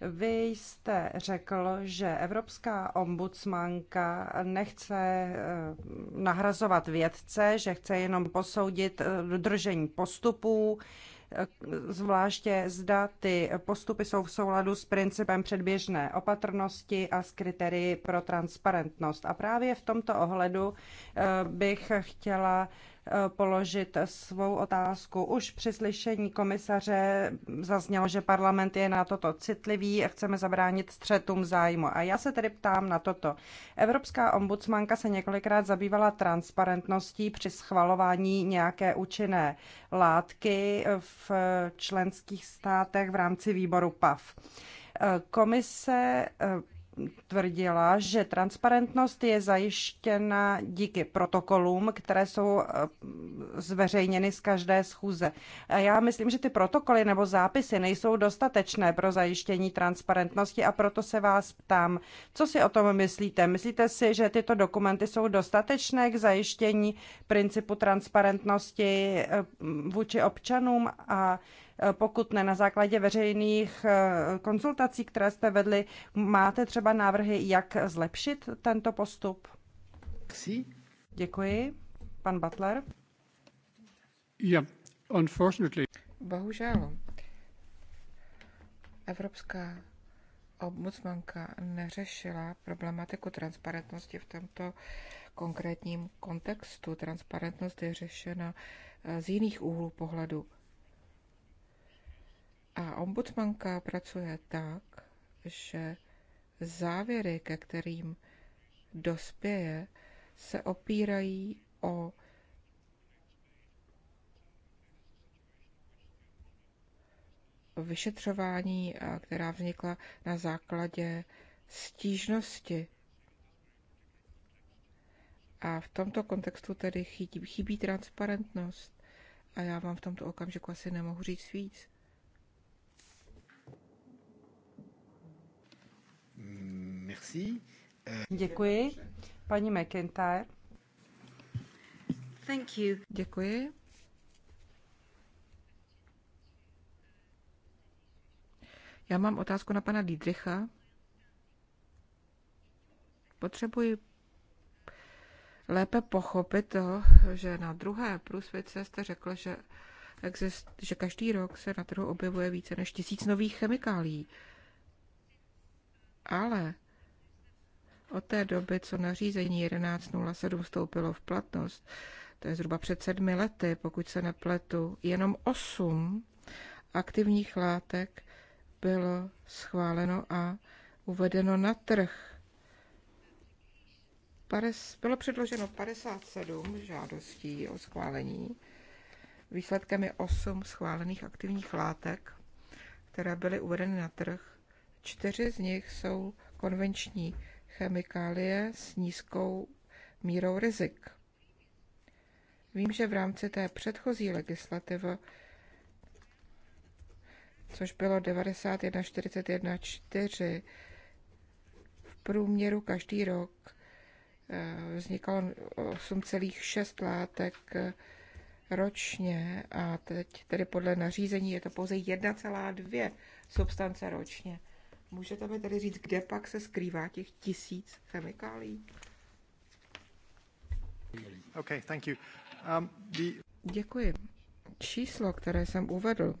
Vy jste řekl, že evropská ombudsmanka nechce eh, nahrazovat vědce, že chce jenom posoudit eh, dodržení postupů, zvláště zda ty postupy jsou v souladu s principem předběžné opatrnosti a s kritérií pro transparentnost. A právě v tomto ohledu eh, bych chtěla Eh, položit svou otázku. Už při slyšení komisaře zaznělo, že parlament je na toto citlivý a chceme zabránit střetům zájmu. A já se tedy ptám na toto. Evropská ombudsmanka se několikrát zabývala transparentností při schvalování nějaké účinné látky v členských státech v rámci výboru PAV. Eh, komise eh, tvrdila, že transparentnost je zajištěna díky protokolům, které jsou eh, zveřejněny z každé schůze. A já myslím, že ty protokoly nebo zápisy nejsou dostatečné pro zajištění transparentnosti a proto se vás ptám, co si o tom myslíte? Myslíte si, že tyto dokumenty jsou dostatečné k zajištění principu transparentnosti eh, vůči občanům a pokud ne na základě veřejných eh, konzultací, které jste vedli, máte třeba návrhy, jak zlepšit tento postup? Ksi? Děkuji. Pan Butler? Yeah, unfortunately. Bohužel. Evropská ombudsmanka neřešila problematiku transparentnosti v tomto konkrétním kontextu. Transparentnost je řešena eh, z jiných úhlů pohledu. A ombudsmanka pracuje tak, že závěry, ke kterým dospěje, se opírají o vyšetřování, která vznikla na základě stížnosti. A v tomto kontextu tedy chybí, chybí transparentnost. A já vám v tomto okamžiku asi nemohu říct víc. Eh, Děkuji. Paní McIntyre. Thank you. Děkuji. Já mám otázku na pana Dídricha. Potřebuji lépe pochopit to, že na druhé průsvědce jste řekl, že, exist, že každý rok se na trhu objevuje více než tisíc nových chemikálií. Ale od té doby, co nařízení 1107 vstoupilo v platnost, to je zhruba před sedmi lety, pokud se nepletu, jenom osm aktivních látek bylo schváleno a uvedeno na trh. Bylo předloženo 57 žádostí o schválení. Výsledkem je 8 schválených aktivních látek, které byly uvedeny na trh. Čtyři z nich jsou konvenční chemikálie s nízkou mírou rizik. Vím, že v rámci té předchozí legislativy, což bylo 91.41.4, v průměru každý rok eh, vznikalo 8,6 látek eh, ročně a teď tedy podle nařízení je to pouze 1,2 substance ročně. Můžete mi tedy říct, kde pak se skrývá těch tisíc chemikálií? Okay, thank you. Um, the... Děkuji. Číslo, které jsem uvedl,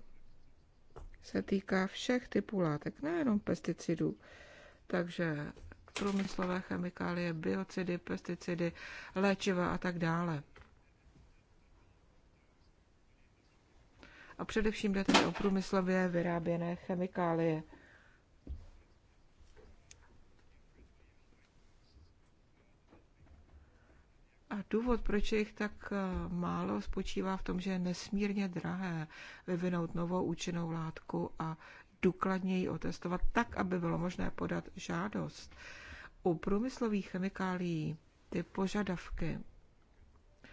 se týká všech typů látek, nejenom pesticidů. Takže průmyslové chemikálie, biocidy, pesticidy, léčiva a tak dále. A především jde tedy o průmyslově vyráběné chemikálie. A důvod, proč je jich tak eh, málo, spočívá v tom, že je nesmírně drahé vyvinout novou účinnou látku a důkladněji otestovat tak, aby bylo možné podat žádost. U průmyslových chemikálií ty požadavky eh,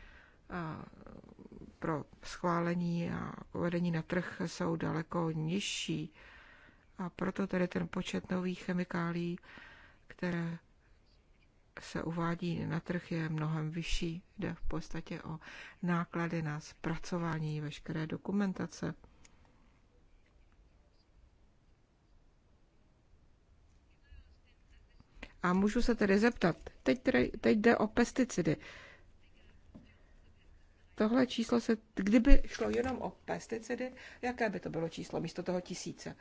pro schválení a uvedení na trh jsou daleko nižší. A proto tedy ten počet nových chemikálií, které se uvádí na trh, je mnohem vyšší. Jde v podstatě o náklady na zpracování veškeré dokumentace. A můžu se tedy zeptat, teď, teď jde o pesticidy. Tohle číslo se, kdyby šlo jenom o pesticidy, jaké by to bylo číslo místo toho tisíce?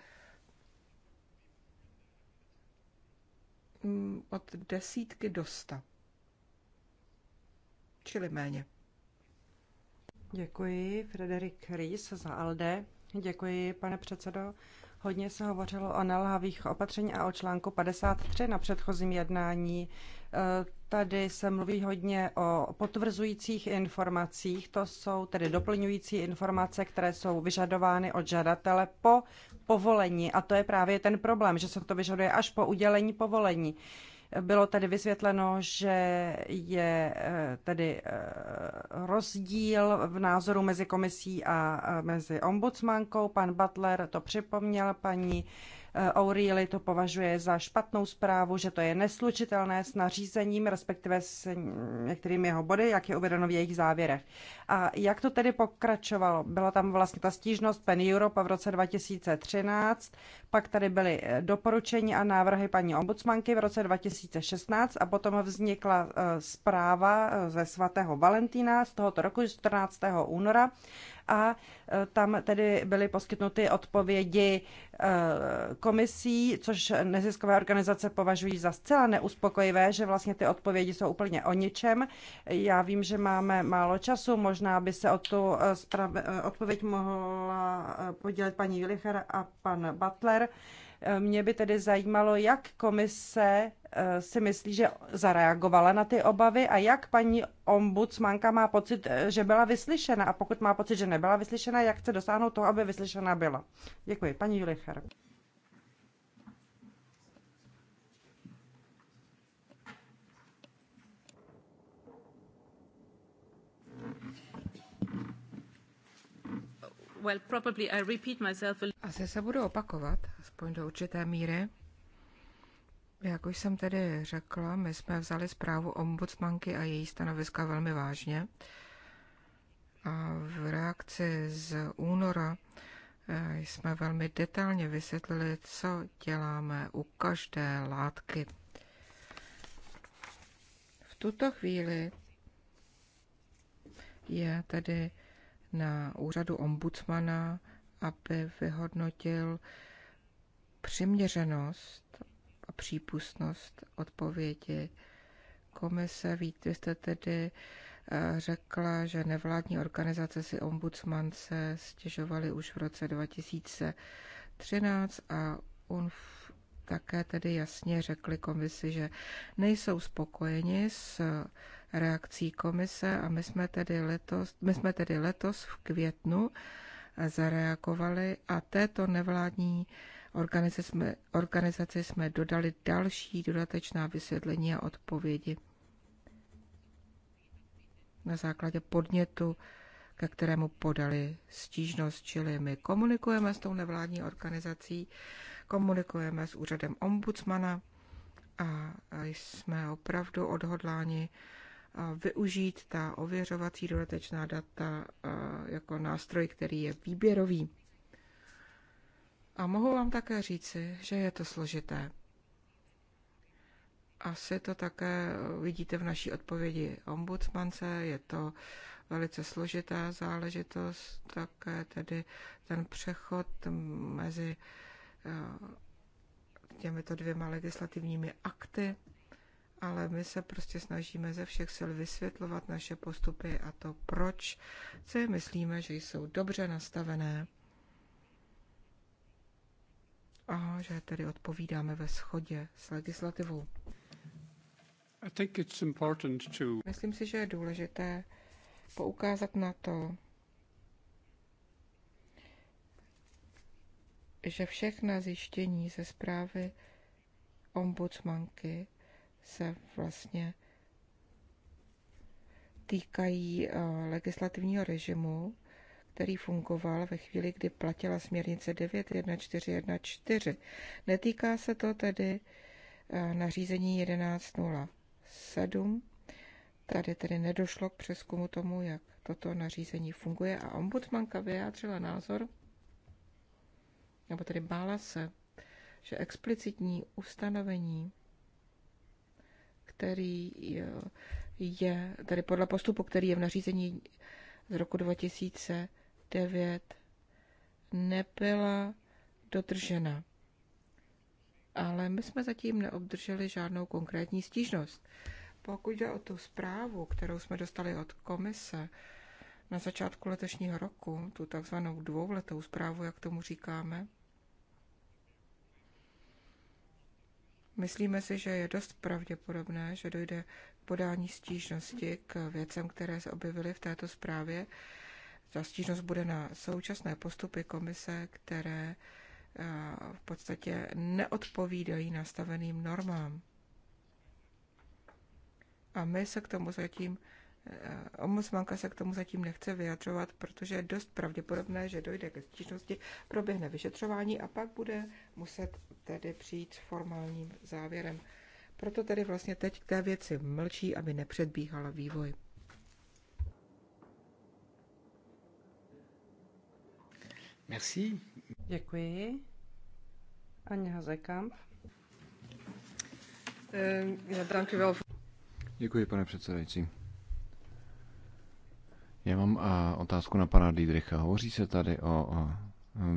Mm, od desítky do sta. Čili méně. Děkuji, Frederik Ries za ALDE. Děkuji, pane předsedo. Hodně se hovořilo o nelhavých opatření a o článku 53 na předchozím jednání. E, tady se mluví hodně o potvrzujících informacích, to jsou tedy doplňující informace, které jsou vyžadovány od žadatele po povolení. A to je právě ten problém, že se to vyžaduje až po udělení povolení. Bylo tady vysvětleno, že je eh, tedy eh, rozdíl v názoru mezi komisí a eh, mezi ombudsmankou. Pan Butler to připomněl, paní O'Reilly to považuje za špatnou zprávu, že to je neslučitelné s nařízením, respektive s některými jeho body, jak je uvedeno v jejich závěrech. A jak to tedy pokračovalo? Byla tam vlastně ta stížnost Pen Europe v roce 2013, pak tady byly eh, doporučení a návrhy paní ombudsmanky v roce 2016 a potom vznikla eh, zpráva eh, ze svatého Valentína z tohoto roku 14. února, a e, tam tedy byly poskytnuty odpovědi e, komisí, což neziskové organizace považují za zcela neuspokojivé, že vlastně ty odpovědi jsou úplně o ničem. Já vím, že máme málo času, možná by se o tu e, odpověď mohla podělit paní Vilichar a pan Butler. Mě by tedy zajímalo, jak komise eh, si myslí, že zareagovala na ty obavy a jak paní ombudsmanka má pocit, eh, že byla vyslyšena a pokud má pocit, že nebyla vyslyšena, jak chce dosáhnout toho, aby vyslyšena byla. Děkuji. Paní Julicher. well, probably I repeat myself. Asi se budu opakovat, aspoň do určité míry. Jak už jsem tedy řekla, my jsme vzali zprávu ombudsmanky a její stanoviska velmi vážně. A v reakci z února eh, jsme velmi detailně vysvětlili, co děláme u každé látky. V tuto chvíli je tedy na úřadu ombudsmana, aby vyhodnotil přiměřenost a přípustnost odpovědi komise. Víte, jste tedy eh, řekla, že nevládní organizace si ombudsmance stěžovaly už v roce 2013 a on také tedy jasně řekli komisi, že nejsou spokojeni s reakcí komise a my jsme tedy letos, my jsme tedy letos v květnu zareagovali a této nevládní organizaci jsme, organizaci jsme dodali další dodatečná vysvětlení a odpovědi na základě podnětu, ke kterému podali stížnost, čili my komunikujeme s tou nevládní organizací, komunikujeme s úřadem ombudsmana a jsme opravdu odhodláni využít ta ověřovací dodatečná data jako nástroj, který je výběrový. A mohu vám také říci, že je to složité. Asi to také vidíte v naší odpovědi ombudsmance, je to velice složitá záležitost, také tedy ten přechod mezi těmito dvěma legislativními akty ale my se prostě snažíme ze všech sil vysvětlovat naše postupy a to, proč si myslíme, že jsou dobře nastavené a že tedy odpovídáme ve shodě s legislativou. I think it's important to... Myslím si, že je důležité poukázat na to, že všechna zjištění ze zprávy ombudsmanky se vlastně týkají eh, legislativního režimu, který fungoval ve chvíli, kdy platila směrnice 91414. Netýká se to tedy eh, nařízení 1107. Tady tedy nedošlo k přeskumu tomu, jak toto nařízení funguje a ombudsmanka vyjádřila názor, nebo tedy bála se, že explicitní ustanovení který eh, je, tady podle postupu, který je v nařízení z roku 2009, nebyla dodržena. Ale my jsme zatím neobdrželi žádnou konkrétní stížnost. Pokud jde o tu zprávu, kterou jsme dostali od komise na začátku letošního roku, tu takzvanou dvouletou zprávu, jak tomu říkáme, Myslíme si, že je dost pravděpodobné, že dojde k podání stížnosti k věcem, které se objevily v této zprávě. Ta stížnost bude na současné postupy komise, které eh, v podstatě neodpovídají nastaveným normám. A my se k tomu zatím Eh, ombudsmanka se k tomu zatím nechce vyjadřovat, protože je dost pravděpodobné, že dojde ke stížnosti, proběhne vyšetřování a pak bude muset tedy přijít s formálním závěrem. Proto tedy vlastně teď k té věci mlčí, aby nepředbíhala vývoj. Merci. Děkuji. Anja Hazekamp. Eh, Děkuji, pane předsedající. Já mám eh, otázku na pana Diedricha. Hovoří se tady o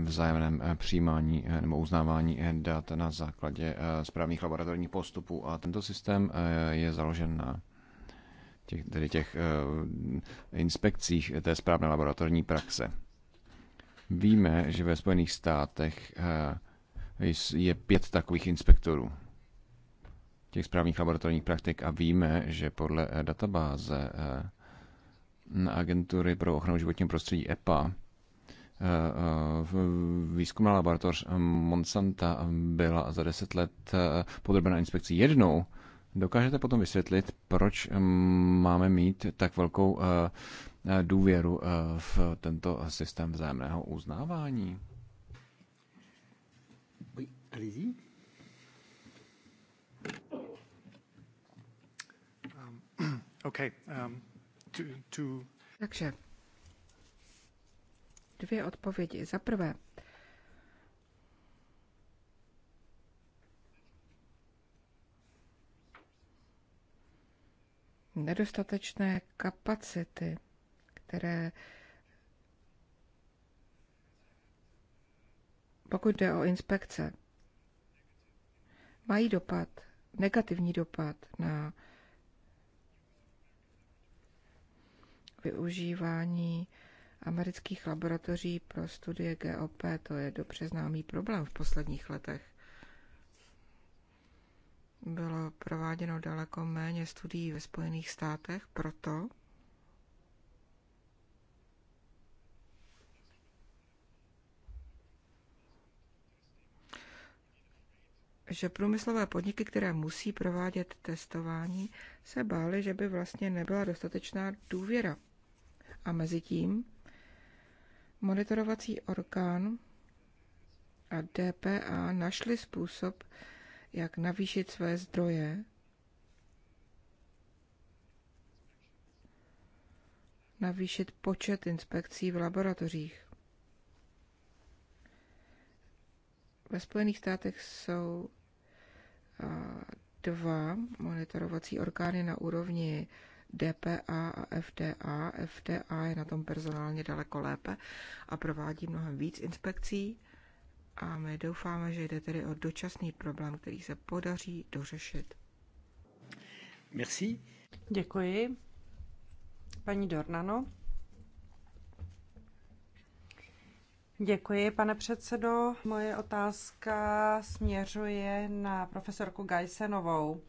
vzájemném eh, přijímání eh, nebo uznávání dat na základě správných laboratorních postupů a tento systém je založen na těch, tedy těch inspekcích té správné laboratorní praxe. Víme, že ve Spojených státech je pět takových inspektorů těch správných laboratorních praktik a víme, že podle databáze agentury pro ochranu životního prostředí EPA, eh, eh, výzkumná laboratoř Monsanta byla za deset let eh, podrobena inspekci jednou, dokážete potom vysvětlit, proč máme mít tak velkou důvěru v tento systém vzájemného uznávání? Um, (clears throat) okay, um, takže dvě odpovědi. Za prvé, nedostatečné kapacity, které pokud jde o inspekce, mají dopad, negativní dopad na využívání amerických laboratoří pro studie GOP, to je dobře známý problém v posledních letech. Bylo prováděno daleko méně studií ve Spojených státech, proto že průmyslové podniky, které musí provádět testování, se bály, že by vlastně nebyla dostatečná důvěra a mezi tím monitorovací orgán a DPA našli způsob, jak navýšit své zdroje navýšit počet inspekcí v laboratořích. Ve Spojených státech jsou dva monitorovací orgány na úrovni DPA a FDA. FDA je na tom personálně daleko lépe a provádí mnohem víc inspekcí a my doufáme, že jde tedy o dočasný problém, který se podaří dořešit. Merci. Děkuji. Paní Dornano. Děkuji, pane předsedo. Moje otázka směřuje na profesorku Gajsenovou.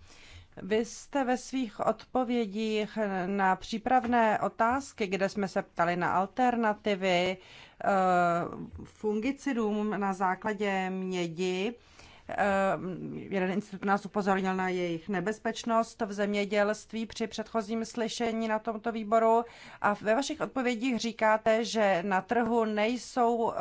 Vy jste ve svých odpovědích na přípravné otázky, kde jsme se ptali na alternativy eh, fungicidům na základě mědi, Eh, jeden institut nás upozornil na jejich nebezpečnost v zemědělství při předchozím slyšení na tomto výboru a ve vašich odpovědích říkáte, že na trhu nejsou eh,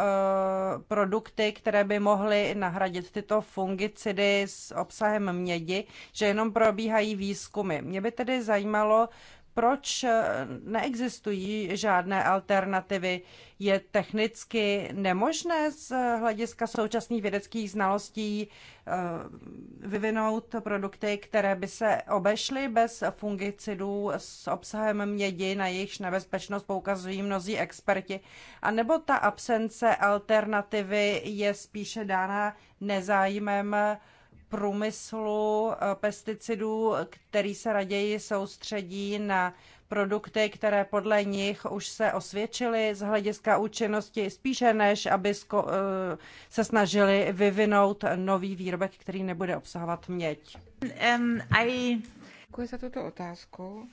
produkty, které by mohly nahradit tyto fungicidy s obsahem mědi, že jenom probíhají výzkumy. Mě by tedy zajímalo, proč eh, neexistují žádné alternativy? Je technicky nemožné z eh, hlediska současných vědeckých znalostí eh, vyvinout produkty, které by se obešly bez fungicidů s obsahem mědi, na jejichž nebezpečnost poukazují mnozí experti? A nebo ta absence alternativy je spíše dána nezájmem průmyslu eh, pesticidů, který se raději soustředí na produkty, které podle nich už se osvědčily z hlediska účinnosti, spíše než aby eh, se snažili vyvinout nový výrobek, který nebude obsahovat měď. Um, Děkuji za tuto otázku.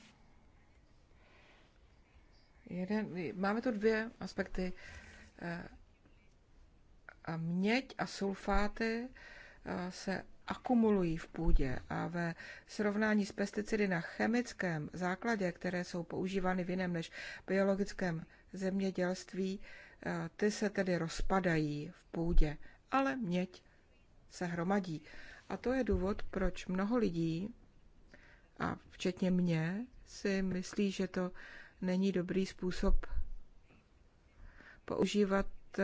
Jeden, máme tu dvě aspekty. Eh, a měď a sulfáty se akumulují v půdě a ve srovnání s pesticidy na chemickém základě, které jsou používány v jiném než biologickém zemědělství, eh, ty se tedy rozpadají v půdě, ale měď se hromadí. A to je důvod, proč mnoho lidí, a včetně mě, si myslí, že to není dobrý způsob používat eh,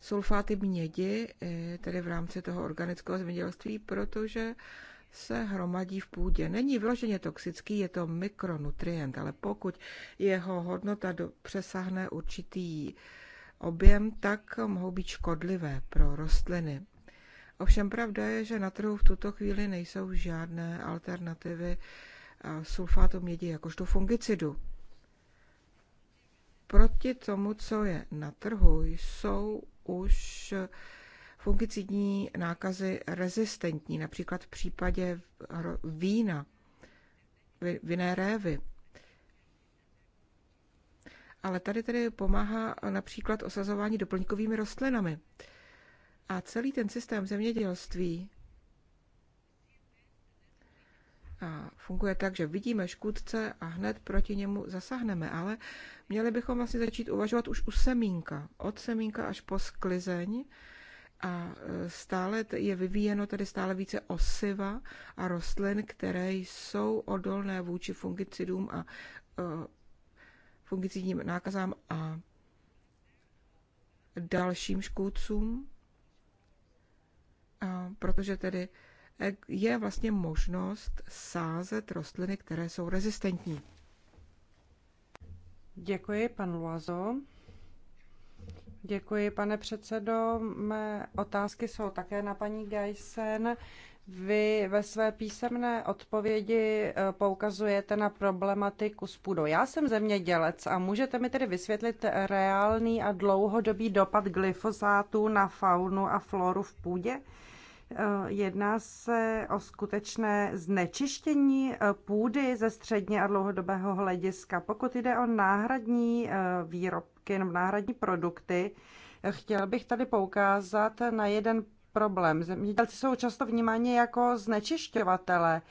sulfáty mědi, eh, tedy v rámci toho organického zemědělství, protože se hromadí v půdě. Není vloženě toxický, je to mikronutrient, ale pokud jeho hodnota do, přesahne určitý objem, tak mohou být škodlivé pro rostliny. Ovšem pravda je, že na trhu v tuto chvíli nejsou žádné alternativy eh, sulfátu mědi jakožto fungicidu. Proti tomu, co je na trhu, jsou už fungicidní nákazy rezistentní, například v případě vína, vinné révy. Ale tady tedy pomáhá například osazování doplňkovými rostlinami. A celý ten systém zemědělství funguje tak, že vidíme škůdce a hned proti němu zasahneme, ale měli bychom vlastně začít uvažovat už u semínka, od semínka až po sklizeň a e, stále je vyvíjeno tedy stále více osiva a rostlin, které jsou odolné vůči fungicidům a e, fungicidním nákazám a dalším škůdcům, protože tedy je vlastně možnost sázet rostliny, které jsou rezistentní. Děkuji, pan Luazo. Děkuji, pane předsedo. Mé otázky jsou také na paní Geisen. Vy ve své písemné odpovědi eh, poukazujete na problematiku s půdou. Já jsem zemědělec a můžete mi tedy vysvětlit reálný a dlouhodobý dopad glyfosátu na faunu a floru v půdě? Eh, jedná se o skutečné znečištění eh, půdy ze středně a dlouhodobého hlediska. Pokud jde o náhradní eh, výrobky nebo náhradní produkty, chtěl bych tady poukázat na jeden problém. Zemědělci jsou často vnímáni jako znečišťovatele,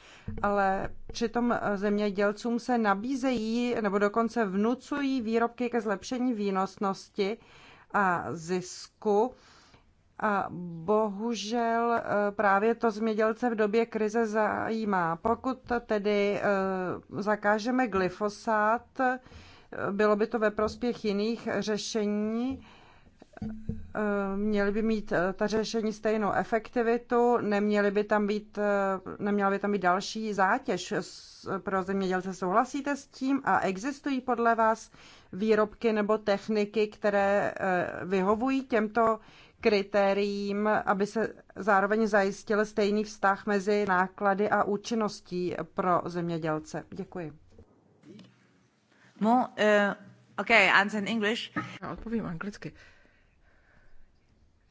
ale přitom zemědělcům se nabízejí nebo dokonce vnucují výrobky ke zlepšení výnosnosti a zisku a bohužel e, právě to zemědělce v době krize zajímá. Pokud tedy e, zakážeme glyfosát, e, bylo by to ve prospěch jiných řešení. Měly by mít ta řešení stejnou efektivitu, neměly by tam být, neměla by tam být další zátěž pro zemědělce. Souhlasíte s tím a existují podle vás výrobky nebo techniky, které vyhovují těmto kritériím, aby se zároveň zajistil stejný vztah mezi náklady a účinností pro zemědělce. Děkuji. Mo, uh, okay, answer in English. Já odpovím anglicky.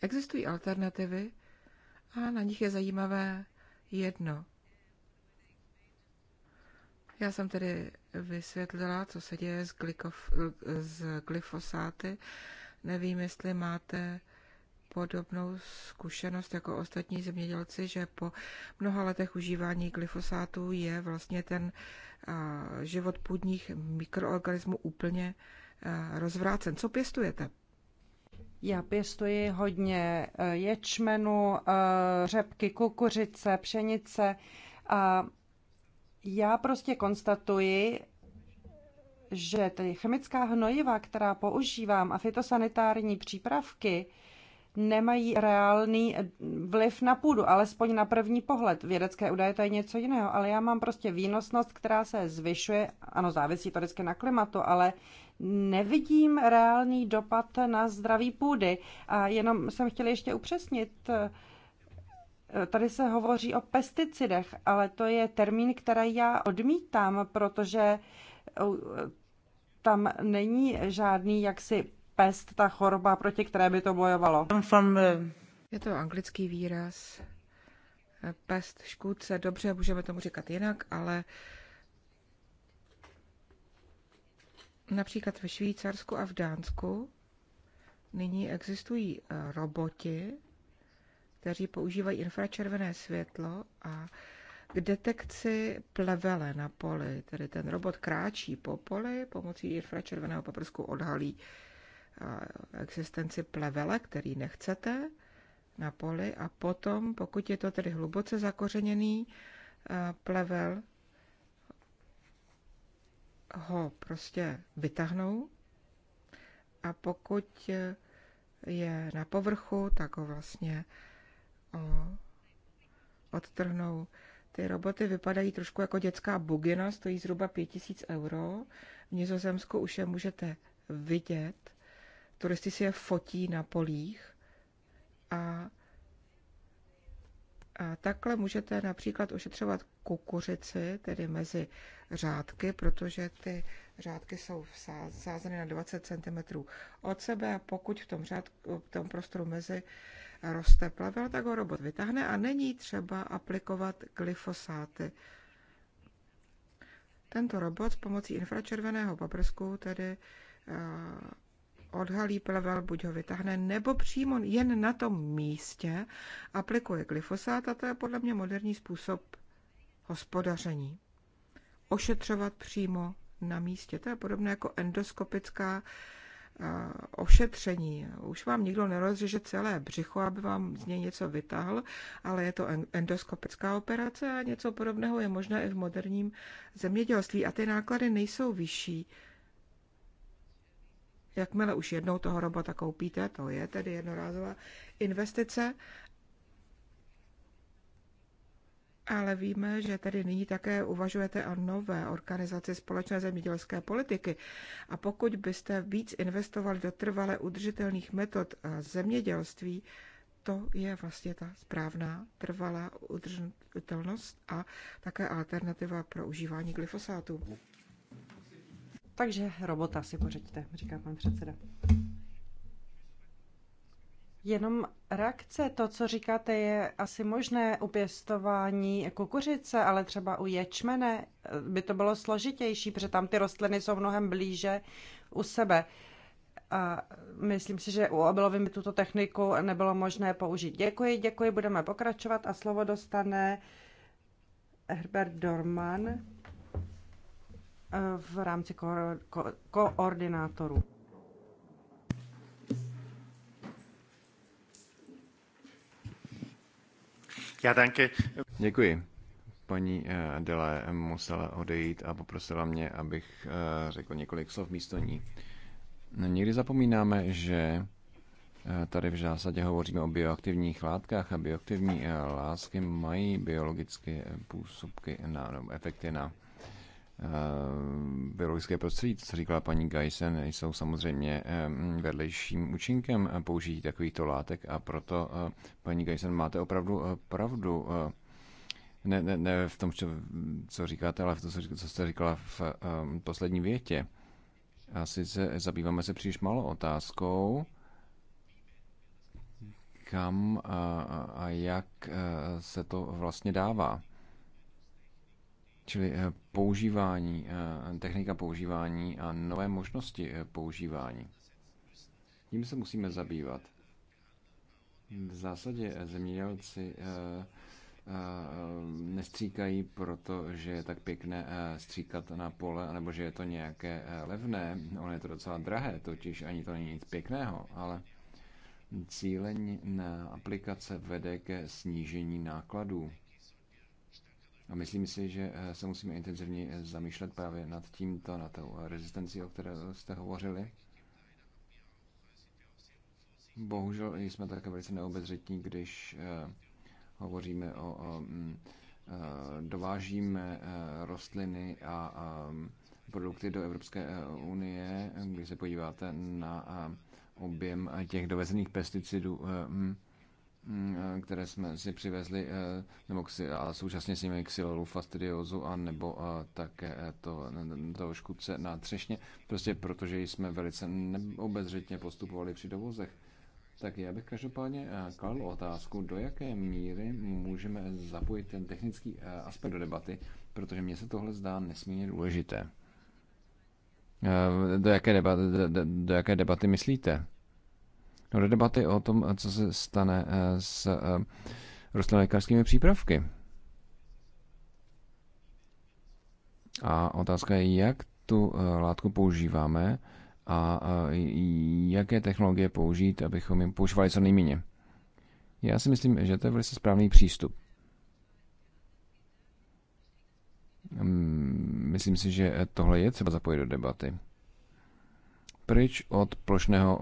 Existují alternativy a na nich je zajímavé jedno. Já jsem tedy vysvětlila, co se děje s, glikof, s glyfosáty. Nevím, jestli máte podobnou zkušenost jako ostatní zemědělci, že po mnoha letech užívání glyfosátu je vlastně ten život půdních mikroorganismů úplně rozvrácen. Co pěstujete? Já pěstuji hodně e, ječmenu, e, řepky, kukuřice, pšenice a já prostě konstatuji, že ty chemická hnojiva, která používám a fitosanitární přípravky, nemají reálný eh, vliv na půdu, alespoň na první pohled. Vědecké údaje to je něco jiného, ale já mám prostě výnosnost, která se zvyšuje, ano, závisí to vždycky na klimatu, ale nevidím reálný dopad na zdraví půdy. A jenom jsem chtěla ještě upřesnit, eh, eh, Tady se hovoří o pesticidech, ale to je termín, který já odmítám, protože tam není žádný jaksi pest, ta choroba, proti které by to bojovalo? Eh, Je to anglický výraz. Eh, pest, škůdce, dobře, můžeme tomu říkat jinak, ale například ve Švýcarsku a v Dánsku nyní existují eh, roboti, kteří používají infračervené světlo a k detekci plevele na poli. Tedy ten robot kráčí po poli, pomocí infračerveného paprsku odhalí Eh, existenci plevele, který nechcete na poli a potom, pokud je to tedy hluboce zakořeněný eh, plevel, ho prostě vytahnou a pokud je na povrchu, tak ho vlastně odtrhnou. Ty roboty vypadají trošku jako dětská bugina, stojí zhruba 5000 euro. V Nizozemsku už je můžete vidět. Turisti si je fotí na polích a, a takhle můžete například ošetřovat kukuřici, tedy mezi řádky, protože ty řádky jsou sázeny na 20 cm od sebe a pokud v tom, řádku, v tom prostoru mezi roste plavel, tak ho robot vytáhne a není třeba aplikovat glyfosáty. Tento robot s pomocí infračerveného paprsku tedy odhalí plevel, buď ho vytáhne, nebo přímo jen na tom místě aplikuje glyfosát a to je podle mě moderní způsob hospodaření. Ošetřovat přímo na místě. To je podobné jako endoskopická eh, ošetření. Už vám nikdo nerozřeže celé břicho, aby vám z něj něco vytáhl, ale je to endoskopická operace a něco podobného je možné i v moderním zemědělství. A ty náklady nejsou vyšší Jakmile už jednou toho robota koupíte, to je tedy jednorázová investice, ale víme, že tedy nyní také uvažujete o nové organizaci společné zemědělské politiky. A pokud byste víc investovali do trvale udržitelných metod eh, zemědělství, to je vlastně ta správná trvalá udržitelnost a také alternativa pro užívání glyfosátu. Takže robota si pořiďte, říká pan předseda. Jenom reakce, to, co říkáte, je asi možné u pěstování kukuřice, ale třeba u ječmene by to bylo složitější, protože tam ty rostliny jsou mnohem blíže u sebe. A myslím si, že u obilovin by tuto techniku nebylo možné použít. Děkuji, děkuji, budeme pokračovat a slovo dostane Herbert Dorman v rámci ko- ko- koordinátorů. Já danke. Děkuji. Paní eh, Dele musela odejít a poprosila mě, abych eh, řekl několik slov místo ní. Někdy zapomínáme, že eh, tady v zásadě hovoříme o bioaktivních látkách a bioaktivní lásky mají biologické působky na, efekty na Eh, biologické prostředí, co říkala paní Geisen, jsou samozřejmě eh, vedlejším účinkem použití takovýchto látek a proto, eh, paní Geisen, máte opravdu pravdu. Ne, ne, ne v tom, co, co říkáte, ale v tom, co jste říkala v poslední větě. A sice zabýváme se příliš málo otázkou, kam a, a jak se to vlastně dává. Čili eh, používání, eh, technika používání a nové možnosti eh, používání. Tím se musíme zabývat. V zásadě zemědělci nestříkají, protože je tak pěkné stříkat na pole, nebo že je to nějaké levné. Ono je to docela drahé, totiž ani to není nic pěkného, ale cílení na aplikace vede ke snížení nákladů. A myslím si, že eh, se musíme intenzivně eh, zamýšlet právě nad tímto, na tou eh, rezistenci, o které jste hovořili. Bohužel jsme také velice neobezřetní, když hovoříme o, mm, dovážíme rostliny a mm, produkty do Evropské unie. Když se podíváte na objem těch dovezených pesticidů, mm, Mm, eh, které jsme si přivezli, eh, nebo ksi, a současně s nimi Xylolu fastidiozu a nebo a eh, také to, toho škůdce na třešně, prostě protože jsme velice neobezřetně postupovali při dovozech. Tak já bych každopádně kladl otázku, do jaké míry můžeme zapojit ten technický aspekt do debaty, protože mně se tohle zdá nesmírně důležité. Do jaké debaty, do, do, do jaké debaty myslíte? No do debaty o tom, eh, co se stane eh, s eh, rostlinolékařskými přípravky. A otázka je, jak tu látku používáme a jaké technologie použít, abychom jim používali co nejméně. Já si myslím, že to je velice správný přístup. Hm, myslím si, že tohle je třeba zapojit do debaty pryč od plošného,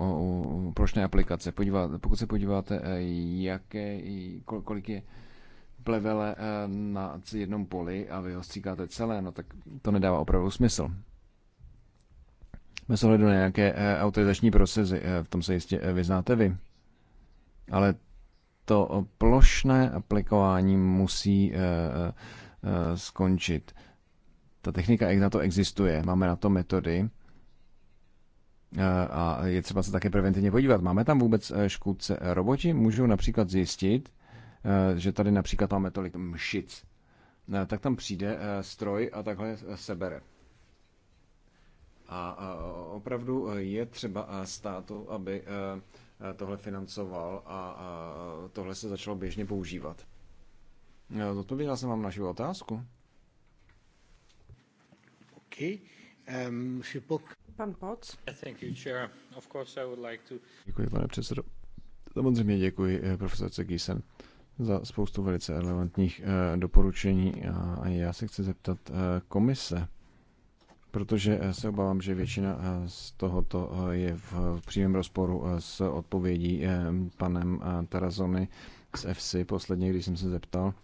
plošné aplikace. Podíváte, pokud se podíváte, eh, jaké, kolik je plevele eh, na jednom poli a vy ho stříkáte celé, no tak to nedává opravdu smysl. Bez ohledu na nějaké eh, autorizační procesy, v tom se jistě vyznáte vy. Ale to plošné aplikování musí skončit. Ta technika, jak na to existuje, máme na to metody, Eh, a je třeba se také preventivně podívat. Máme tam vůbec eh, škůdce roboti? Můžou například zjistit, eh, že tady například máme tolik mšic. Tak tam přijde stroj a takhle sebere. A opravdu je třeba státu, aby tohle financoval a tohle se začalo běžně používat. Odpověděla jsem vám naši otázku. OK. Um, Pan Poc. Děkuji, pane předsedo. Samozřejmě děkuji eh, profesorce Giesen za spoustu velice relevantních eh, doporučení a já se chci zeptat eh, komise, protože se obávám, že většina z tohoto je v přímém rozporu s odpovědí panem Tarazony z FC posledně, když jsem se zeptal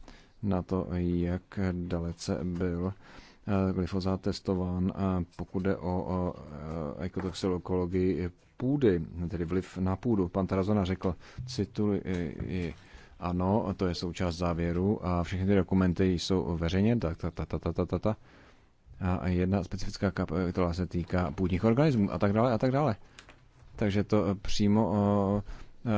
na to, jak dalece byl Eh, glyfozát testován, eh, pokud jde o eh, ekotoxilokologii půdy, tedy vliv na půdu. Pan Tarazona řekl, cituji, ano, to je součást závěru a všechny ty dokumenty jsou veřejně, tak ta, ta, ta, ta, ta, ta, ta. A jedna specifická kapitola se týká půdních organismů a tak dále a tak dále. Takže to přímo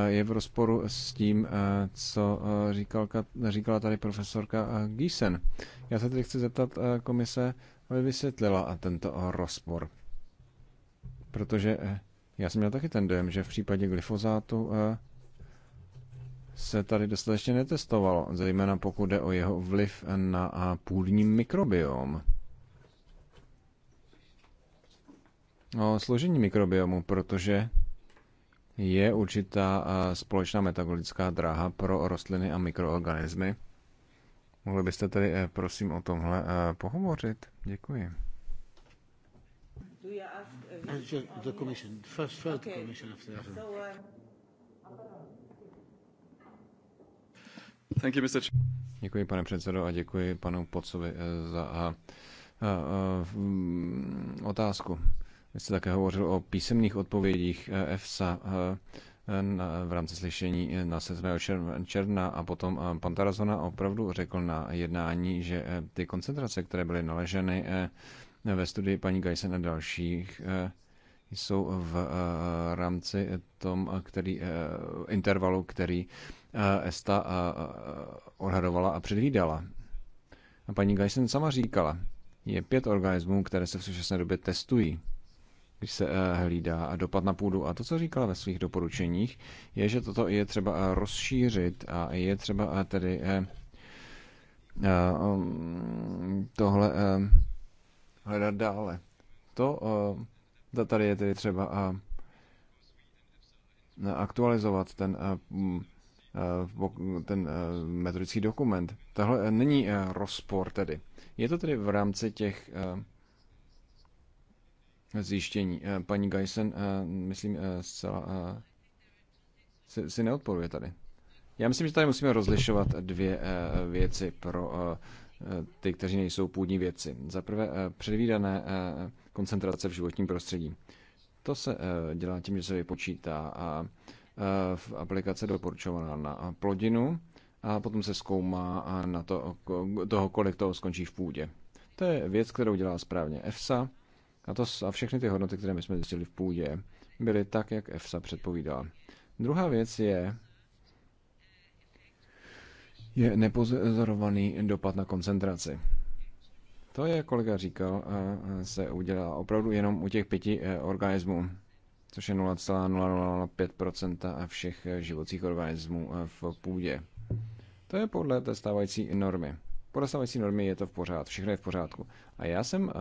je v rozporu s tím, eh, co eh, říkala tady profesorka eh, Giesen. Já se tedy chci zeptat komise, aby vysvětlila tento rozpor. Protože já jsem měl taky ten dojem, že v případě glyfozátu se tady dostatečně netestovalo, zejména pokud jde o jeho vliv na půdní mikrobiom. O složení mikrobiomu, protože je určitá společná metabolická dráha pro rostliny a mikroorganismy. Mohli byste tedy e, prosím o tomhle e, pohovořit? Děkuji. Děkuji, pane předsedo, a děkuji panu Pocovi e, za mm, otázku. Vy jste také hovořil o písemných odpovědích eh, EFSA eh, v rámci slyšení eh, na 7. června a potom pan Tarazona opravdu řekl na jednání, že ty koncentrace, které byly naleženy ve studii paní Geisen a dalších, jsou v rámci tom, který, intervalu, který ESTA odhadovala a předvídala. A paní Geisen sama říkala, je pět organismů, které se v současné době testují když se eh, hlídá dopad na půdu. A to, co říkala ve svých doporučeních, je, že toto je třeba eh, rozšířit a je třeba eh, tedy um, tohle hledat dále. To tady je tedy třeba aktualizovat ten, mm, ten metodický dokument. Tahle není rozpor tedy. Je to tedy v rámci těch zjištění. Eh, paní Geisen, eh, myslím, eh, zcela si, si neodporuje tady. Já myslím, že tady musíme rozlišovat dvě věci pro ty, kteří nejsou půdní věci. Za prvé předvídané koncentrace v životním prostředí. To se dělá tím, že se vypočítá a v aplikace doporučovaná na plodinu a potom se zkoumá na to, toho, kolik toho skončí v půdě. To je věc, kterou dělá správně EFSA a, to, a všechny ty hodnoty, které my jsme zjistili v půdě, byly tak, jak EFSA předpovídala. Druhá věc je, je nepozorovaný dopad na koncentraci. To, je, kolega říkal, se udělá opravdu jenom u těch pěti eh, organismů, což je 0,005% všech eh, živocích organismů eh, v půdě. To je podle té stávající normy. Podle stávající normy je to v pořádku, všechno je v pořádku. A já jsem uh,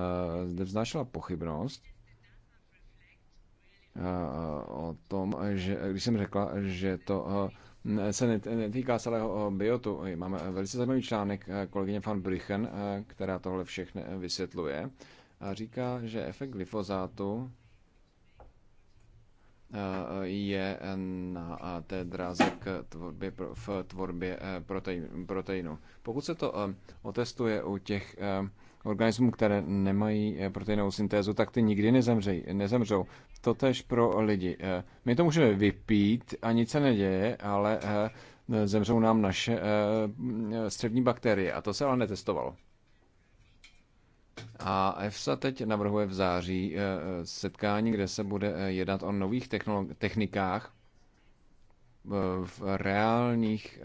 zde vznášela pochybnost uh, o tom, že když jsem řekla, že to uh, se netýká celého biotu. Máme velice zajímavý článek kolegyně van Brüchen, která tohle všechno vysvětluje a říká, že efekt glyfozátu je na té dráze k tvorbě, v tvorbě eh, proteinu. Pokud se to eh, otestuje u těch eh, organismů, které nemají proteinovou syntézu, tak ty nikdy nezemřej, nezemřou. To tež pro lidi. My to můžeme vypít a nic se neděje, ale zemřou nám naše střevní bakterie a to se ale netestovalo. A EFSA teď navrhuje v září eh, eh, setkání, kde se bude eh, jednat o nových technikách v reálných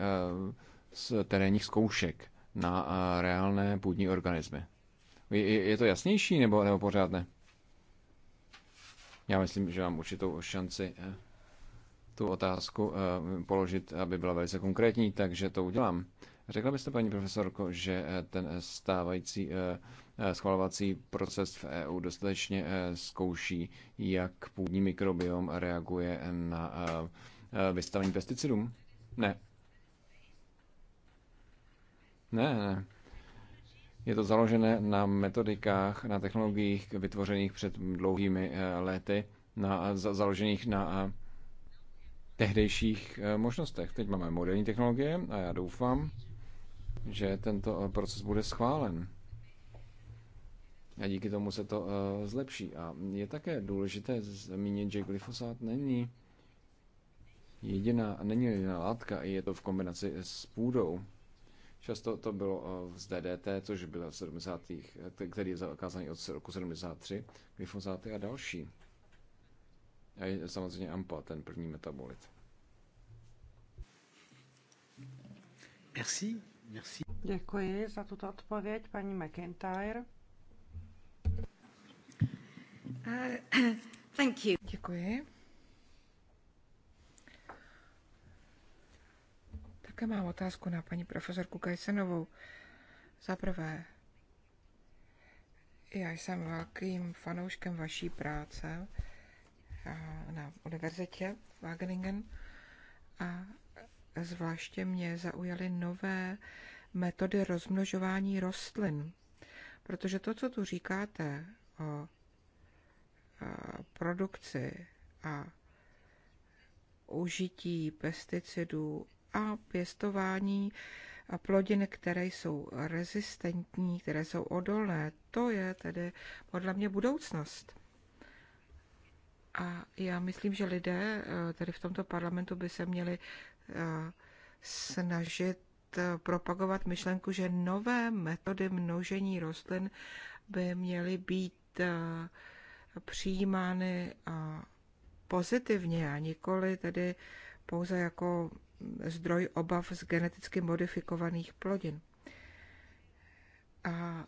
terénních zkoušek na reálné půdní organismy. Je to jasnější nebo, nebo pořád ne? Já myslím, že mám určitou šanci tu otázku položit, aby byla velice konkrétní, takže to udělám. Řekla byste, paní profesorko, že ten stávající Eh, schvalovací proces v EU dostatečně eh, zkouší, jak půdní mikrobiom reaguje na eh, vystavení pesticidům? Ne. Ne, ne. Je to založené na metodikách, na technologiích vytvořených před dlouhými lety, na, založených na tehdejších možnostech. Teď máme moderní technologie a já doufám, že tento proces bude schválen. A díky tomu se to eh, zlepší. A je také důležité zmínit, že glyfosát není jediná, není jediná látka, je to v kombinaci s půdou. Často to bylo eh, z DDT, což byl 70. Eh, který je zakázaný od roku 73, glyfosáty a další. A je samozřejmě AMPA, ten první metabolit. Merci. Merci. Děkuji za tuto odpověď, paní McIntyre. Uh, (clears throat) thank you. Děkuji. Také mám otázku na paní profesorku Kajsenovou. Za prvé, já jsem velkým fanouškem vaší práce eh, na univerzitě v Wageningen a zvláště mě zaujaly nové metody rozmnožování rostlin. Protože to, co tu říkáte o produkci a užití pesticidů a pěstování plodin, které jsou rezistentní, které jsou odolné, to je tedy podle mě budoucnost. A já myslím, že lidé e, tady v tomto parlamentu by se měli e, snažit e, propagovat myšlenku, že nové metody množení rostlin by měly být přijímány pozitivně a nikoli tedy pouze jako zdroj obav z geneticky modifikovaných plodin. A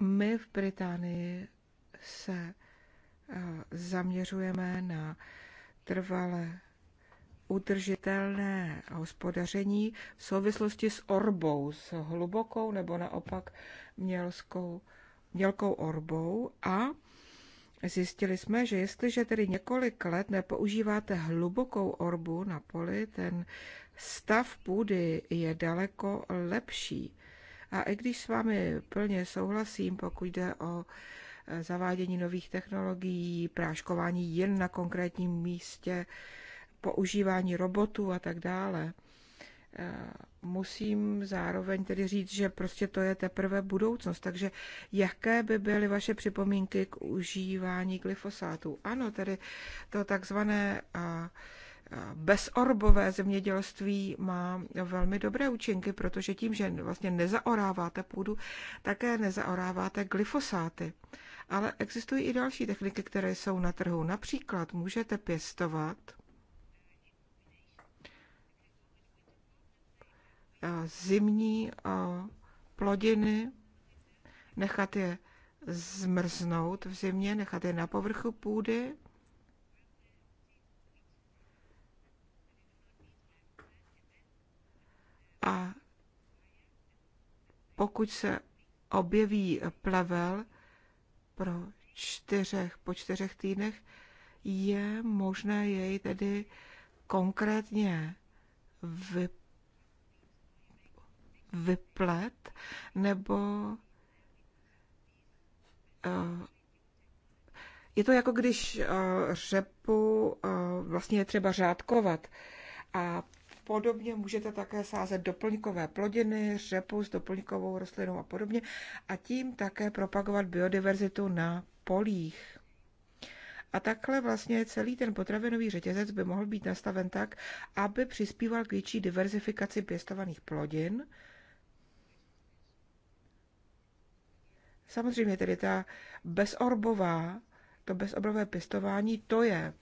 my v Británii se eh, zaměřujeme na trvalé udržitelné hospodaření v souvislosti s orbou, s hlubokou nebo naopak mělskou, mělkou orbou a zjistili jsme, že jestliže tedy několik let nepoužíváte hlubokou orbu na poli, ten stav půdy je daleko lepší. A i když s vámi plně souhlasím, pokud jde o eh, zavádění nových technologií, práškování jen na konkrétním místě, používání robotů a tak dále. Eh, musím zároveň tedy říct, že prostě to je teprve budoucnost. Takže jaké by byly vaše připomínky k užívání glyfosátů? Ano, tedy to takzvané eh, eh, bezorbové zemědělství má velmi dobré účinky, protože tím, že vlastně nezaoráváte půdu, také nezaoráváte glyfosáty. Ale existují i další techniky, které jsou na trhu. Například můžete pěstovat zimní plodiny, nechat je zmrznout v zimě, nechat je na povrchu půdy. A pokud se objeví plevel pro čtyřech, po čtyřech týdnech, je možné jej tedy konkrétně vyp vyplet, nebo eh, je to jako když eh, řepu eh, vlastně je třeba řádkovat. A podobně můžete také sázet doplňkové plodiny, řepu s doplňkovou rostlinou a podobně a tím také propagovat biodiverzitu na polích. A takhle vlastně celý ten potravinový řetězec by mohl být nastaven tak, aby přispíval k větší diverzifikaci pěstovaných plodin, Samozřejmě tedy ta bezorbová, to bezorbové pěstování, to je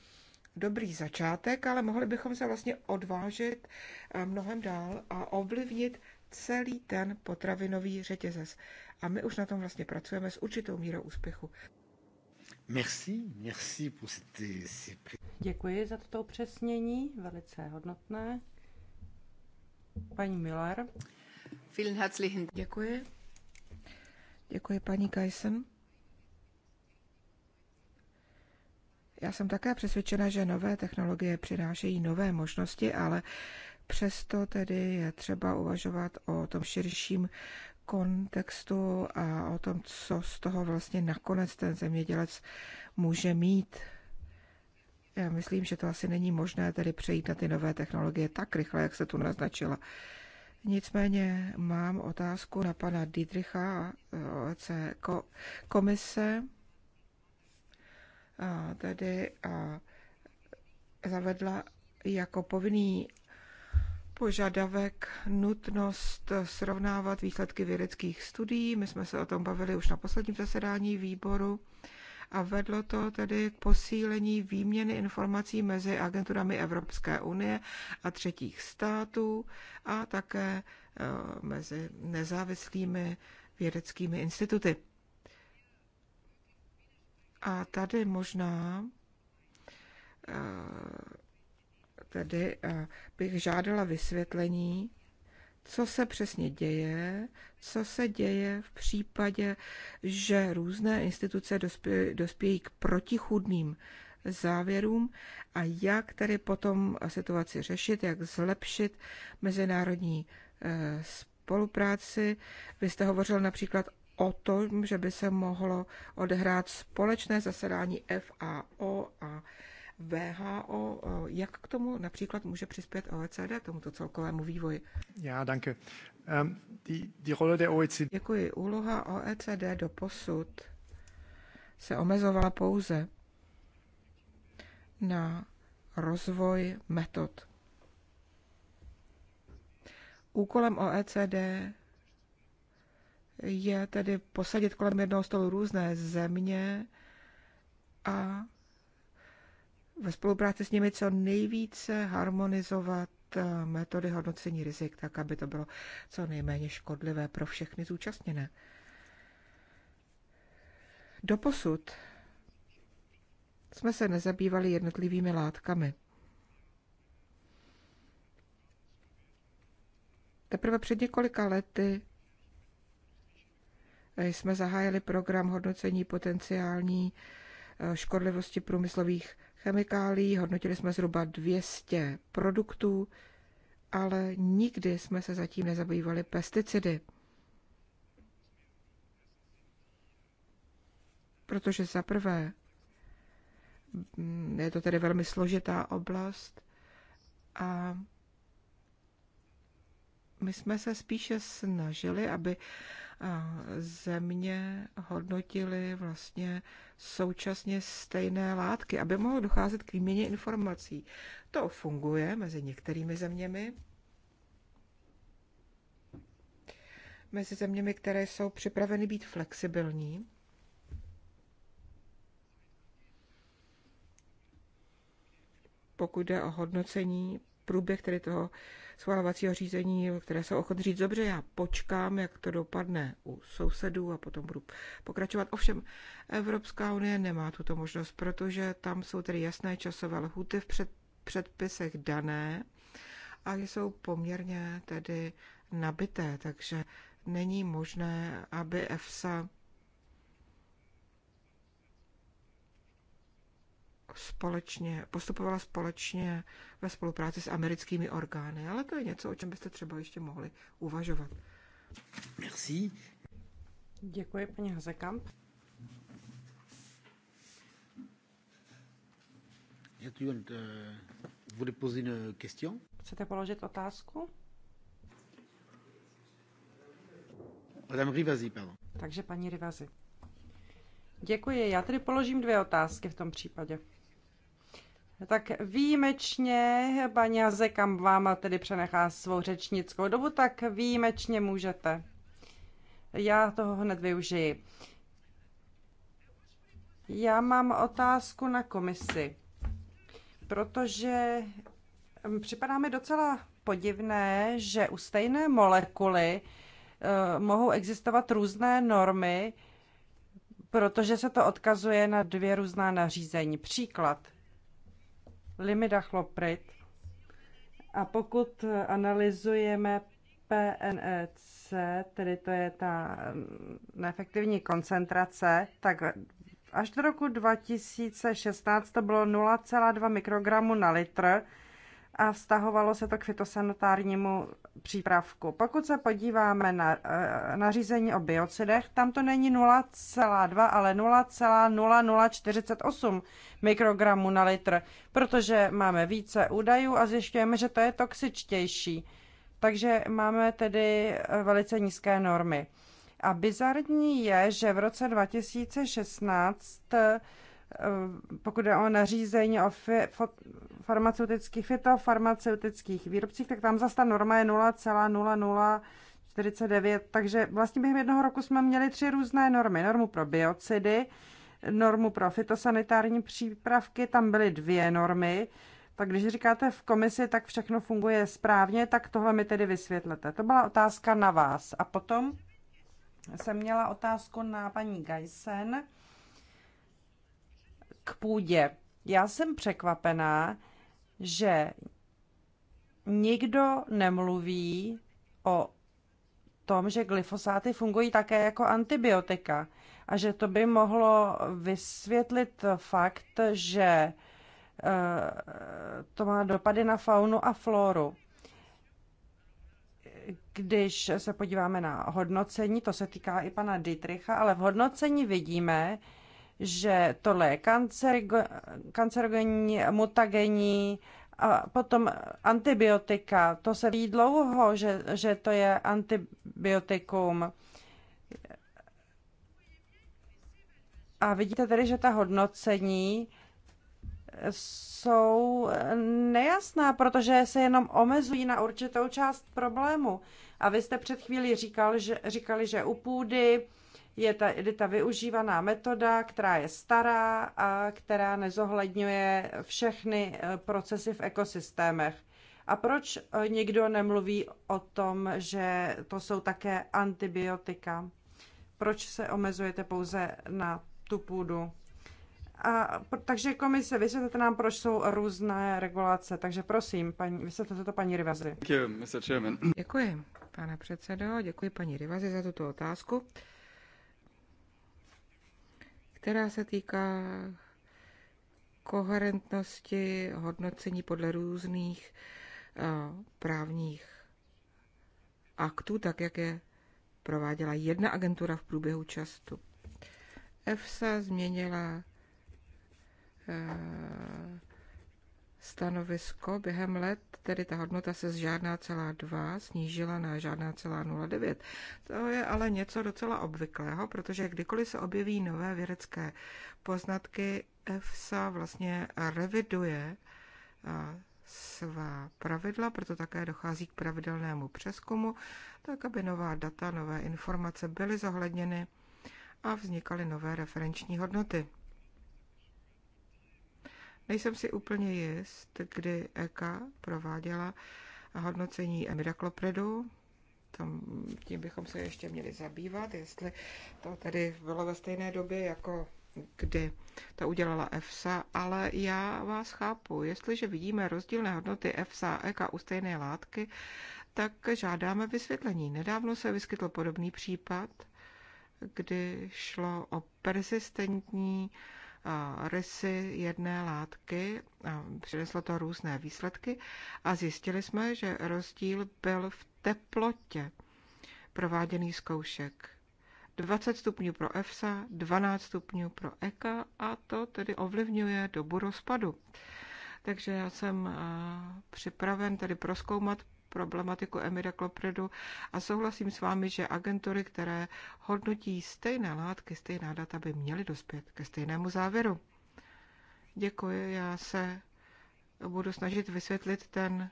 dobrý začátek, ale mohli bychom se vlastně odvážit eh, mnohem dál a ovlivnit celý ten potravinový řetězec. A my už na tom vlastně pracujeme s určitou mírou úspěchu. Merci, merci pour cette... Děkuji za toto upřesnění, velice hodnotné. Paní Miller. Vielen herzlichen Děkuji. Děkuji paní Geisen. Já jsem také přesvědčena, že nové technologie přinášejí nové možnosti, ale přesto tedy je třeba uvažovat o tom širším kontextu a o tom, co z toho vlastně nakonec ten zemědělec může mít. Já myslím, že to asi není možné tedy přejít na ty nové technologie tak rychle, jak se tu naznačila. Nicméně mám otázku na pana Dietricha z eh, e komise. Tedy zavedla jako povinný požadavek nutnost srovnávat výsledky vědeckých studií. My jsme se o tom bavili už na posledním zasedání výboru a vedlo to tedy k posílení výměny informací mezi agenturami Evropské unie a třetích států a také e, mezi nezávislými vědeckými instituty. A tady možná e, tedy e, bych žádala vysvětlení co se přesně děje, co se děje v případě, že různé instituce dospě, dospějí k protichudným závěrům a jak tedy potom situaci řešit, jak zlepšit mezinárodní eh, spolupráci. Vy jste hovořil například o tom, že by se mohlo odehrát společné zasedání FAO a WHO, eh, Jak k tomu například může přispět OECD, tomuto celkovému vývoji? Já, danke. Um, die, die Rolle der OECD. Děkuji. Úloha OECD do posud se omezovala pouze na rozvoj metod. Úkolem OECD je tedy posadit kolem jednoho stolu různé země a ve spolupráci s nimi co nejvíce harmonizovat eh, metody hodnocení rizik, tak aby to bylo co nejméně škodlivé pro všechny zúčastněné. Doposud jsme se nezabývali jednotlivými látkami. Teprve před několika lety eh, jsme zahájili program hodnocení potenciální eh, škodlivosti průmyslových chemikálií, hodnotili jsme zhruba 200 produktů, ale nikdy jsme se zatím nezabývali pesticidy. Protože za prvé mm, je to tedy velmi složitá oblast a my jsme se spíše snažili, aby země hodnotily vlastně současně stejné látky, aby mohlo docházet k výměně informací. To funguje mezi některými zeměmi, mezi zeměmi, které jsou připraveny být flexibilní. Pokud jde o hodnocení, průběh tedy toho schvalovacího řízení, které jsou ochot říct, dobře, já počkám, jak to dopadne u sousedů a potom budu pokračovat. Ovšem, Evropská unie nemá tuto možnost, protože tam jsou tedy jasné časové lhuty v před, předpisech dané a jsou poměrně tedy nabité, takže není možné, aby EFSA společně, postupovala společně ve spolupráci s americkými orgány, ale to je něco, o čem byste třeba ještě mohli uvažovat. Merci. Děkuji, paní Hazekamp. Euh, Chcete položit otázku? Rivazi, Takže paní Rivazi. Děkuji. Já tedy položím dvě otázky v tom případě tak výjimečně paní kam vám tedy přenechá svou řečnickou dobu, tak výjimečně můžete. Já toho hned využiji. Já mám otázku na komisi, protože mm, připadá mi docela podivné, že u stejné molekuly eh, mohou existovat různé normy, protože se to odkazuje na dvě různá nařízení. Příklad limidachloprid. A pokud analyzujeme PNEC, tedy to je ta mm, neefektivní koncentrace, tak až do roku 2016 to bylo 0,2 mikrogramu na litr a vztahovalo se to k fitosanitárnímu přípravku. Pokud se podíváme na eh, nařízení o biocidech, tam to není 0,2, ale 0,0048 mikrogramů na litr, protože máme více údajů a zjišťujeme, že to je toxičtější. Takže máme tedy eh, velice nízké normy. A bizarní je, že v roce 2016 Eh, pokud je o nařízení o fi, farmaceutických, fitofarmaceutických výrobcích, tak tam zase ta norma je 0,0049, takže vlastně během jednoho roku jsme měli tři různé normy. Normu pro biocidy, normu pro fitosanitární přípravky, tam byly dvě normy, tak když říkáte v komisi, tak všechno funguje správně, tak tohle mi tedy vysvětlete. To byla otázka na vás. A potom jsem měla otázku na paní Geisen k půdě. Já jsem překvapená, že nikdo nemluví o tom, že glyfosáty fungují také jako antibiotika a že to by mohlo vysvětlit fakt, že eh, to má dopady na faunu a floru. Když se podíváme na hodnocení, to se týká i pana Dietricha, ale v hodnocení vidíme, že tohle je kancerogenní, mutagenní, a potom antibiotika. To se ví dlouho, že, že to je antibiotikum. A vidíte tedy, že ta hodnocení jsou nejasná, protože se jenom omezují na určitou část problému. A vy jste před chvílí říkal, že, říkali, že u půdy je tady ta využívaná metoda, která je stará a která nezohledňuje všechny eh, procesy v ekosystémech. A proč eh, někdo nemluví o tom, že to jsou také antibiotika? Proč se omezujete pouze na tu půdu? A, takže komise, vysvětlete nám, proč jsou různé regulace. Takže prosím, paní, vysvětlete to paní Rivazi. Děkuji, pane předsedo, děkuji paní Rivazi za tuto otázku která se týká koherentnosti hodnocení podle různých eh, právních aktů, tak jak je prováděla jedna agentura v průběhu času. EFSA změnila eh, stanovisko během let, tedy ta hodnota se z žádná celá 2 snížila na žádná celá 0,9. To je ale něco docela obvyklého, protože kdykoliv se objeví nové vědecké poznatky, EFSA vlastně reviduje svá pravidla, proto také dochází k pravidelnému přeskumu, tak aby nová data, nové informace byly zohledněny a vznikaly nové referenční hodnoty. Nejsem si úplně jist, kdy EKA prováděla hodnocení emidaklopridu, tam, tím bychom se ještě měli zabývat, jestli to tedy bylo ve stejné době, jako kdy to udělala EFSA, ale já vás chápu. Jestliže vidíme rozdílné hodnoty EFSA a EKA e u stejné látky, tak žádáme vysvětlení. Nedávno se vyskytl podobný případ, kdy šlo o persistentní rysy jedné látky a přineslo to různé výsledky a zjistili jsme, že rozdíl byl v teplotě prováděný zkoušek. 20 stupňů pro EFSA, 12 stupňů pro EKA a to tedy ovlivňuje dobu rozpadu. Takže já jsem připraven tedy proskoumat problematiku Klopredu a souhlasím s vámi, že agentury, které hodnotí stejné látky, stejná data, by měly dospět ke stejnému závěru. Děkuji, já se budu snažit vysvětlit ten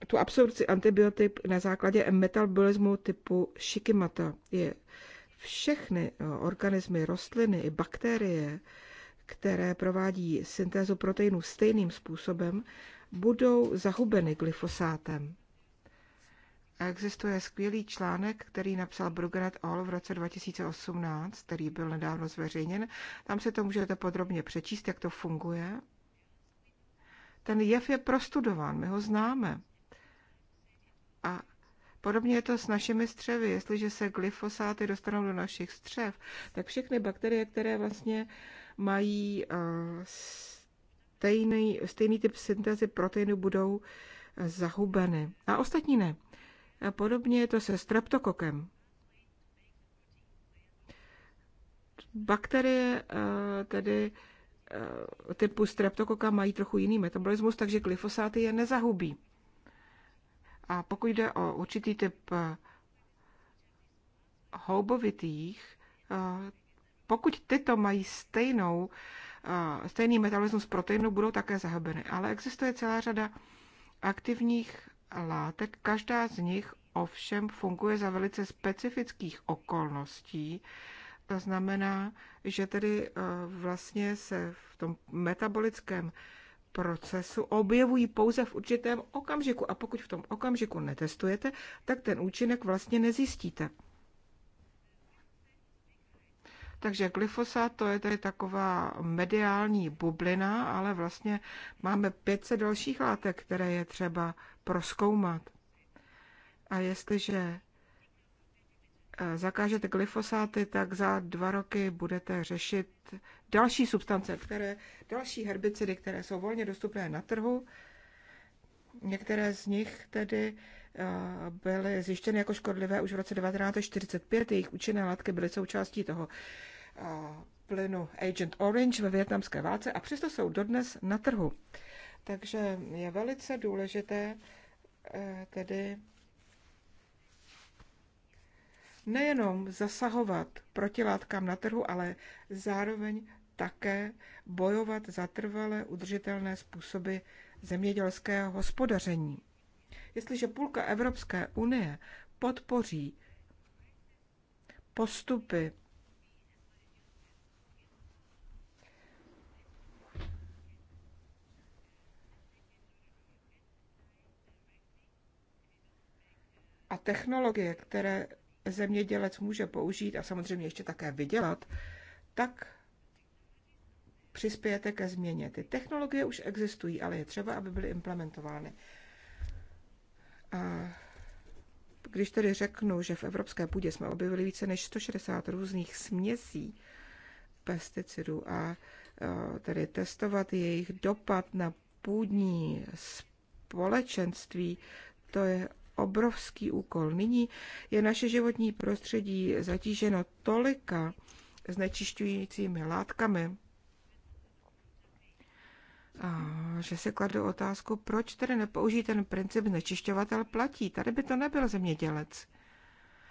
eh, tu absorpci antibiotik na základě metabolismu typu Shikimata je všechny eh, organismy, rostliny i bakterie, které provádí syntézu proteinů stejným způsobem, budou zahubeny glyfosátem. Existuje skvělý článek, který napsal Brugnet All v roce 2018, který byl nedávno zveřejněn. Tam se to můžete podrobně přečíst, jak to funguje. Ten jev je prostudován, my ho známe. A Podobně je to s našimi střevy. Jestliže se glyfosáty dostanou do našich střev, tak všechny bakterie, které vlastně mají eh, stejný, stejný typ syntézy proteinu budou eh, zahubeny. A ostatní ne. A podobně je to se streptokokem. Bakterie eh, tedy eh, typu streptokoka mají trochu jiný metabolismus, takže glyfosáty je nezahubí. A pokud jde o určitý typ houbovitých, pokud tyto mají stejnou stejný metabolismus proteinu, budou také zahubeny. Ale existuje celá řada aktivních látek, každá z nich ovšem funguje za velice specifických okolností. To znamená, že tedy e, vlastně se v tom metabolickém procesu objevují pouze v určitém okamžiku a pokud v tom okamžiku netestujete, tak ten účinek vlastně nezjistíte. Takže glyfosát to je tady taková mediální bublina, ale vlastně máme 500 dalších látek, které je třeba proskoumat. A jestliže e, zakážete glyfosáty, tak za dva roky budete řešit další substance, které, další herbicidy, které jsou volně dostupné na trhu, Některé z nich tedy eh, byly zjištěny jako škodlivé už v roce 1945. Jejich účinné látky byly součástí toho eh, plynu Agent Orange ve větnamské válce a přesto jsou dodnes na trhu. Takže je velice důležité eh, tedy nejenom zasahovat protilátkám na trhu, ale zároveň také bojovat za trvalé, udržitelné způsoby zemědělského hospodaření. Jestliže půlka Evropské unie podpoří postupy a technologie, které zemědělec může použít a samozřejmě ještě také vydělat, tak přispějete ke změně. Ty technologie už existují, ale je třeba, aby byly implementovány. A když tedy řeknu, že v evropské půdě jsme objevili více než 160 různých směsí pesticidů a e, tedy testovat jejich dopad na půdní společenství, to je obrovský úkol. Nyní je naše životní prostředí zatíženo tolika znečišťujícími látkami, že si kladu otázku, proč tedy nepoužít ten princip znečišťovatel platí. Tady by to nebyl zemědělec.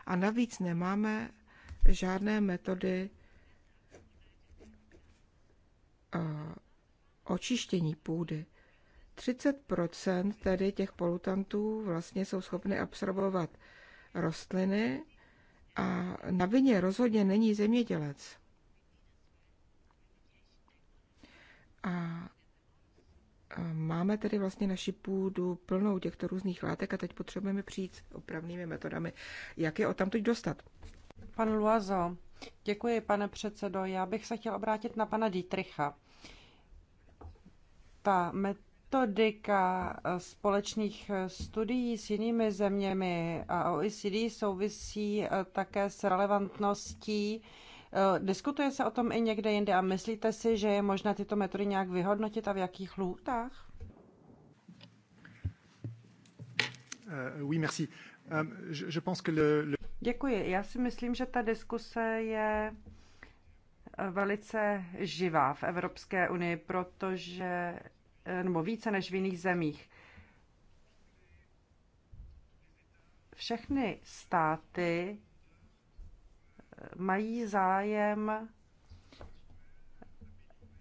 A navíc nemáme žádné metody eh, očištění půdy. 30 tedy těch polutantů vlastně jsou schopny absorbovat rostliny a na vině rozhodně není zemědělec. A máme tedy vlastně naši půdu plnou těchto různých látek a teď potřebujeme přijít s opravnými metodami. Jak je o tam teď dostat? Pan Luazo, děkuji, pane předsedo. Já bych se chtěl obrátit na pana Dietricha. Ta metodika společných studií s jinými zeměmi a OECD souvisí také s relevantností Eh, diskutuje se o tom i někde jinde a myslíte si, že je možné tyto metody nějak vyhodnotit a v jakých lůtách? Eh, eh, Děkuji. Já si myslím, že ta diskuse je velice živá v Evropské unii, protože nebo více než v jiných zemích. Všechny státy mají zájem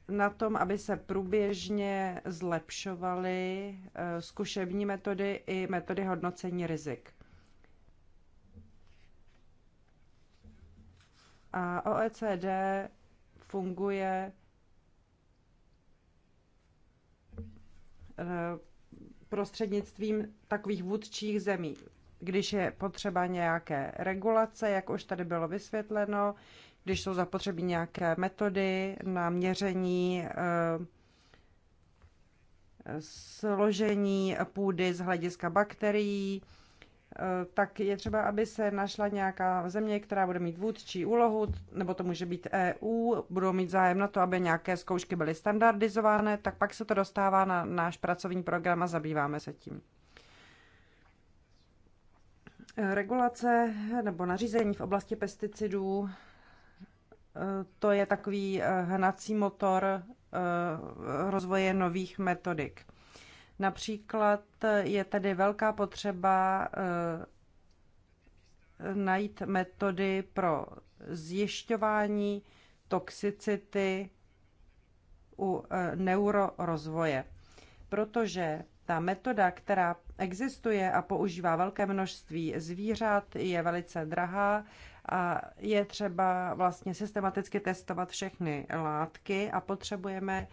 na tom, aby se průběžně zlepšovaly eh, zkušební metody i metody hodnocení rizik. A OECD funguje eh, prostřednictvím takových vůdčích zemí když je potřeba nějaké regulace, jak už tady bylo vysvětleno, když jsou zapotřebí nějaké metody na měření eh, složení půdy z hlediska bakterií, eh, tak je třeba, aby se našla nějaká země, která bude mít vůdčí úlohu, nebo to může být EU, budou mít zájem na to, aby nějaké zkoušky byly standardizované, tak pak se to dostává na náš pracovní program a zabýváme se tím. Regulace nebo nařízení v oblasti pesticidů, eh, to je takový eh, hnací motor eh, rozvoje nových metodik. Například je tady velká potřeba najít metody pro zjišťování toxicity u neurorozvoje, protože ta metoda, která existuje a používá velké množství zvířat, je velice drahá a je třeba vlastně systematicky testovat všechny látky a potřebujeme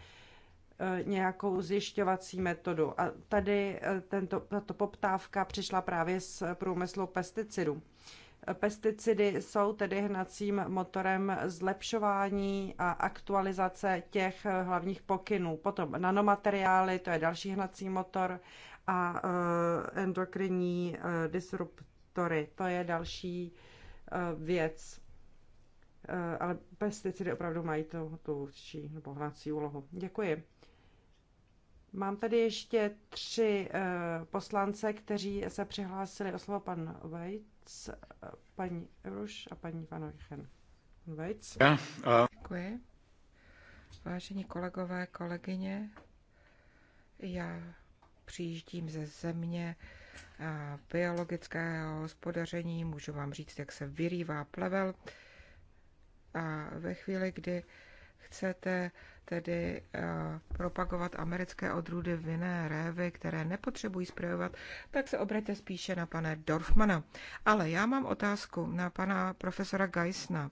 eh, nějakou zjišťovací metodu. A tady eh, tento, tato poptávka přišla právě z průmyslu pesticidů. Pesticidy jsou tedy hnacím motorem zlepšování a aktualizace těch eh, hlavních pokynů. Potom nanomateriály, to je další hnací motor a e, endokrinní e, disruptory. To je další e, věc. Ale pesticidy opravdu mají to, tu určití nebo hnací úlohu. Děkuji. Mám tady ještě tři poslance, kteří se přihlásili o slovo pan Vejc, paní Ruš a paní Van Oichen. Vejc. Já, a... Děkuji. Vážení kolegové, kolegyně, já přijíždím ze země biologického hospodaření, můžu vám říct, jak se vyrývá plevel. A ve chvíli, kdy chcete tedy propagovat americké odrůdy vinné révy, které nepotřebují sprejovat, tak se obraťte spíše na pana Dorfmana. Ale já mám otázku na pana profesora Geisna.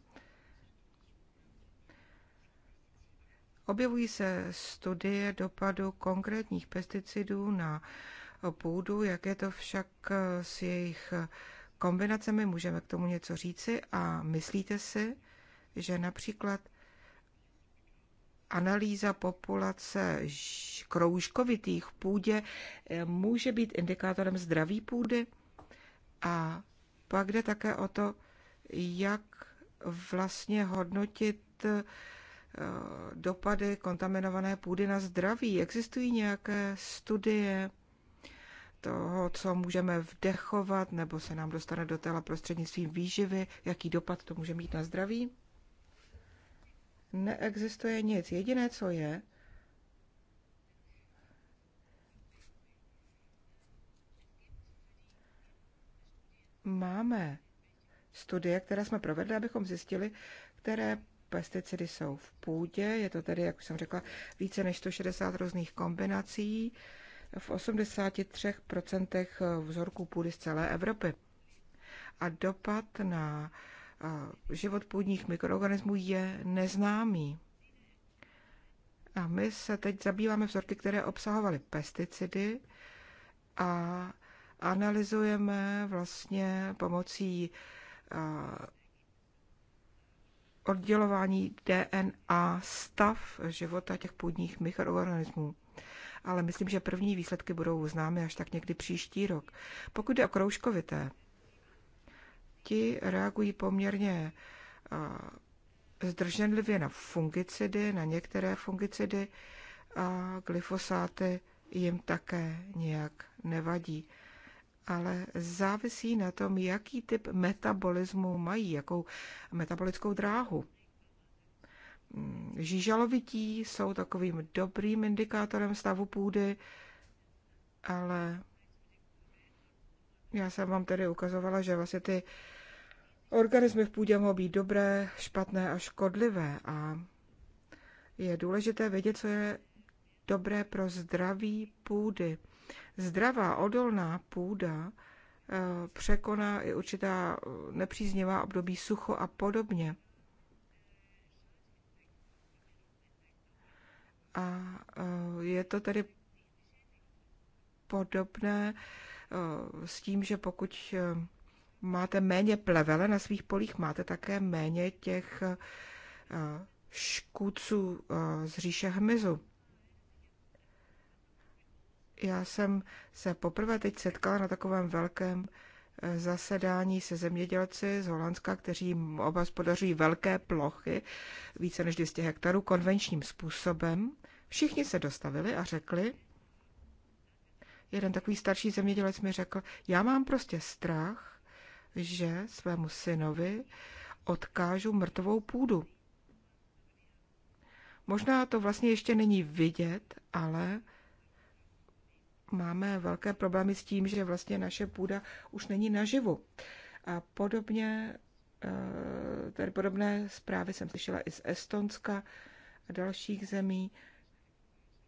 Objevují se studie dopadu konkrétních pesticidů na půdu, jak je to však eh, s jejich eh, kombinacemi, můžeme k tomu něco říci a myslíte si, že například analýza populace kroužkovitých v půdě eh, může být indikátorem zdraví půdy a pak jde také o to, jak vlastně hodnotit Eh, dopady kontaminované půdy na zdraví. Existují nějaké studie toho, co můžeme vdechovat, nebo se nám dostane do těla prostřednictvím výživy, jaký dopad to může mít na zdraví? Neexistuje nic. Jediné, co je, máme studie, které jsme provedli, abychom zjistili, které pesticidy jsou v půdě. Je to tedy, jak jsem řekla, více než 160 různých kombinací v 83% vzorků půdy z celé Evropy. A dopad na život půdních mikroorganismů je neznámý. A my se teď zabýváme vzorky, které obsahovaly pesticidy a analyzujeme vlastně pomocí oddělování DNA stav života těch půdních mikroorganismů. Ale myslím, že první výsledky budou známy až tak někdy příští rok. Pokud jde o kroužkovité, ti reagují poměrně zdrženlivě na fungicidy, na některé fungicidy a glyfosáty jim také nějak nevadí ale závisí na tom, jaký typ metabolismu mají, jakou metabolickou dráhu. Žížalovití jsou takovým dobrým indikátorem stavu půdy, ale já jsem vám tedy ukazovala, že vlastně ty organismy v půdě mohou být dobré, špatné a škodlivé a je důležité vědět, co je dobré pro zdraví půdy zdravá, odolná půda eh, překoná i určitá nepříznivá období sucho a podobně. A eh, je to tedy podobné eh, s tím, že pokud máte méně plevele na svých polích, máte také méně těch škůdců z říše hmyzu. Já jsem se poprvé teď setkala na takovém velkém eh, zasedání se zemědělci z Holandska, kteří oba spodařují velké plochy, více než 200 hektarů, konvenčním způsobem. Všichni se dostavili a řekli, jeden takový starší zemědělec mi řekl, já mám prostě strach, že svému synovi odkážu mrtvou půdu. Možná to vlastně ještě není vidět, ale máme velké problémy s tím, že vlastně naše půda už není naživu. A podobně, eh, tady podobné zprávy jsem slyšela i z Estonska a dalších zemí.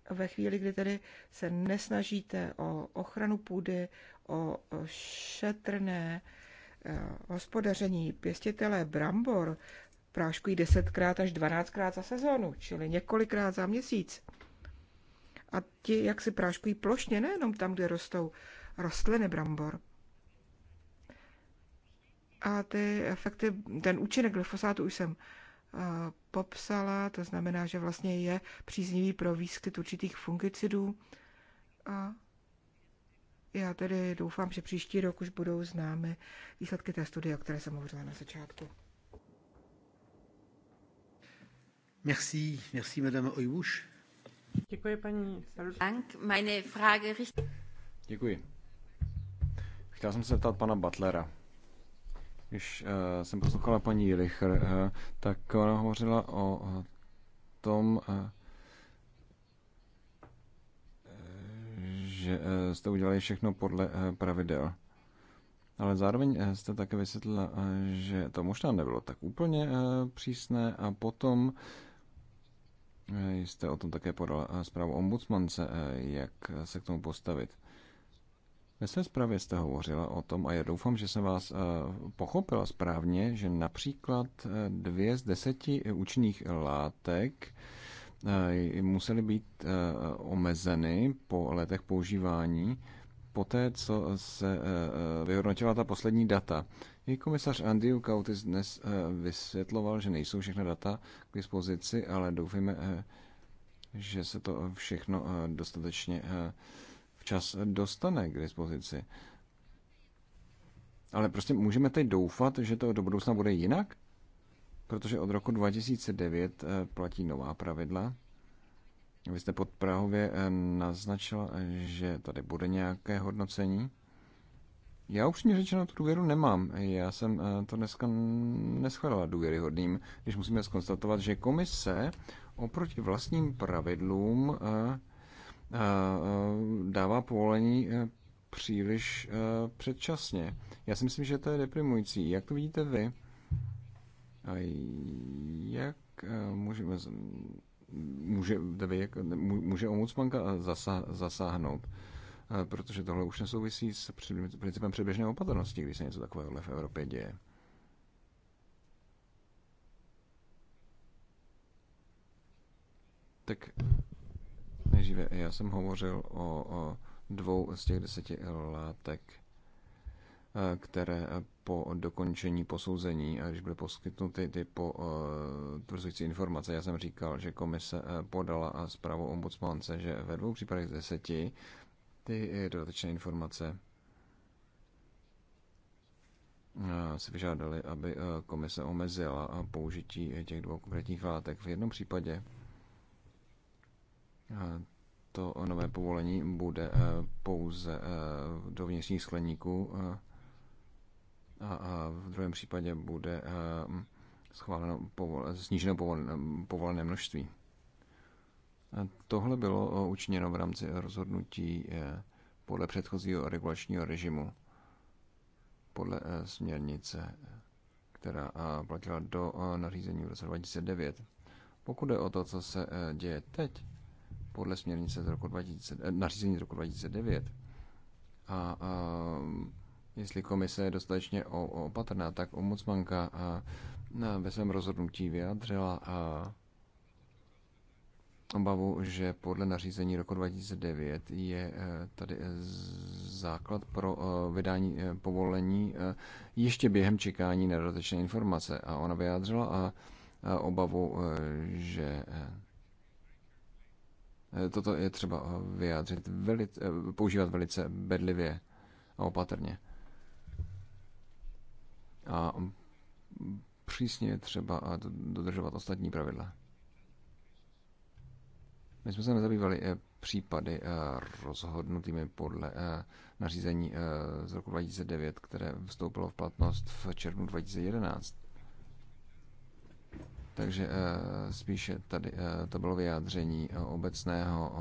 Ve chvíli, kdy tedy se nesnažíte o ochranu půdy, o šetrné eh, hospodaření, pěstitelé brambor práškují desetkrát až dvanáctkrát za sezónu, čili několikrát za měsíc a ti jak si práškují plošně, nejenom tam, kde rostou rostliny brambor. A ty efekty, ten účinek glyfosátu už jsem eh, popsala, to znamená, že vlastně je příznivý pro výskyt určitých fungicidů. A já tedy doufám, že příští rok už budou známy výsledky té studie, o které jsem hovořila na začátku. Merci, merci, madame Oybuš. Děkuji, paní Dank, meine Frage Děkuji. Chtěl jsem se zeptat pana Butlera. Když uh, jsem poslouchala paní Licher, uh, eh, tak ona hovořila o tom, uh, že uh, jste udělali všechno podle uh, pravidel. Ale zároveň jste také vysvětlila, že to možná nebylo tak úplně přísné a potom Jste o tom také podal eh, zprávu ombudsmance, eh, jak se k tomu postavit. Ve své zprávě jste hovořila o tom, a já doufám, že jsem vás eh, pochopila správně, že například dvě z deseti účinných látek musely být omezeny po letech používání, poté co se vyhodnotila ta poslední data. I komisař Andrew Kautis dnes eh, vysvětloval, že nejsou všechna data k dispozici, ale doufejme, eh, že se to všechno eh, dostatečně včas dostane k dispozici. Ale prostě můžeme teď doufat, že to do budoucna bude jinak? Protože od roku 2009 platí nová pravidla. Vy jste pod Prahově naznačil, že tady bude nějaké hodnocení. Já upřímně řečeno tu důvěru nemám. Já jsem eh, to dneska neschválila důvěryhodným, když musíme skonstatovat, že komise oproti vlastním pravidlům eh, eh, dává povolení příliš předčasně. Já si myslím, že to je deprimující. Jak to vidíte vy? A jak můžeme, může, může ombudsmanka zasáhnout? Eh, protože tohle už nesouvisí s principem předběžné opatrnosti, když se něco takového v Evropě děje. Tak nejdříve, já jsem hovořil o, o dvou z těch deseti látek, eh, které po dokončení posouzení, a když byly poskytnuty ty po eh, tvrzující informace, já jsem říkal, že komise podala zprávu ombudsmance, že ve dvou případech z deseti ty dodatečné informace eh, si vyžádali, aby eh, komise omezila eh, použití těch dvou konkrétních látek. V jednom případě to nové povolení bude pouze do vnitřních skleníků a v druhém případě bude schváleno povol, sníženo povolené množství. Tohle bylo eh, učiněno v rámci rozhodnutí eh, podle předchozího regulačního režimu, podle eh, směrnice, která platila do nařízení v roce 2009. Pokud je o to, co se děje teď, podle směrnice z roku 2000, nařízení z roku 2009, a, a jestli komise je dostatečně opatrná, tak ombudsmanka ve svém rozhodnutí vyjádřila a, obavu, že podle nařízení roku 2009 je eh, tady eh, základ pro eh, vydání povolení ještě během čekání na dodatečné informace. A ona vyjádřila obavu, že toto je třeba vyjádřit velice, používat velice bedlivě a opatrně. A mm, přísně je třeba dodržovat ostatní pravidla. My jsme se nezabývali eh, případy eh, rozhodnutými podle eh, nařízení z roku 2009, které vstoupilo v platnost v červnu 2011. Takže spíše tady to bylo vyjádření obecného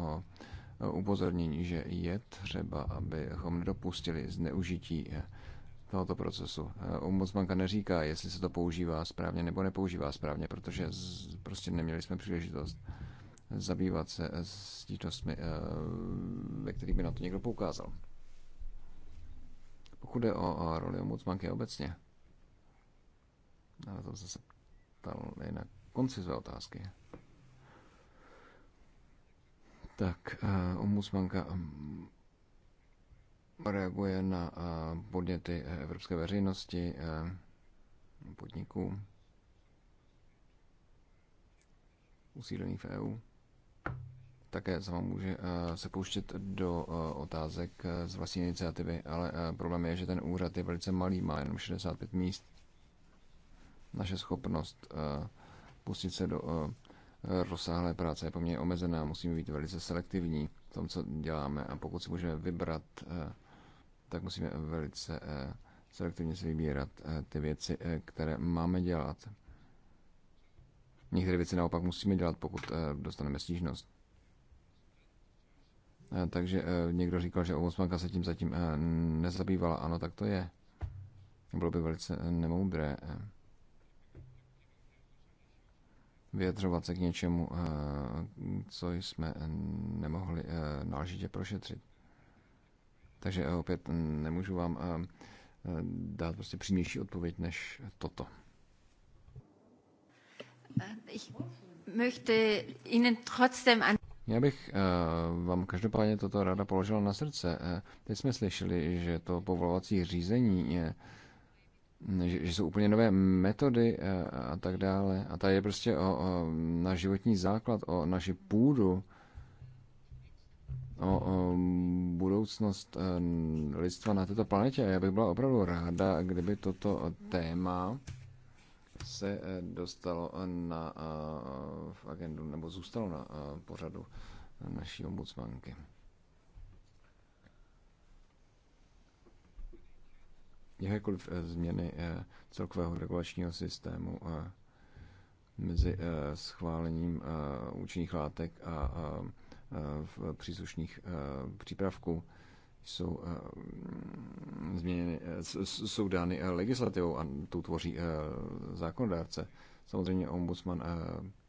upozornění, že je třeba, abychom nedopustili zneužití tohoto procesu. Ombudsmanka neříká, jestli se to používá správně nebo nepoužívá správně, protože prostě neměli jsme příležitost zabývat se eh, stížnostmi, eh, ve kterých by na to někdo poukázal. Pokud jde o roli ombudsmanky obecně, ale to se ptal na konci své otázky. Tak, eh, ombudsmanka mm, reaguje na podněty evropské veřejnosti, podniků usídlených v EU také vám může eh, se pouštět do eh, otázek eh, z vlastní iniciativy, ale problém je, že ten úřad je velice malý, má jenom 65 míst. Naše schopnost pustit se do rozsáhlé práce je poměrně omezená, musíme být velice selektivní v tom, co děláme a pokud si můžeme vybrat, tak musíme velice selektivně si vybírat ty věci, které máme dělat. Některé věci naopak musíme dělat, pokud dostaneme stížnost. Eh, takže eh, někdo říkal, že ombudsmanka se tím zatím eh, nezabývala. Ano, tak to je. Bylo by velice nemoudré vyjadřovat se k něčemu, co jsme nemohli náležitě prošetřit. Takže opět nemůžu vám dát prostě přímější odpověď než toto. Ich möchte Ihnen trotzdem an já bych eh, vám každopádně toto ráda položila na srdce. Eh, teď jsme slyšeli, že to povolovací řízení je, že, jsou úplně nové metody eh, a tak dále. A tady je prostě o, o náš životní základ, o naši půdu, o, o budoucnost lidstva na této planetě. A já bych byla opravdu ráda, kdyby toto téma se eh, dostalo eh, na eh, agendu, nebo zůstalo na pořadu naší ombudsmanky. Jakékoliv změny celkového regulačního systému mezi schválením účinných látek a příslušných přípravků jsou eh, změněny, eh, jsou dány eh, legislativou a tu tvoří zákonodárce. Samozřejmě ombudsman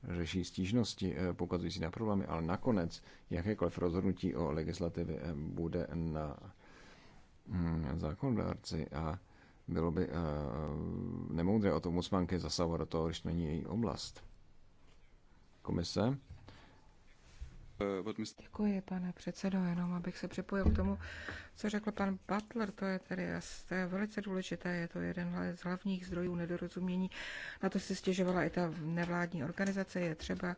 řeší stížnosti si na problémy, ale nakonec jakékoliv rozhodnutí o legislativě bude hm, na zákonodárci a bylo by nemoudré tom ombudsmanky zasahovat do toho, když není její oblast. Komise? Děkuji, pane předsedo, jenom abych se připojil k tomu, co řekl pan Butler, to je tedy to je velice důležité, je to jeden z hlavních zdrojů nedorozumění. Na to si stěžovala i ta nevládní organizace, je třeba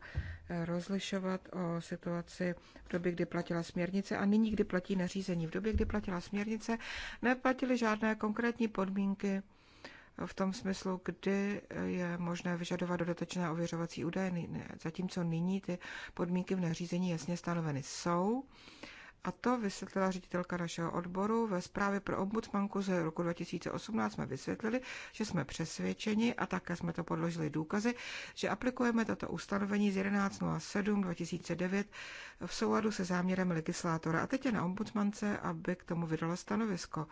eh, rozlišovat o situaci v době, kdy platila směrnice a nyní, kdy platí nařízení. V době, kdy platila směrnice, neplatily žádné konkrétní podmínky v tom smyslu, kdy je možné vyžadovat dodatečné ověřovací údaje, zatímco nyní ty podmínky v nařízení jasně stanoveny jsou. A to vysvětlila ředitelka našeho odboru. Ve zprávě pro ombudsmanku z roku 2018 jsme vysvětlili, že jsme přesvědčeni a také jsme to podložili důkazy, že aplikujeme toto ustanovení z 11.07.2009 2009 v souladu se záměrem legislátora. A teď je na ombudsmance, aby k tomu vydala stanovisko.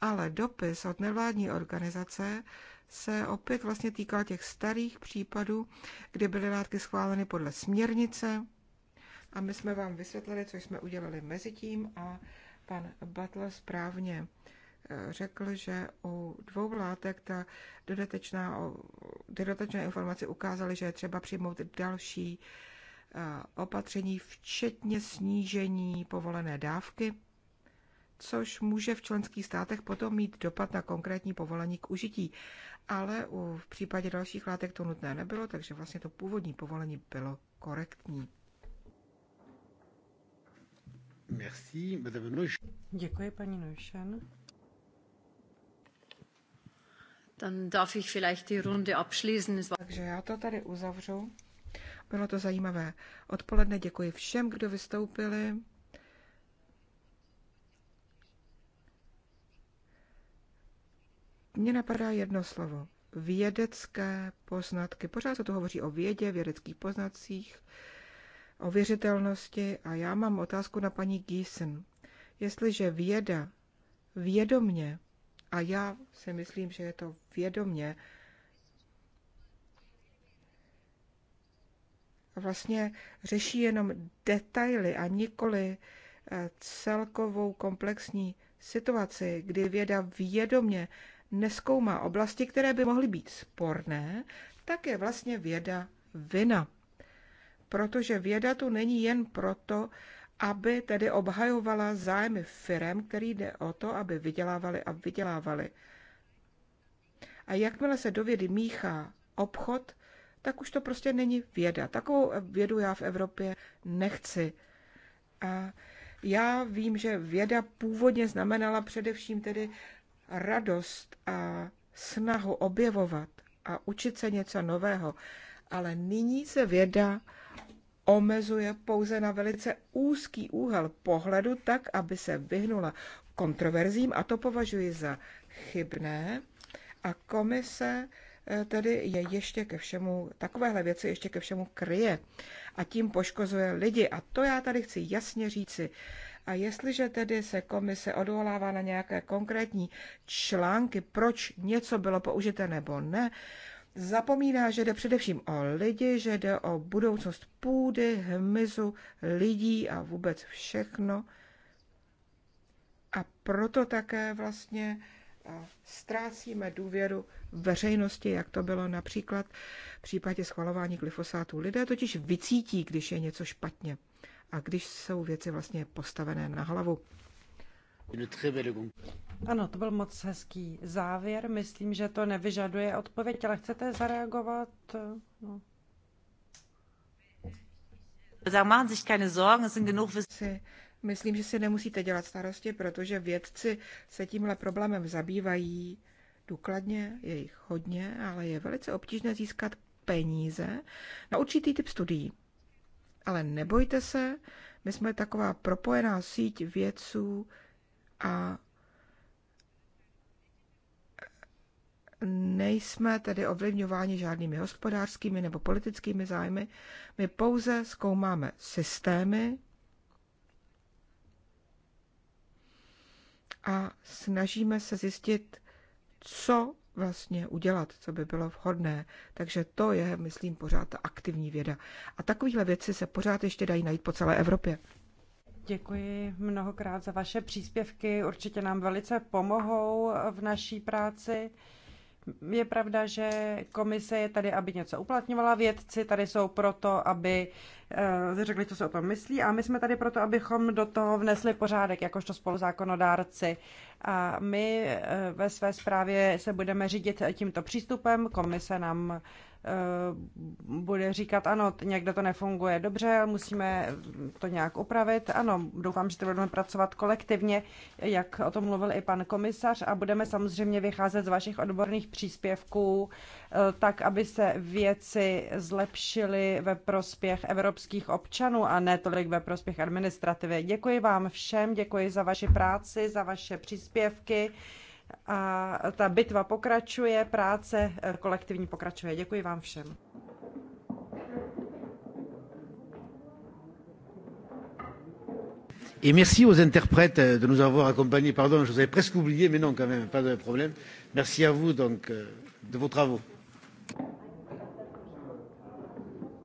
Ale dopis od nevládní organizace se opět vlastně týkal těch starých případů, kdy byly látky schváleny podle směrnice, a my jsme vám vysvětlili, co jsme udělali mezi tím a pan Butler správně eh, řekl, že u dvou látek ta dodatečná, dodatečné informace ukázaly, že je třeba přijmout další eh, opatření, včetně snížení povolené dávky, což může v členských státech potom mít dopad na konkrétní povolení k užití. Ale v případě dalších látek to nutné nebylo, takže vlastně to původní povolení bylo korektní. Merci, Madame Noš. Děkuji, paní Neuschen. Dann darf ich vielleicht die Runde abschließen. Takže já to tady uzavřu. Bylo to zajímavé. Odpoledne děkuji všem, kdo vystoupili. Mně napadá jedno slovo. Vědecké poznatky. Pořád se tu hovoří o vědě, vědeckých poznacích ověřitelnosti a já mám otázku na paní Giesen. Jestliže věda vědomně, a já si myslím, že je to vědomně, vlastně řeší jenom detaily a nikoli eh, celkovou komplexní situaci, kdy věda vědomně neskoumá oblasti, které by mohly být sporné, tak je vlastně věda vina protože věda tu není jen proto, aby tedy obhajovala zájmy firem, který jde o to, aby vydělávali a vydělávali. A jakmile se do vědy míchá obchod, tak už to prostě není věda. Takovou vědu já v Evropě nechci. A já vím, že věda původně znamenala především tedy radost a snahu objevovat a učit se něco nového. Ale nyní se věda omezuje pouze na velice úzký úhel pohledu, tak, aby se vyhnula kontroverzím, a to považuji za chybné. A komise eh, tedy je ještě ke všemu, takovéhle věci ještě ke všemu kryje a tím poškozuje lidi. A to já tady chci jasně říci. A jestliže tedy se komise odvolává na nějaké konkrétní články, proč něco bylo použité nebo ne, zapomíná, že jde především o lidi, že jde o budoucnost půdy, hmyzu, lidí a vůbec všechno. A proto také vlastně ztrácíme důvěru veřejnosti, jak to bylo například v případě schvalování glyfosátu. Lidé totiž vycítí, když je něco špatně a když jsou věci vlastně postavené na hlavu. Ano, to byl moc hezký závěr. Myslím, že to nevyžaduje odpověď, ale chcete zareagovat? No. Myslím, že si nemusíte dělat starosti, protože vědci se tímhle problémem zabývají důkladně, je jich hodně, ale je velice obtížné získat peníze na určitý typ studií. Ale nebojte se, my jsme taková propojená síť vědců, a nejsme tedy ovlivňováni žádnými hospodářskými nebo politickými zájmy. My pouze zkoumáme systémy a snažíme se zjistit, co vlastně udělat, co by bylo vhodné. Takže to je, myslím, pořád ta aktivní věda. A takovéhle věci se pořád ještě dají najít po celé Evropě. Děkuji mnohokrát za vaše příspěvky. Určitě nám velice pomohou v naší práci. Je pravda, že komise je tady, aby něco uplatňovala, vědci tady jsou proto, aby eh, řekli, co se o tom myslí a my jsme tady proto, abychom do toho vnesli pořádek, jakožto spoluzákonodárci. A my eh, ve své zprávě se budeme řídit tímto přístupem, komise nám Eh, bude říkat, ano, někde to nefunguje dobře, musíme to nějak upravit. Ano, doufám, že to budeme pracovat kolektivně, jak o tom mluvil i pan komisař, a budeme samozřejmě vycházet z vašich odborných příspěvků, eh, tak, aby se věci zlepšily ve prospěch evropských občanů a ne tolik ve prospěch administrativy. Děkuji vám všem, děkuji za vaši práci, za vaše příspěvky a ta bitva pokračuje, práce eh, kolektivní pokračuje. Děkuji vám všem. Et merci aux interprètes eh, de nous avoir accompagnés. Pardon, je vous avais presque oublié, mais non, quand même, pas de problème. Merci à vous donc eh, de vos travaux.